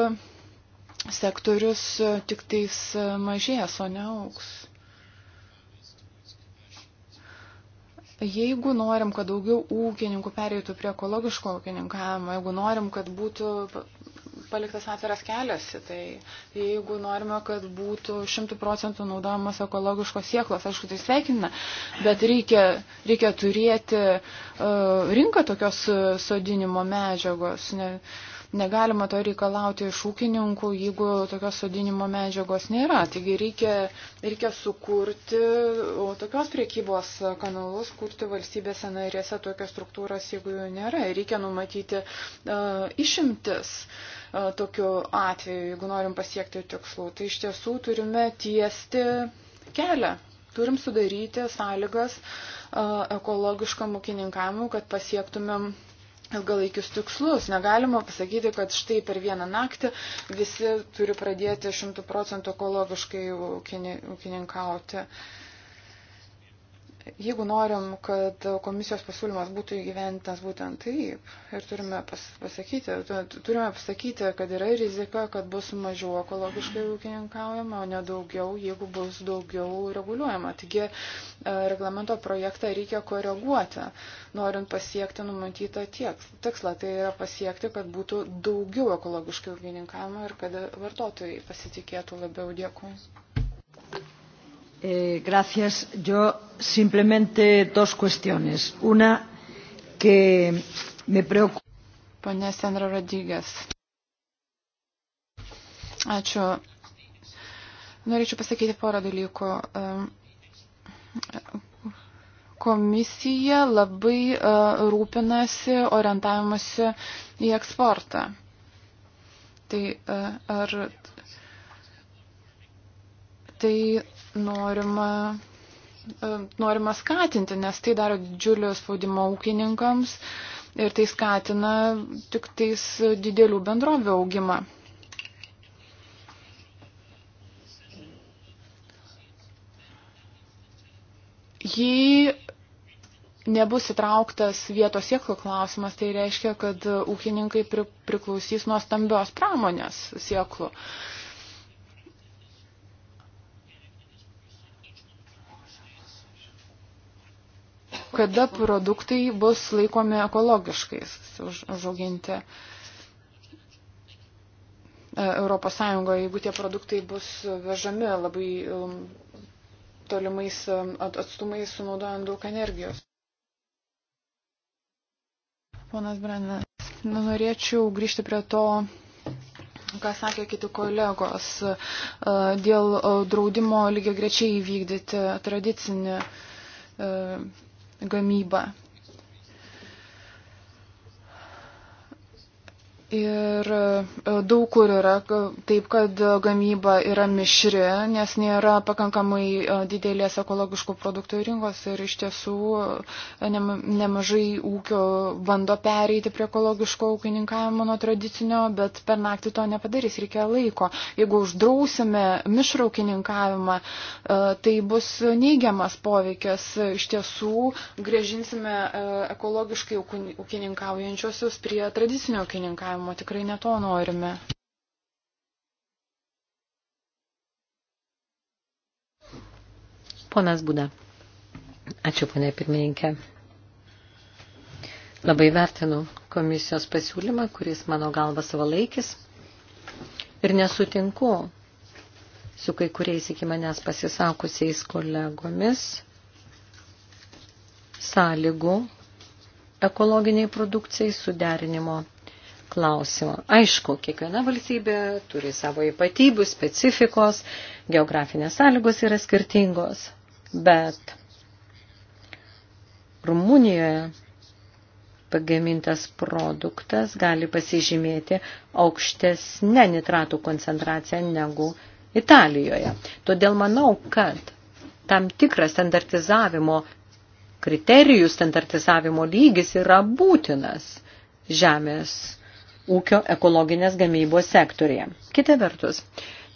sektorius e, tik tais mažės, o ne auks. Jeigu norim, kad daugiau ūkininkų pereitų prie ekologiško ūkininkavimo, jeigu norim, kad būtų paliktas atviras kelias, tai jeigu norime, kad būtų šimtų procentų naudojamas ekologiškos sieklos, aišku, tai sveikina, bet reikia, reikia turėti uh, rinką tokios e, sodinimo medžiagos. Ne, uh, Negalima to reikalauti iš ūkininkų, jeigu tokios sodinimo medžiagos nėra. Taigi reikia, reikia sukurti tokios priekybos kanalus, kurti valstybėse narėse tokias struktūras, jeigu jų nėra. Reikia numatyti uh, išimtis. Uh, tokiu atveju, jeigu norim pasiekti tikslų. Tai iš tiesų turime tiesti kelią, turim sudaryti sąlygas ekologiškam ūkininkavimui, kad pasiektumėm ilgalaikius tikslus. Negalima pasakyti, kad štai per vieną naktį visi turi pradėti šimtų procentų ekologiškai ūkininkauti. Ukini, Jeigu norim, kad komisijos pasiūlymas būtų įgyventas būtent taip, ir turime pas, pasakyti, turime pasakyti, kad yra rizika, kad bus mažiau ekologiškai ūkininkaujama, o ne daugiau, jeigu bus daugiau reguliuojama. Taigi e, reglamento projektą reikia koreguoti, norint pasiekti numatytą tikslą. Tai yra pasiekti, kad būtų daugiau ekologiškai ūkininkavimo ir kad vartotojai pasitikėtų labiau. Dėkui. Eh, gracias. Yo simplemente dos cuestiones. Una que me preocupa. Pane Sandra Rodrygės. Ačiū. Norėčiau pasakyti porą dalykų. Komisija labai e, rūpinasi orientavimuose į eksportą. Tai e, ar tai norima, e, norima skatinti, nes tai daro didžiulio spaudimo ūkininkams ir tai skatina tik tais didelių bendrovių augimą. Jei nebus įtrauktas vietos sieklų klausimas, tai reiškia, kad ūkininkai priklausys nuo stambios pramonės sieklų. Uh, kada produktai bus laikomi ekologiškais užauginti. E, Europos Sąjungoje, jeigu tie produktai bus vežami labai um, tolimais um, atstumais, sunaudojant daug energijos. Ponas Brenas, nu, norėčiau grįžti prie to, ką sakė kiti kolegos, e, dėl e, draudimo lygiai grečiai įvykdyti tradicinį gamybą. Ir e, daug kur yra taip, kad gamyba yra mišri, nes nėra pakankamai e, didelės ekologiškų produktų rinkos ir iš tiesų e, nemažai ūkio bando pereiti prie ekologiško ūkininkavimo nuo tradicinio, bet per naktį to nepadarys, reikia laiko. Jeigu uždrausime mišrų ūkininkavimą, tai bus neigiamas poveikis. Iš tiesų grėžinsime ekologiškai ūkininkaujančiosius prie tradicinio ūkininkavimo finansavimo. Tikrai neto norime. Ponas Būda. Ačiū, ponė pirmininkė. Labai vertinu komisijos pasiūlymą, kuris mano galva savalaikis. Ir nesutinku su kai kuriais iki manęs pasisakusiais kolegomis sąlygų ekologiniai produkcijai suderinimo klausimą. Aišku, kiekviena valstybė turi savo ypatybių, specifikos, geografinės sąlygos yra skirtingos, bet Rumunijoje pagamintas produktas gali pasižymėti aukštesnę nitratų koncentraciją negu Italijoje. Todėl manau, kad tam tikras standartizavimo kriterijų, standartizavimo lygis yra būtinas žemės ūkio ekologinės gamybos sektorėje. Kita vertus,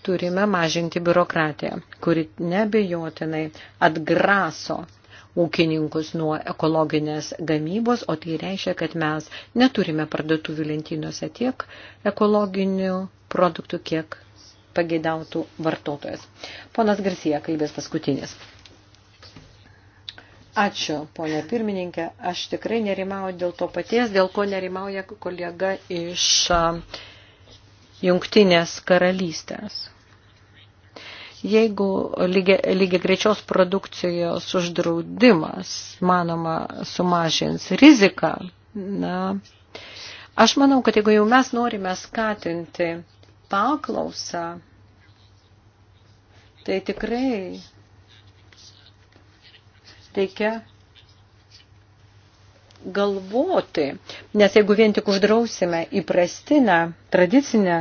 turime mažinti biurokratiją, kuri nebejotinai atgraso ūkininkus nuo ekologinės gamybos, o tai reiškia, kad mes neturime parduotuvių lentynuose tiek ekologinių produktų, kiek pageidautų vartotojas. Ponas Garsija kalbės paskutinis. Ačiū, ponė pirmininkė. Aš tikrai nerimauju dėl to paties, dėl ko nerimauja kolega iš Jungtinės karalystės. Jeigu lygiai, lygiai greičios produkcijos uždraudimas, manoma, sumažins riziką, na, aš manau, kad jeigu jau mes norime skatinti paklausą, tai tikrai reikia galvoti, nes jeigu vien tik uždrausime įprastinę, tradicinę,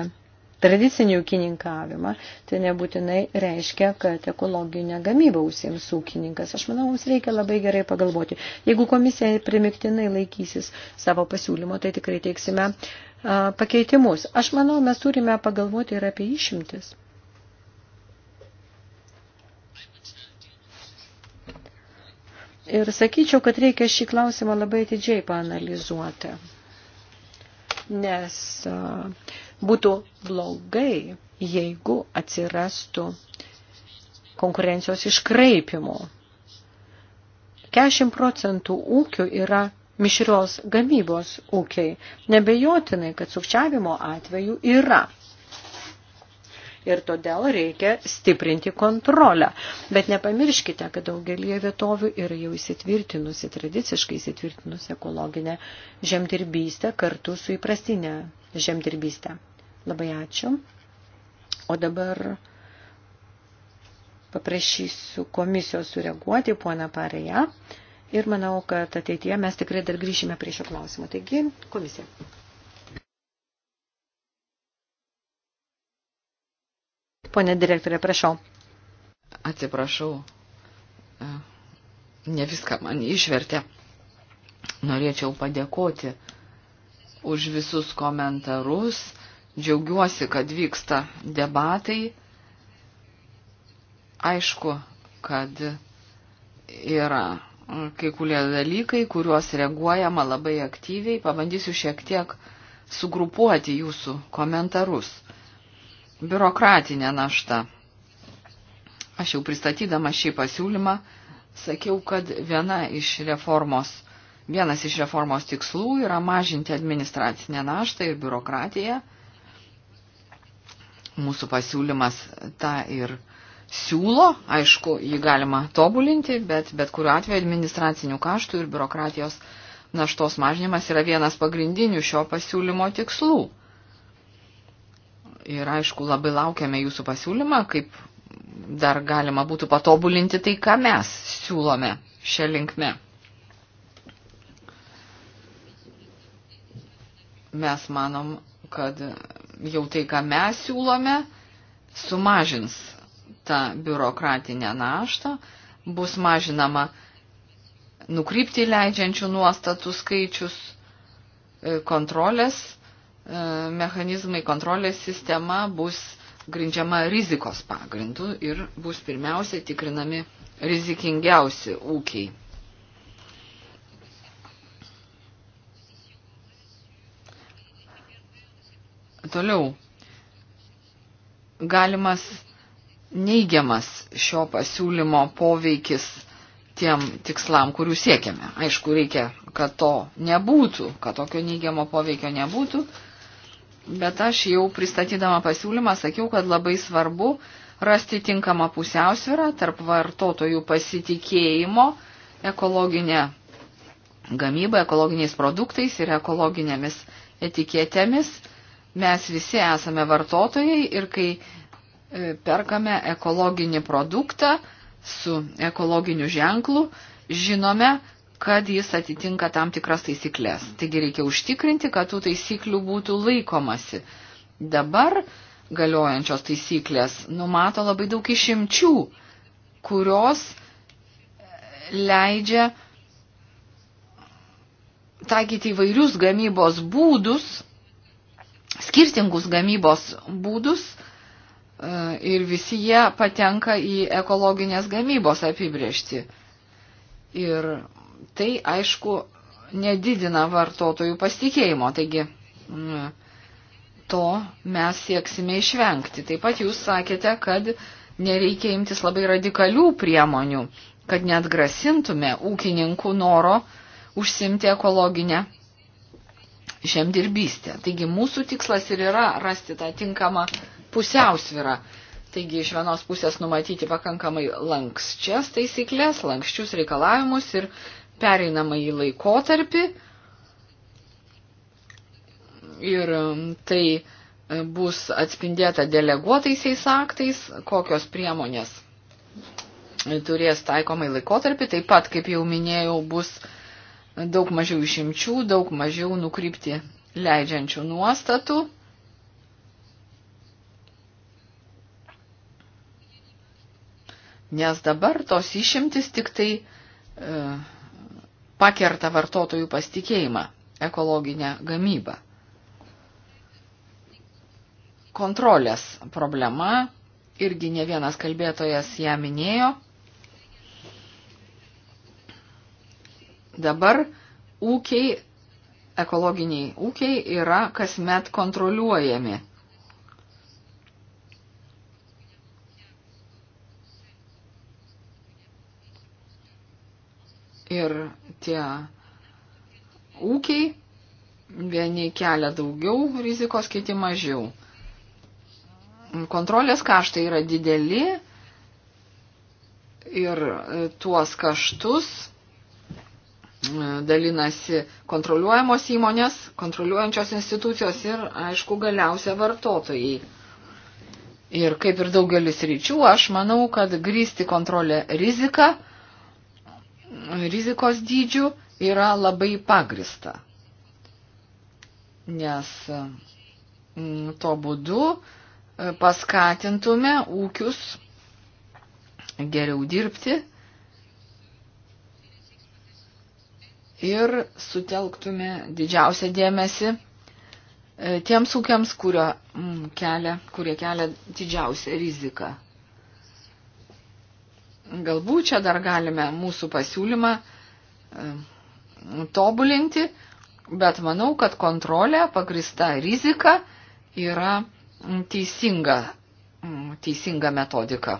tradicinį ūkininkavimą, tai nebūtinai reiškia, kad ekologinė gamyba užsiims ūkininkas. Aš manau, mums reikia labai gerai pagalvoti. Jeigu komisija primiktinai laikysis savo pasiūlymo, tai tikrai teiksime a, pakeitimus. Aš manau, mes turime pagalvoti ir apie išimtis. Ir sakyčiau, kad reikia šį klausimą labai atidžiai paanalizuoti, nes būtų blogai, jeigu atsirastų konkurencijos iškraipimų. 40 procentų ūkių yra mišrios gamybos ūkiai. Nebejotinai, kad sukčiavimo atveju yra ir todėl reikia stiprinti kontrolę. Bet nepamirškite, kad daugelie vietovių yra jau įsitvirtinusi, tradiciškai įsitvirtinusi ekologinė žemdirbystė kartu su įprastinė žemdirbystė. Labai ačiū. O dabar paprašysiu komisijos sureaguoti, pona Pareja. Ir manau, kad ateityje mes tikrai dar grįšime prie šio klausimo. Taigi, komisija. Pone direktorė, prašau. Atsiprašau, e, ne viską man išvertė. Norėčiau padėkoti už visus komentarus. Džiaugiuosi, kad vyksta debatai. Aišku, kad yra kai kurie dalykai, kuriuos reaguojama labai aktyviai. Pabandysiu šiek tiek sugrupuoti jūsų komentarus biurokratinė našta. Aš jau pristatydama šį pasiūlymą sakiau, kad viena iš reformos, vienas iš reformos tikslų yra mažinti administracinę naštą ir biurokratiją. Mūsų pasiūlymas tą ir siūlo, aišku, jį galima tobulinti, bet bet kuriuo atveju administracinių kaštų ir biurokratijos naštos mažinimas yra vienas pagrindinių šio pasiūlymo tikslų. Ir aišku, labai laukiame jūsų pasiūlymą, kaip dar galima būtų patobulinti tai, ką mes siūlome šią linkmę. Mes manom, kad jau tai, ką mes siūlome, sumažins tą biurokratinę naštą, bus mažinama nukrypti leidžiančių nuostatų skaičius, e, kontrolės E, mechanizmai, kontrolės sistema bus grindžiama rizikos pagrindu ir bus pirmiausia tikrinami rizikingiausi ūkiai. Toliau, galimas neigiamas šio pasiūlymo poveikis tiem tikslam, kurių siekiame. Aišku, reikia, kad to nebūtų, kad tokio neigiamo poveikio nebūtų, Bet aš jau pristatydama pasiūlymą sakiau, kad labai svarbu rasti tinkamą pusiausvyrą tarp vartotojų pasitikėjimo ekologinė gamyba, ekologiniais produktais ir ekologinėmis etiketėmis. Mes visi esame vartotojai ir kai e, perkame ekologinį produktą su ekologiniu ženklu, žinome, kad jis atitinka tam tikras taisyklės. Taigi reikia užtikrinti, kad tų taisyklių būtų laikomasi. Dabar galiojančios taisyklės numato labai daug išimčių, kurios leidžia taikyti įvairius gamybos būdus, skirtingus gamybos būdus e, ir visi jie patenka į ekologinės gamybos apibriežti. Ir tai aišku nedidina vartotojų pasitikėjimo. Taigi to mes sieksime išvengti. Taip pat jūs sakėte, kad nereikia imtis labai radikalių priemonių, kad net grasintume ūkininkų noro užsimti ekologinę žemdirbystę. Taigi mūsų tikslas ir yra rasti tą tinkamą pusiausvyrą. Taigi iš vienos pusės numatyti pakankamai lankščias taisyklės, lankščius reikalavimus ir pereinamąjį laikotarpį ir um, tai e, bus atspindėta deleguotaisiais aktais, kokios priemonės turės taikomai laikotarpį. Taip pat, kaip jau minėjau, bus daug mažiau išimčių, daug mažiau nukrypti leidžiančių nuostatų. Nes dabar tos išimtis tik tai e, pakerta vartotojų pasitikėjimą ekologinę gamybą. Kontrolės problema, irgi ne vienas kalbėtojas ją minėjo. Dabar ūkiai, ekologiniai ūkiai yra kasmet kontroliuojami. Ir tie ūkiai, vieni kelia daugiau rizikos, kiti mažiau. Kontrolės kaštai yra dideli ir e, tuos kaštus e, dalinasi kontroliuojamos įmonės, kontroliuojančios institucijos ir, aišku, galiausia vartotojai. Ir kaip ir daugelis ryčių, aš manau, kad grįsti kontrolę riziką rizikos dydžių yra labai pagrista. Nes mm, to būdu e, paskatintume ūkius geriau dirbti ir sutelktume didžiausią dėmesį e, tiems ūkiams, kurio, mm, kelia, kurie kelia didžiausią riziką. Galbūt čia dar galime mūsų pasiūlymą e, tobulinti, bet manau, kad kontrolė pagrista rizika yra teisinga, teisinga metodika.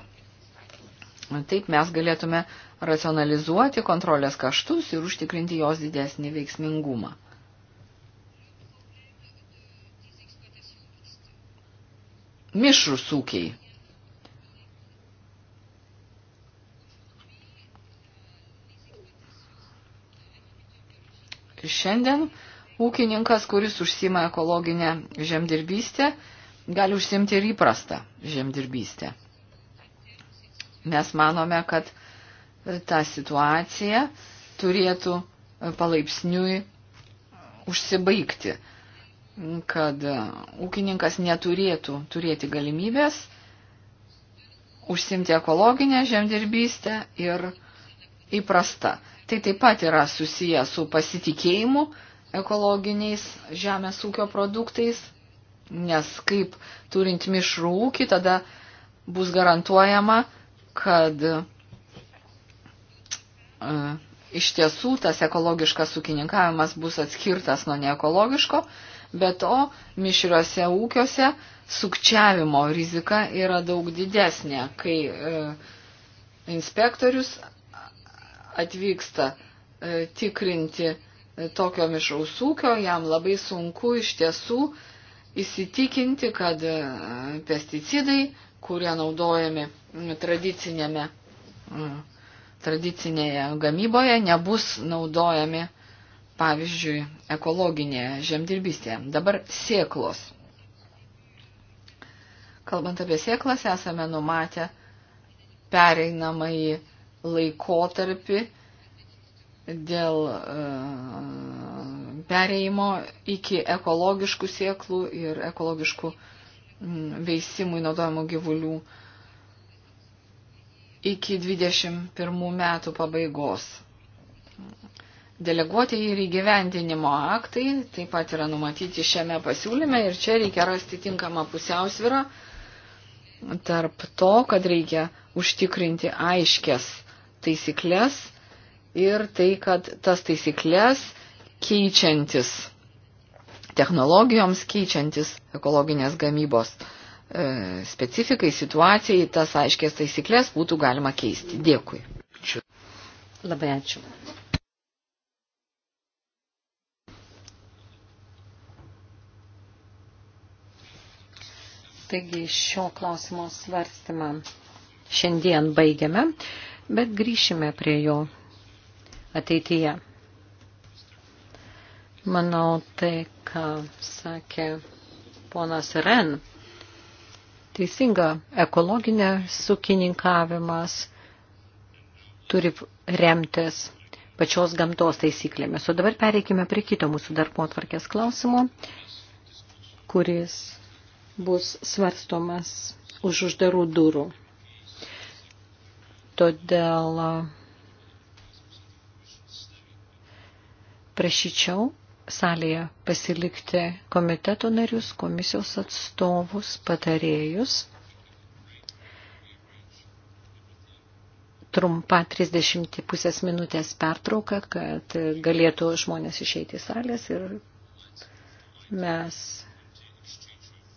Taip mes galėtume racionalizuoti kontrolės kaštus ir užtikrinti jos didesnį veiksmingumą. Mišrus ūkiai. Šiandien ūkininkas, kuris užsima ekologinę žemdirbystę, gali užsimti ir įprastą žemdirbystę. Mes manome, kad ta situacija turėtų palaipsniui užsibaigti, kad ūkininkas neturėtų turėti galimybės užsimti ekologinę žemdirbystę ir įprasta tai taip pat yra susiję su pasitikėjimu ekologiniais žemės ūkio produktais, nes kaip turint mišrų ūkį, tada bus garantuojama, kad e, iš tiesų tas ekologiškas ūkininkavimas bus atskirtas nuo neekologiško, bet to mišriuose ūkiuose sukčiavimo rizika yra daug didesnė, kai e, inspektorius atvyksta e, tikrinti e, tokio mišaus ūkio, jam labai sunku iš tiesų įsitikinti, kad e, pesticidai, kurie naudojami tradicinėme, tradicinėje gamyboje, nebus naudojami, pavyzdžiui, ekologinėje žemdirbystėje. Dabar sėklos. Kalbant apie sėklas, esame numatę pereinamąjį laikotarpį dėl e, pereimo iki ekologiškų sieklų ir ekologiškų veisimui naudojamų gyvulių iki 21 metų pabaigos. Deleguotieji ir įgyvendinimo aktai taip pat yra numatyti šiame pasiūlyme ir čia reikia rasti tinkamą pusiausvyrą tarp to, kad reikia užtikrinti aiškės taisyklės ir tai, kad tas taisyklės keičiantis technologijoms, keičiantis ekologinės gamybos e, specifikai, situacijai, tas aiškės taisyklės būtų galima keisti. Dėkui. Labai ačiū. Taigi šio klausimo svarstymą šiandien baigiame bet grįšime prie jo ateityje. Manau, tai, ką sakė ponas Ren, teisinga ekologinė sukininkavimas turi remtis pačios gamtos taisyklėmis. O dabar pereikime prie kito mūsų darbo atvarkės klausimo, kuris bus svarstomas už uždarų durų. Todėl prašyčiau salėje pasilikti komiteto narius, komisijos atstovus, patarėjus. Trumpa 30 pusės minutės pertrauka, kad galėtų žmonės išeiti į salės ir mes